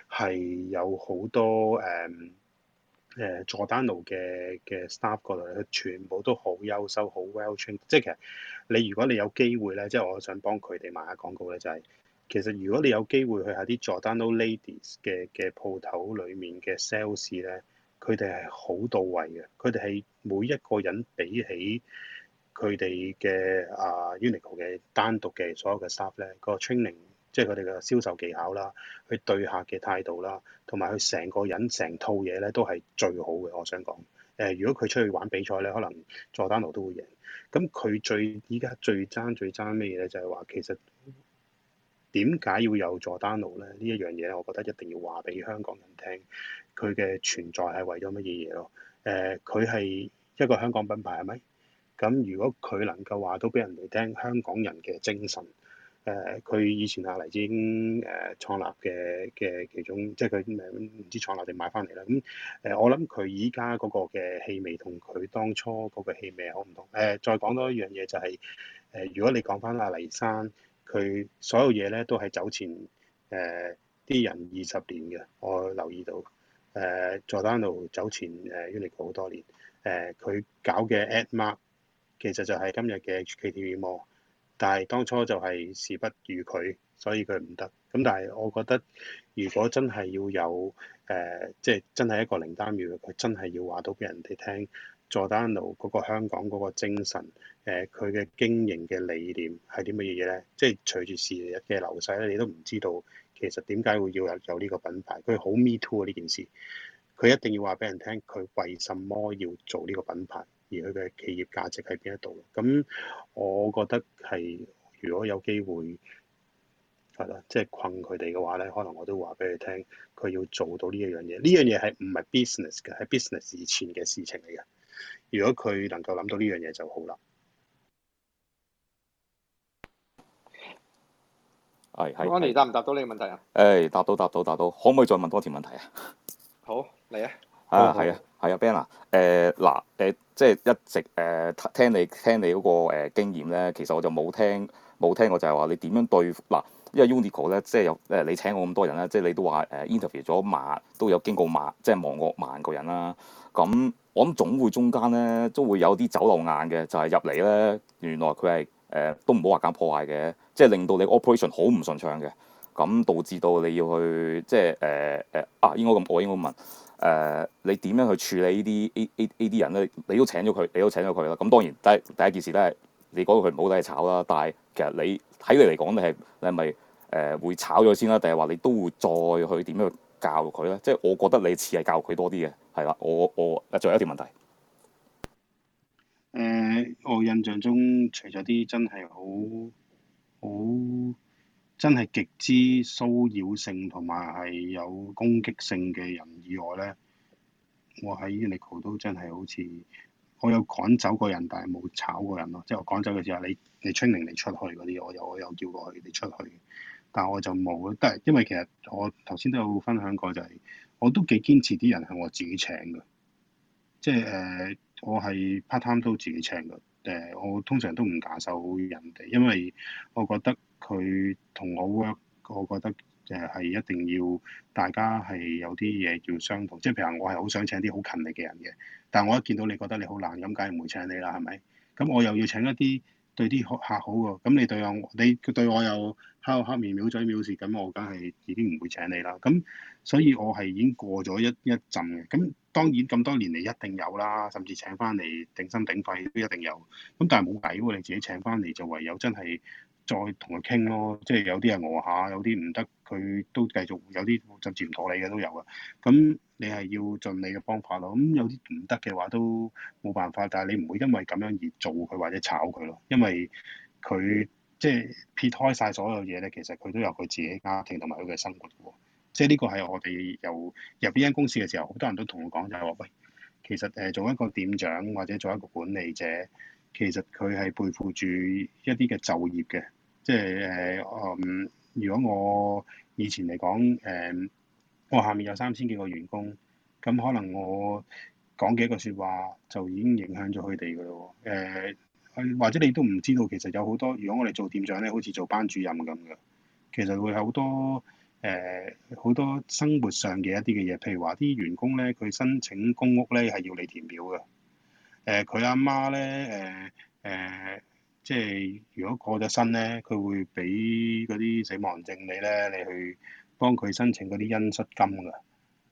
係有好多誒、呃誒、佐丹奴嘅嘅 staff 過來，佢全部都好優秀，好 well trained。即係其實你如果你有機會咧，即係我想幫佢哋賣下廣告咧，就係、是、其實如果你有機會去下啲佐丹奴 ladies 嘅嘅鋪頭裡面嘅 sales 咧，佢哋係好到位嘅。佢哋係每一個人比起佢哋嘅啊 Uniqlo 嘅單獨嘅所有嘅 staff 咧，個 training。即係佢哋嘅銷售技巧啦，佢對客嘅態度啦，同埋佢成個人成套嘢咧都係最好嘅。我想講誒、呃，如果佢出去玩比賽咧，可能佐丹奴都會贏。咁佢最依家最爭最爭咩嘢咧？就係、是、話其實點解要有佐丹奴咧？呢一樣嘢，我覺得一定要話俾香港人聽，佢嘅存在係為咗乜嘢嘢咯？誒、呃，佢係一個香港品牌係咪？咁如果佢能夠話到俾人哋聽，香港人嘅精神。誒佢，呃、以前阿黎智英誒創立嘅嘅其中，即係佢唔知創立定買翻嚟啦。咁、嗯、誒、呃、我諗佢依家嗰個嘅氣味同佢當初嗰個氣味好唔同。誒、呃、再講多一樣嘢就係、是、誒、呃，如果你講翻阿黎生，佢所有嘢咧都係走前誒啲、呃、人二十年嘅，我留意到誒佐丹奴走前誒、呃、Uniqlo 好多年。誒、呃、佢搞嘅 adMart 其實就係今日嘅 HKTV mall。但係當初就係事不如佢，所以佢唔得。咁但係我覺得，如果真係要有誒，即係真係一個佐丹奴，佢真係要話到俾人哋聽，佐丹奴嗰個香港嗰個精神，誒佢嘅經營嘅理念係啲乜嘢嘢咧？即係隨住時日嘅流逝咧，你都唔知道其實點解會要有呢個品牌。佢好 me too 啊！呢件事，佢一定要話俾人聽，佢為什麼要做呢個品牌？而佢嘅企業價值喺邊一度？咁我覺得係，如果有機會係啦，即係困佢哋嘅話咧，可能我都話俾佢聽，佢要做到呢一樣嘢。呢樣嘢係唔係 business 㗎？係 business 以前嘅事情嚟嘅。如果佢能夠諗到呢樣嘢就好啦。係係。安妮答唔答到呢個問題啊？誒、哎，答到答到答到，可唔可以再問多條問題啊？好，嚟啊！啊，係啊。係啊 ，Ben 啊，嗱、呃、誒、呃呃，即係一直誒、呃、聽你聽你嗰、那個誒、呃、經驗咧，其實我就冇聽冇聽過就係話你點樣對嗱、呃，因為 Uniqlo 咧，即係有誒、呃、你請我咁多人啦，即係你都話誒、呃、interview 咗萬都有經過萬即係望過萬個人啦。咁我諗總會中間咧都會有啲走漏眼嘅，就係、是、入嚟咧原來佢係誒都唔好話搞破壞嘅，即係令到你 operation 好唔順暢嘅，咁導致到你要去即係誒誒啊，應該咁我應該問。誒、呃，你點樣去處理呢啲呢呢呢啲人咧？你都請咗佢，你都請咗佢啦。咁當然，第第一件事都係你講到佢唔好睇係、就是、炒啦。但係其實你睇你嚟講，你係你係咪誒會炒咗先啦？定係話你都會再去點樣去教佢咧？即係我覺得你似係教佢多啲嘅，係啦。我我啊，仲有一條問題。誒、呃，我印象中除咗啲真係好，好。真係極之騷擾性同埋係有攻擊性嘅人以外呢，我喺 Uniqlo 都真係好似我有趕走過人，但係冇炒過人咯。即係我趕走嘅時候，你你 training 你出去嗰啲，我有我有叫過佢哋出去。但係我就冇得，因為其實我頭先都有分享過、就是，就係我都幾堅持啲人係我自己請嘅，即係誒、uh, 我係 part time 都自己請嘅。誒、uh, 我通常都唔假手人哋，因為我覺得。佢同我 work，我覺得就係一定要大家係有啲嘢要商討，即係譬如我係好想請啲好勤力嘅人嘅，但係我一見到你覺得你好難，咁梗係唔會請你啦，係咪？咁我又要請一啲對啲客好喎，咁你對我你對我又黑口黑面、藐嘴藐舌，咁我梗係已經唔會請你啦。咁所以我係已經過咗一一陣嘅。咁當然咁多年嚟一定有啦，甚至請翻嚟頂心頂肺都一定有。咁但係冇計喎，你自己請翻嚟就唯有真係。再同佢傾咯，即係有啲係餓下，有啲唔得，佢都繼續有啲甚至唔妥你嘅都有啊。咁你係要盡你嘅方法咯。咁有啲唔得嘅話都冇辦法，但係你唔會因為咁樣而做佢或者炒佢咯，因為佢即係撇開晒所有嘢咧，其實佢都有佢自己家庭同埋佢嘅生活喎。即係呢個係我哋由入呢間公司嘅時候，好多人都同我講就係話喂，其實誒做一個店長或者做一個管理者，其實佢係背負住一啲嘅就業嘅。即係誒，嗯、呃，如果我以前嚟講，誒、呃，我下面有三千幾個員工，咁可能我講幾句説話就已經影響咗佢哋噶咯喎。或者你都唔知道，其實有好多，如果我哋做店長咧，好似做班主任咁嘅，其實會有好多誒，好、呃、多生活上嘅一啲嘅嘢，譬如話啲員工咧，佢申請公屋咧係要你填表嘅。誒、呃，佢阿媽咧，誒、呃，誒、呃。即係如果過咗身咧，佢會俾嗰啲死亡證你咧，你去幫佢申請嗰啲恩恤金㗎。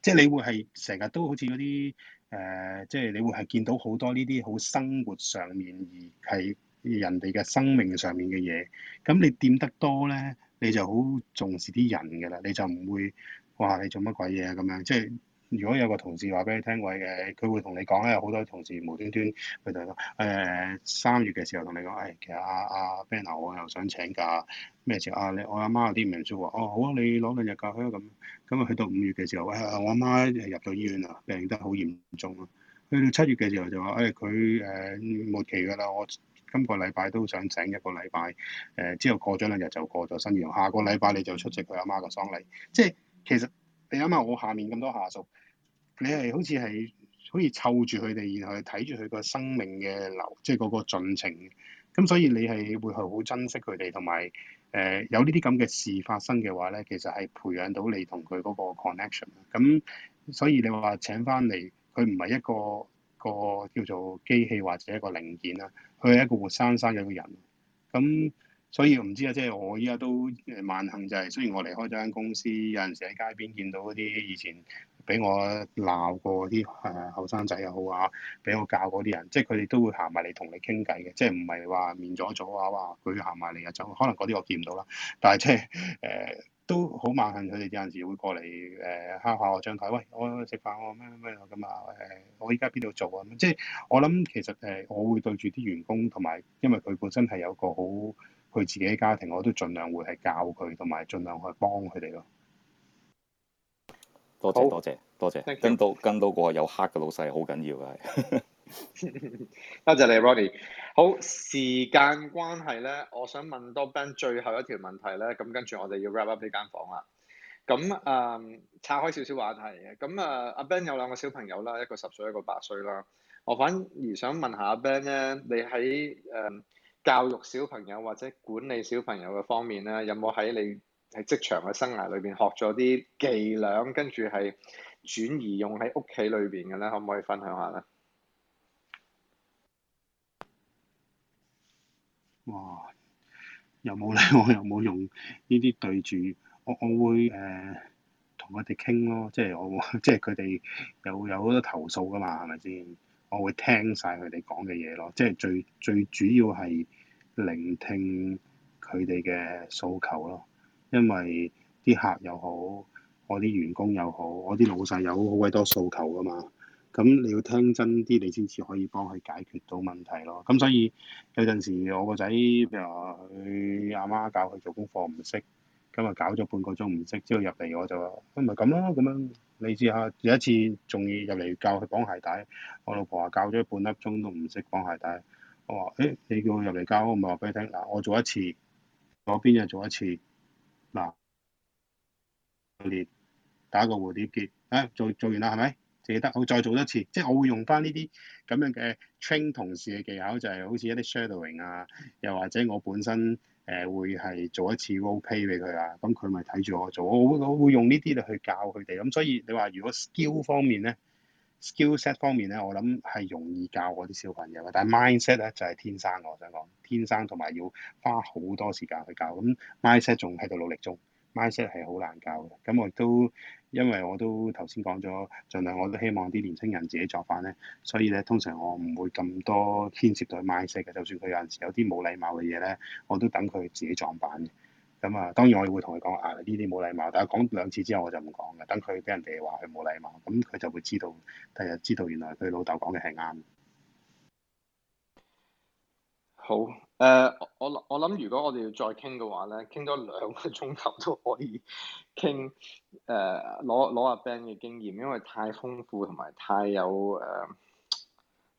即係你會係成日都好似嗰啲誒，即係你會係見到好多呢啲好生活上面而係人哋嘅生命上面嘅嘢。咁你掂得多咧，你就好重視啲人㗎啦。你就唔會話你做乜鬼嘢啊咁樣，即係。如果有個同事話俾你聽，位嘅，佢會同你講咧，有好多同事無端端，佢就誒三、呃、月嘅時候同你講，誒、哎，其實阿、啊、阿、啊、Ben 啊，我又想請假，咩事啊？你我阿媽有啲唔舒服，哦，好啊，你攞兩日假啦咁。咁啊去、哎，去到五月嘅時候，誒，我阿媽入咗醫院啦，病得好嚴重啊。去到七月嘅時候就話，誒、哎，佢誒、呃、末期㗎啦，我今個禮拜都想請一個禮拜，誒、呃，之後過咗兩日就過咗身嘅，下個禮拜你就出席佢阿媽個喪禮。即係其實你啱啱我下面咁多下屬。你係好似係好似湊住佢哋，然後睇住佢個生命嘅流，即係嗰個進程。咁所以你係會係好好珍惜佢哋，同埋誒有呢啲咁嘅事發生嘅話咧，其實係培養到你同佢嗰個 connection。咁所以你話請翻嚟，佢唔係一個一個叫做機器或者一個零件啦，佢係一個活生生嘅一個人。咁所以我唔知啊，即係我依家都誒萬幸就係，雖然我離開咗間公司，有陣時喺街邊見到嗰啲以前俾我鬧過啲係啊後生仔又好啊，俾我教過啲人，即係佢哋都會行埋嚟同你傾偈嘅，即係唔係話面阻阻啊？哇！佢行埋嚟啊，就可能嗰啲我見唔到啦。但係即係誒都好萬幸，佢哋有陣時會過嚟誒敲下我張台，喂！我食飯我咩咩咁啊？誒我依家邊度做啊？即係我諗其實誒我會對住啲員工同埋，因為佢本身係有個好。佢自己嘅家庭，我都盡量會係教佢，同埋盡量去幫佢哋咯。多謝多謝多謝。跟到跟到個有黑嘅老細好緊要嘅，多 謝，謝你，Roddy。好，時間關係咧，我想問多 Ben 最後一條問題咧，咁跟住我哋要 wrap up 呢間房啦。咁啊、呃，拆開少少話題嘅，咁啊，阿、呃、Ben 有兩個小朋友啦，一個十歲，一個八歲啦。我反而想問下阿 Ben 咧，你喺誒？呃教育小朋友或者管理小朋友嘅方面咧，有冇喺你喺職場嘅生涯裏邊學咗啲伎倆，跟住係轉移用喺屋企裏邊嘅咧？可唔可以分享下咧？哇！有冇咧，我有冇用呢啲對住我，我會誒同佢哋傾咯，即係我即係佢哋有有好多投訴㗎嘛，係咪先？我會聽晒佢哋講嘅嘢咯，即係最最主要係聆聽佢哋嘅訴求咯，因為啲客又好，我啲員工又好，我啲老細又好，好鬼多訴求噶嘛。咁你要聽真啲，你先至可以幫佢解決到問題咯。咁所以有陣時我，我個仔譬如話佢阿媽教佢做功課唔識，咁啊搞咗半個鐘唔識，之後入嚟我就話，啊咪係咁咯，咁樣，樣。你試下有一次仲要入嚟教佢綁鞋帶，我老婆話教咗半粒鐘都唔識綁鞋帶，我話誒、欸、你叫我入嚟教，我咪話俾你聽嗱，我做一次，左邊又做一次，嗱，練打個蝴蝶結，啊做做完啦係咪？記得我再做一次，即係我會用翻呢啲咁樣嘅 train 同事嘅技巧，就係、是、好似一啲 shadowing 啊，又或者我本身。誒會係做一次 role play 俾佢啊，咁佢咪睇住我做，我會我會用呢啲嚟去教佢哋，咁所以你話如果 skill 方面咧，skill set 方面咧，我諗係容易教我啲小朋友嘅，但係 mindset 咧就係天生，我想講天生同埋要花好多時間去教，咁 mindset 仲喺度努力中。mindset 係好難教嘅，咁我亦都因為我都頭先講咗，儘量我都希望啲年輕人自己作反咧，所以咧通常我唔會咁多牽涉到佢 mindset 嘅，就算佢有陣時有啲冇禮貌嘅嘢咧，我都等佢自己撞板嘅。咁啊，當然我會同佢講啊，呢啲冇禮貌，但係講兩次之後我就唔講嘅，等佢俾人哋話佢冇禮貌，咁佢就會知道第日知道原來佢老豆講嘅係啱。好。誒、uh,，我我諗，如果我哋要再傾嘅話咧，傾多兩個鐘頭都可以傾。誒、uh,，攞攞阿 Ben 嘅經驗，因為太豐富同埋太有誒，uh,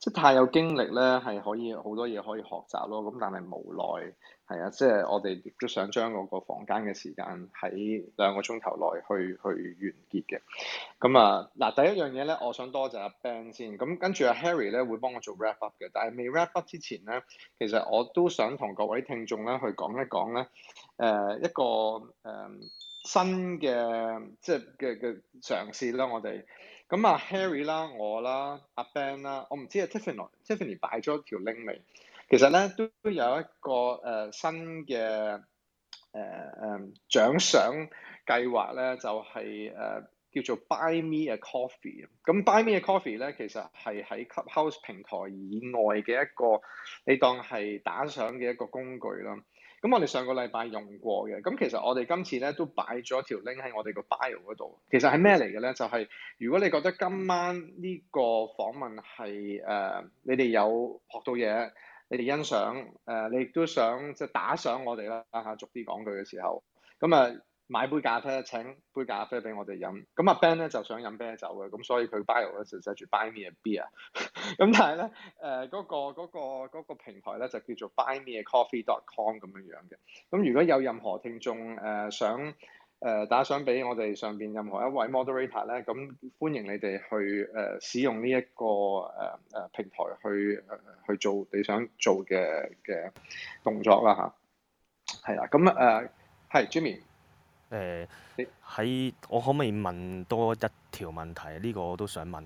即係太有經歷咧，係可以好多嘢可以學習咯。咁但係無奈。係啊，即係我哋都想將嗰個房間嘅時間喺兩個鐘頭內去去完結嘅。咁啊，嗱第一樣嘢咧，我想多謝阿 Ben 先。咁跟住阿 Harry 咧會幫我做 wrap up 嘅。但係未 wrap up 之前咧，其實我都想同各位聽眾咧去講一講咧，誒、呃、一個誒、呃、新嘅即係嘅嘅嘗試啦。我哋咁啊 Harry 啦，我啦，阿 Ben 啦，我唔知啊 Tiffany，Tiffany、啊、擺咗條 link 未？其實咧都有一個誒、呃、新嘅誒誒獎賞計劃咧，就係、是、誒、呃、叫做 Buy Me A Coffee。咁 Buy Me A Coffee 咧，其實係喺 Clubhouse 平台以外嘅一個你當係打賞嘅一個工具啦。咁我哋上個禮拜用過嘅。咁其實我哋今次咧都擺咗條 link 喺我哋個 bio 嗰度。其實係咩嚟嘅咧？就係、是、如果你覺得今晚呢個訪問係誒、呃、你哋有學到嘢。你哋欣賞，誒、呃、你亦都想即係、就是、打賞我哋啦，下逐啲講句嘅時候，咁、嗯、啊買杯咖啡，請杯咖啡俾我哋飲。咁、嗯、阿 Ben 咧就想飲啤酒嘅，咁、嗯、所以佢 bio 咧就寫住 Buy me a beer。咁、 嗯、但係咧，誒、呃、嗰、那個嗰、那個那個那個、平台咧就叫做 Buy me a Coffee.com 咁樣樣嘅。咁、嗯、如果有任何聽眾誒、呃、想，誒打賞俾我哋上邊任何一位 moderator 咧，咁歡迎你哋去誒、呃、使用呢、這、一個誒誒、呃、平台去誒、呃、去做你想做嘅嘅動作啦吓，係、啊、啦，咁誒係 Jimmy 誒喺、呃、我可唔可以問多一條問題？呢、這個我都想問。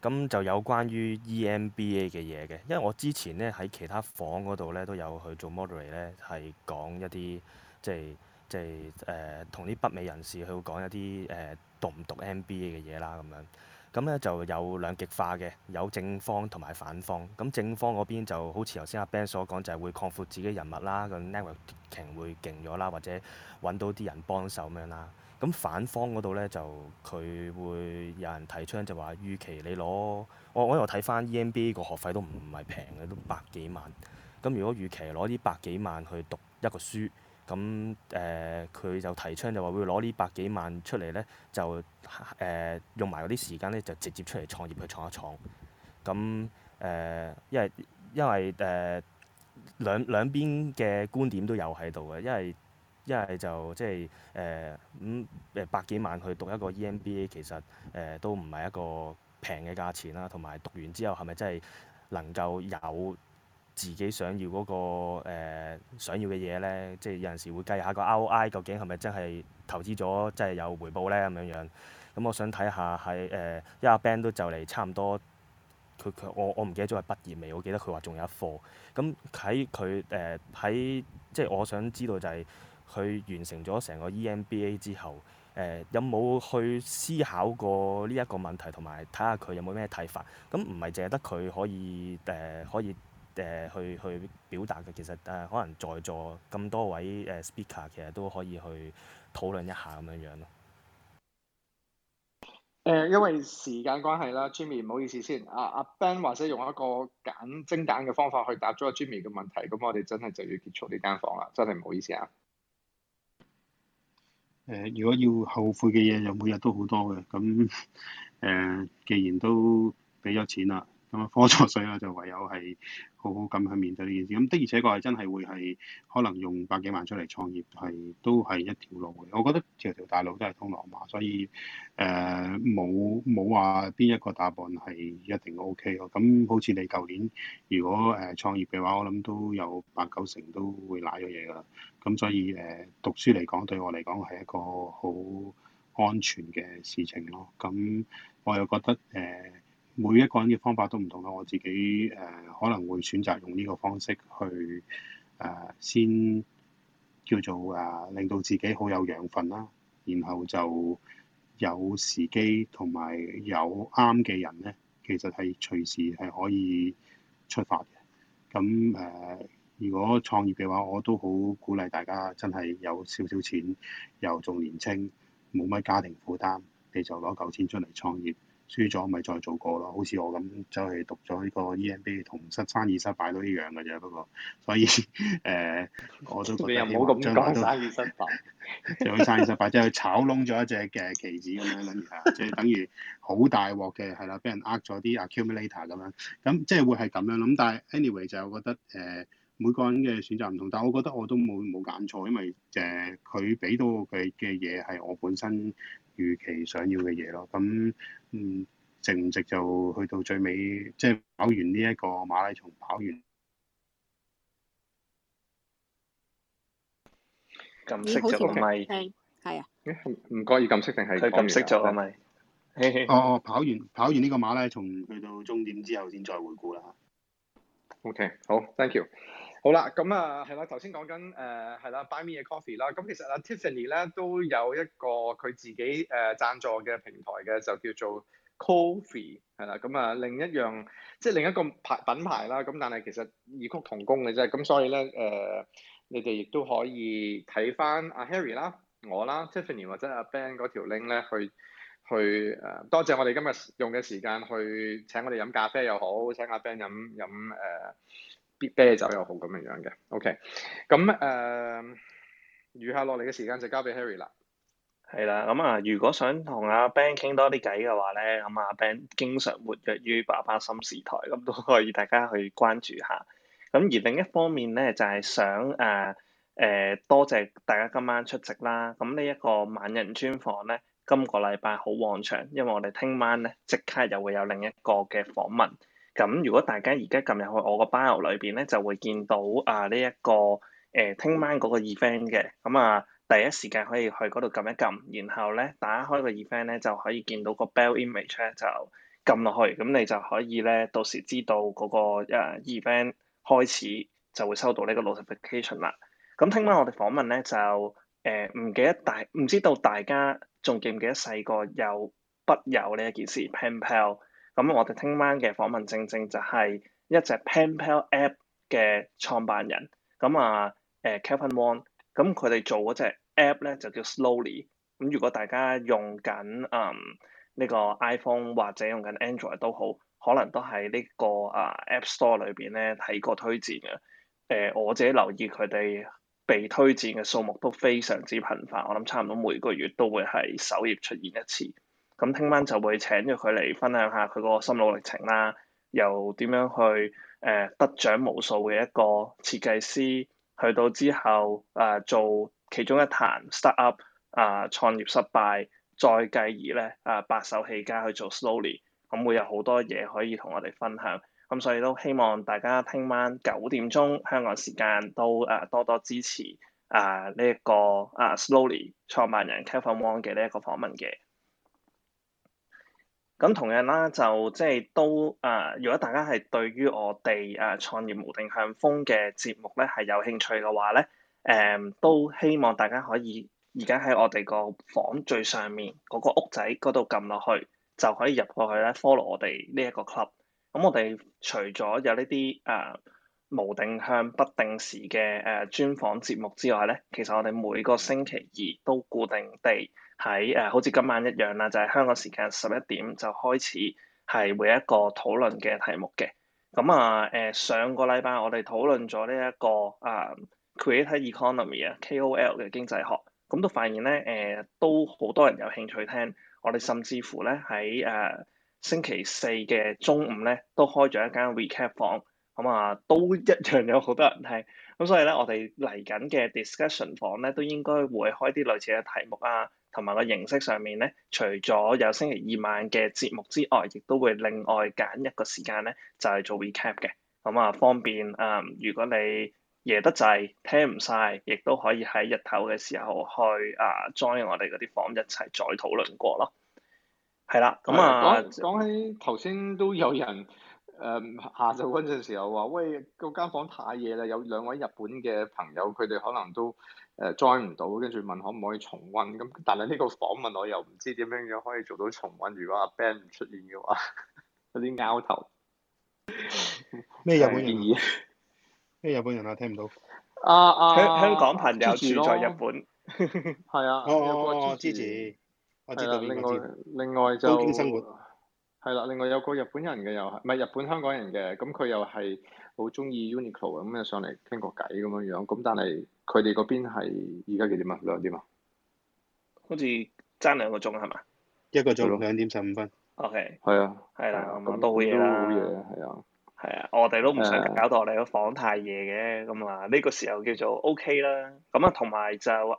咁就有關於 EMBA 嘅嘢嘅，因為我之前咧喺其他房嗰度咧都有去做 moderator 咧，係講一啲即係。即係誒，同啲、就是呃、北美人士去會講一啲誒、呃、讀唔讀 MBA 嘅嘢啦咁樣。咁咧就有兩極化嘅，有正方同埋反方。咁正方嗰邊就好似頭先阿 Ben 所講，就係、是、會擴闊自己人物啦，咁 networking 會勁咗啦，或者揾到啲人幫手咁樣啦。咁反方嗰度咧就佢會有人提倡就話與其你攞我、哦、我又度睇翻 EMBA 個學費都唔係平嘅，都百幾萬。咁如果與其攞啲百幾萬去讀一個書？咁誒，佢、呃、就提倡就話會攞呢百幾萬出嚟咧，就誒、呃、用埋嗰啲時間咧，就直接出嚟創業去創一創。咁誒、呃，因為，因為誒、呃、兩兩邊嘅觀點都有喺度嘅，因為，因為就即係誒咁百幾萬去讀一個 EMBA，其實誒、呃、都唔係一個平嘅價錢啦，同埋讀完之後，係咪真係能夠有？自己想要嗰、那個誒、呃、想要嘅嘢咧，即係有陣時會計下個 R O I 究竟係咪真係投資咗，真係有回報咧咁樣樣。咁、嗯、我想睇下喺誒、呃，因為阿 Ben 都就嚟差唔多，佢佢我我唔記得咗係畢業未，我記得佢話仲有一科。咁喺佢誒喺即係我想知道就係佢完成咗成個 E M B A 之後誒、呃，有冇去思考過呢一個問題，同埋睇下佢有冇咩睇法。咁唔係淨係得佢可以誒可以。呃可以誒去去表達嘅，其實誒可能在座咁多位誒 speaker 其實都可以去討論一下咁樣樣咯。誒，因為時間關係啦，Jimmy 唔好意思先。阿、啊、阿 Ben 或者用一個簡精簡嘅方法去答咗阿 Jimmy 嘅問題。咁我哋真係就要結束呢間房啦，真係唔好意思啊。誒、呃，如果要後悔嘅嘢，又每日都好多嘅。咁誒、呃，既然都俾咗錢啦，咁啊，科錯水啦，就唯有係。好好咁去面對呢件事，咁的而且確係真係會係可能用百幾萬出嚟創業係都係一條路嘅，我覺得條條大路都係通羅馬，所以誒冇冇話邊一個答案係一定 OK 咯，咁好似你舊年如果誒、呃、創業嘅話，我諗都有八九成都會瀨咗嘢噶啦，咁所以誒、呃、讀書嚟講對我嚟講係一個好安全嘅事情咯，咁我又覺得誒。呃每一個人嘅方法都唔同啦，我自己誒、呃、可能會選擇用呢個方式去誒、呃、先叫做誒、呃、令到自己好有養分啦，然後就有時機同埋有啱嘅人呢，其實係隨時係可以出發嘅。咁誒、呃，如果創業嘅話，我都好鼓勵大家真係有少少錢，又仲年輕，冇乜家庭負擔，你就攞夠錢出嚟創業。輸咗咪再做過咯，好似我咁就係讀咗呢個 EMB 同失生意失敗都一樣嘅啫。不過，所以誒、呃、我覺都覺你又唔好咁講生意失敗，又生意失敗，即係炒窿咗一隻嘅棋子咁樣，樣，等於啊，即係等於好大鑊嘅，係啦，俾人呃咗啲 accumulator 咁樣，咁即係會係咁樣咯。但係 anyway 就我覺得誒、呃，每個人嘅選擇唔同，但我覺得我都冇冇揀錯，因為誒佢俾到佢嘅嘢係我本身預期想要嘅嘢咯，咁。嗯嗯，值唔值就去到最尾，即係跑完呢一個馬拉松，跑完。撳熄就唔係，係、欸、Okay. 啊。唔該，要撳熄定係佢撳熄咗係咪？哦、啊，跑完跑完呢個馬拉松，去到終點之後先再回顧啦，OK，好，Thank you。好啦，咁、嗯、啊，係、呃嗯、啦，頭先講緊誒係啦，Buy Me a Coffee 啦，咁其實阿 Tiffany 咧都有一個佢自己誒、呃、贊助嘅平台嘅，就叫做 Ko-Fi 係、嗯、啦，咁、嗯、啊、嗯、另一樣即係另一個牌品牌啦，咁、嗯、但係其實異曲同工嘅啫，咁、嗯、所以咧誒、呃，你哋亦都可以睇翻阿 Harry 啦，我啦、嗯、Tiffany 或者阿、啊、Ben 嗰條 link 咧去去誒、呃，多謝我哋今日用嘅時間去請我哋飲咖啡又好，請阿、啊、Ben 飲飲誒。飲呃 bit 啤酒又好咁樣樣嘅，OK，咁誒餘下落嚟嘅時間就交俾 Harry 啦，係啦，咁、嗯、啊，如果想同阿、啊、Ben 傾多啲偈嘅話咧，咁、嗯、阿、啊、Ben 經常活躍於爸爸心事台，咁、嗯、都可以大家去關注下。咁、嗯、而另一方面咧，就係、是、想誒誒、啊呃、多謝大家今晚出席啦。咁、嗯這個、呢一個猛人專訪咧，今個禮拜好旺場，因為我哋聽晚咧即刻又會有另一個嘅訪問。咁如果大家而家撳入去我個 bio 裏邊咧，就會見到啊呢一、這個誒聽、呃、晚嗰個 event 嘅，咁啊第一時間可以去嗰度撳一撳，然後咧打開個 event 咧就可以見到個 bell image 咧就撳落去，咁你就可以咧到時知道嗰、那個、呃、event 開始就會收到呢個 notification 啦。咁聽晚我哋訪問咧就誒唔、呃、記得大唔知道大家仲記唔記得細個有不有呢一件事 pen pal？咁我哋聽晚嘅訪問正正就係一隻 PenPal app 嘅創辦人，咁啊誒、呃、Kevin Wong，咁佢哋做嗰隻 app 咧就叫 Slowly，咁如果大家用緊誒呢個 iPhone 或者用緊 Android 都好，可能都喺呢個啊 App Store 裏邊咧睇過推薦嘅，誒、呃、我自己留意佢哋被推薦嘅數目都非常之頻繁，我諗差唔多每個月都會喺首頁出現一次。咁聽晚就會請咗佢嚟分享下佢嗰個心路歷程啦，又點樣去誒、呃、得獎無數嘅一個設計師，去到之後啊、呃、做其中一壇 start up 啊、呃、創業失敗，再繼而咧啊、呃、白手起家去做 Slowly，咁、呃、會有好多嘢可以同我哋分享。咁所以都希望大家聽晚九點鐘香港時間都誒、呃、多多支持啊呢一個啊、呃、Slowly 創辦人 Kevin Wong 嘅呢一個訪問嘅。咁同樣啦，就即係都誒、呃，如果大家係對於我哋誒、呃、創業無定向風、創業無定向瘋嘅節目咧係有興趣嘅話咧，誒、呃、都希望大家可以而家喺我哋個房最上面嗰、那個屋仔嗰度撳落去，就可以入過去咧 follow 我哋呢一個 club。咁我哋除咗有呢啲誒、無定向不定時嘅誒、呃、專訪節目之外咧，其實我哋每個星期二都固定地。喺誒，好似今晚一樣啦，就係、是、香港時間十一點就開始係每一個討論嘅題目嘅。咁啊誒，上個禮拜我哋討論咗呢一個啊，creative economy 啊，K.O.L 嘅經濟學，咁都發現咧誒、呃，都好多人有興趣聽。我哋甚至乎咧喺誒星期四嘅中午咧，都開咗一間 recap 房，咁、嗯、啊都一樣有好多人聽。咁所以咧，我哋嚟緊嘅 discussion 房咧，都應該會開啲類似嘅題目啊。同埋個形式上面咧，除咗有星期二晚嘅節目之外，亦都會另外揀一個時間咧，就係做 recap 嘅。咁啊，方便啊、嗯，如果你夜得滯聽唔晒，亦都可以喺日頭嘅時候去啊 join 我哋嗰啲房一齊再討論過咯。係啦，咁啊，講講起頭先都有人誒、嗯、下晝嗰陣時候話，喂、個間房太夜啦，有兩位日本嘅朋友，佢哋可能都，誒 join 唔到，跟住問可唔可以重温？咁但係呢個訪問我又唔知點樣樣可以做到重温。如果阿 Ben 唔出現嘅話，有啲拗頭。咩日本人、啊？咩 日本人啊？聽唔到。啊啊！香港朋友住、啊、住在日本。係 啊。我我支持。係啦，另外另外就。高京生活。係啦、啊，另外有個日本人嘅又係，唔係日本香港人嘅，咁佢又係好中意 Uniqlo 咁，又上嚟傾個偈咁樣樣，咁但係。佢哋嗰邊係而家幾點啊？兩點啊，好似爭兩個鐘係嘛？一個鐘兩點十五分。OK。係啊、yeah, yeah. yeah, yeah. 係啊，咁、yeah. yeah. 都好嘢啦。係啊。係啊，我哋都唔想搞到我哋個房太夜嘅，咁啊呢個時候叫做 OK 啦。咁啊同埋就誒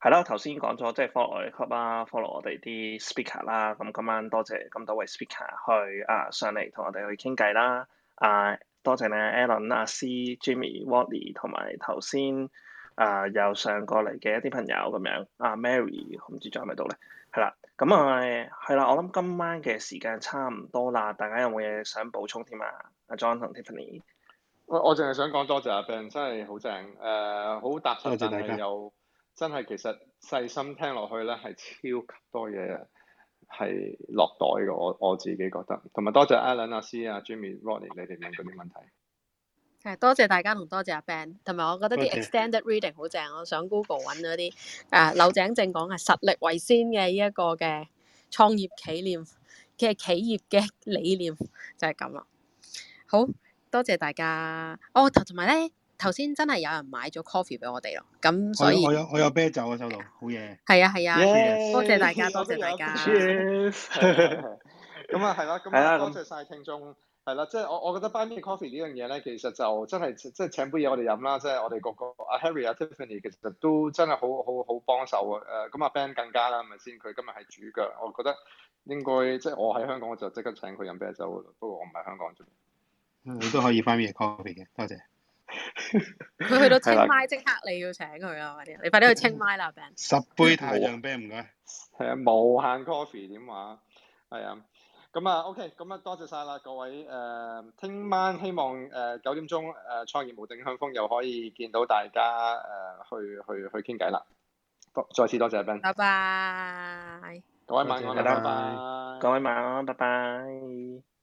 係啦，頭先講咗即係 follow 我哋 club 啦，follow 我哋啲 speaker 啦。咁今晚多謝咁多位 speaker 去啊上嚟同我哋去傾偈啦啊！多謝咧 Alan 阿 C Jimmy, ley,、Jimmy、呃、Wally 同埋頭先啊，又上過嚟嘅一啲朋友咁樣，阿、呃、Mary，我唔知仲喺咪度咧，係啦，咁啊係啦，我諗今晚嘅時間差唔多啦，大家有冇嘢想補充添啊？阿 John 同 Tiffany，我我淨係想講多謝阿、啊、Ben，真係好正，誒、呃、好踏實同埋又真係其實細心聽落去咧係超級多嘢。係落袋嘅，我我自己覺得同埋多謝 Alan 阿 C 啊，啊、Jimmy、Ronnie，你哋問嗰啲問題。係多謝大家同多謝阿 Ben，同埋我覺得啲 Extended Reading 好正，Okay. 我想 Google 揾咗啲誒。柳、呃、井正講係實力為先嘅依一個嘅創業，企念企業理念嘅企業嘅理念就係咁啦。好多謝大家哦，同埋咧。頭先真係有人買咗 coffee 俾我哋咯，咁所以我有我有啤酒啊，收到的好嘢。係啊係啊，Yay，多謝大家，多謝大家。咁啊係啦，咁 多謝晒聽眾。係啦、啊，即係我覺、啊就是、我覺得 buy me coffee 呢樣嘢咧，其實就真係即係請杯嘢我哋飲啦，即、就、係、是、我哋個個 阿 Harry 啊、Tiffany 其實都真係好好好幫手啊。誒咁阿 Ben 更加啦，係咪先？佢今日係主角，我覺得應該即係我喺香港我就即刻請佢飲啤酒。不過我唔喺香港做， 你都可以 buy me coffee 嘅，多謝。佢去到清邁，即刻你要請佢啊！快啲，你快啲去清邁啦，Ben。十杯太陽 Ben 唔該，係啊，無限 coffee 點話啊？係啊，咁啊，OK，咁啊，多謝晒啦，各位誒，聽晚希望誒九點鐘誒創業無定向瘋又可以見到大家誒，去去去傾偈啦。多再次多謝 Ben，拜拜。各位晚安，拜拜。各位晚安，拜拜。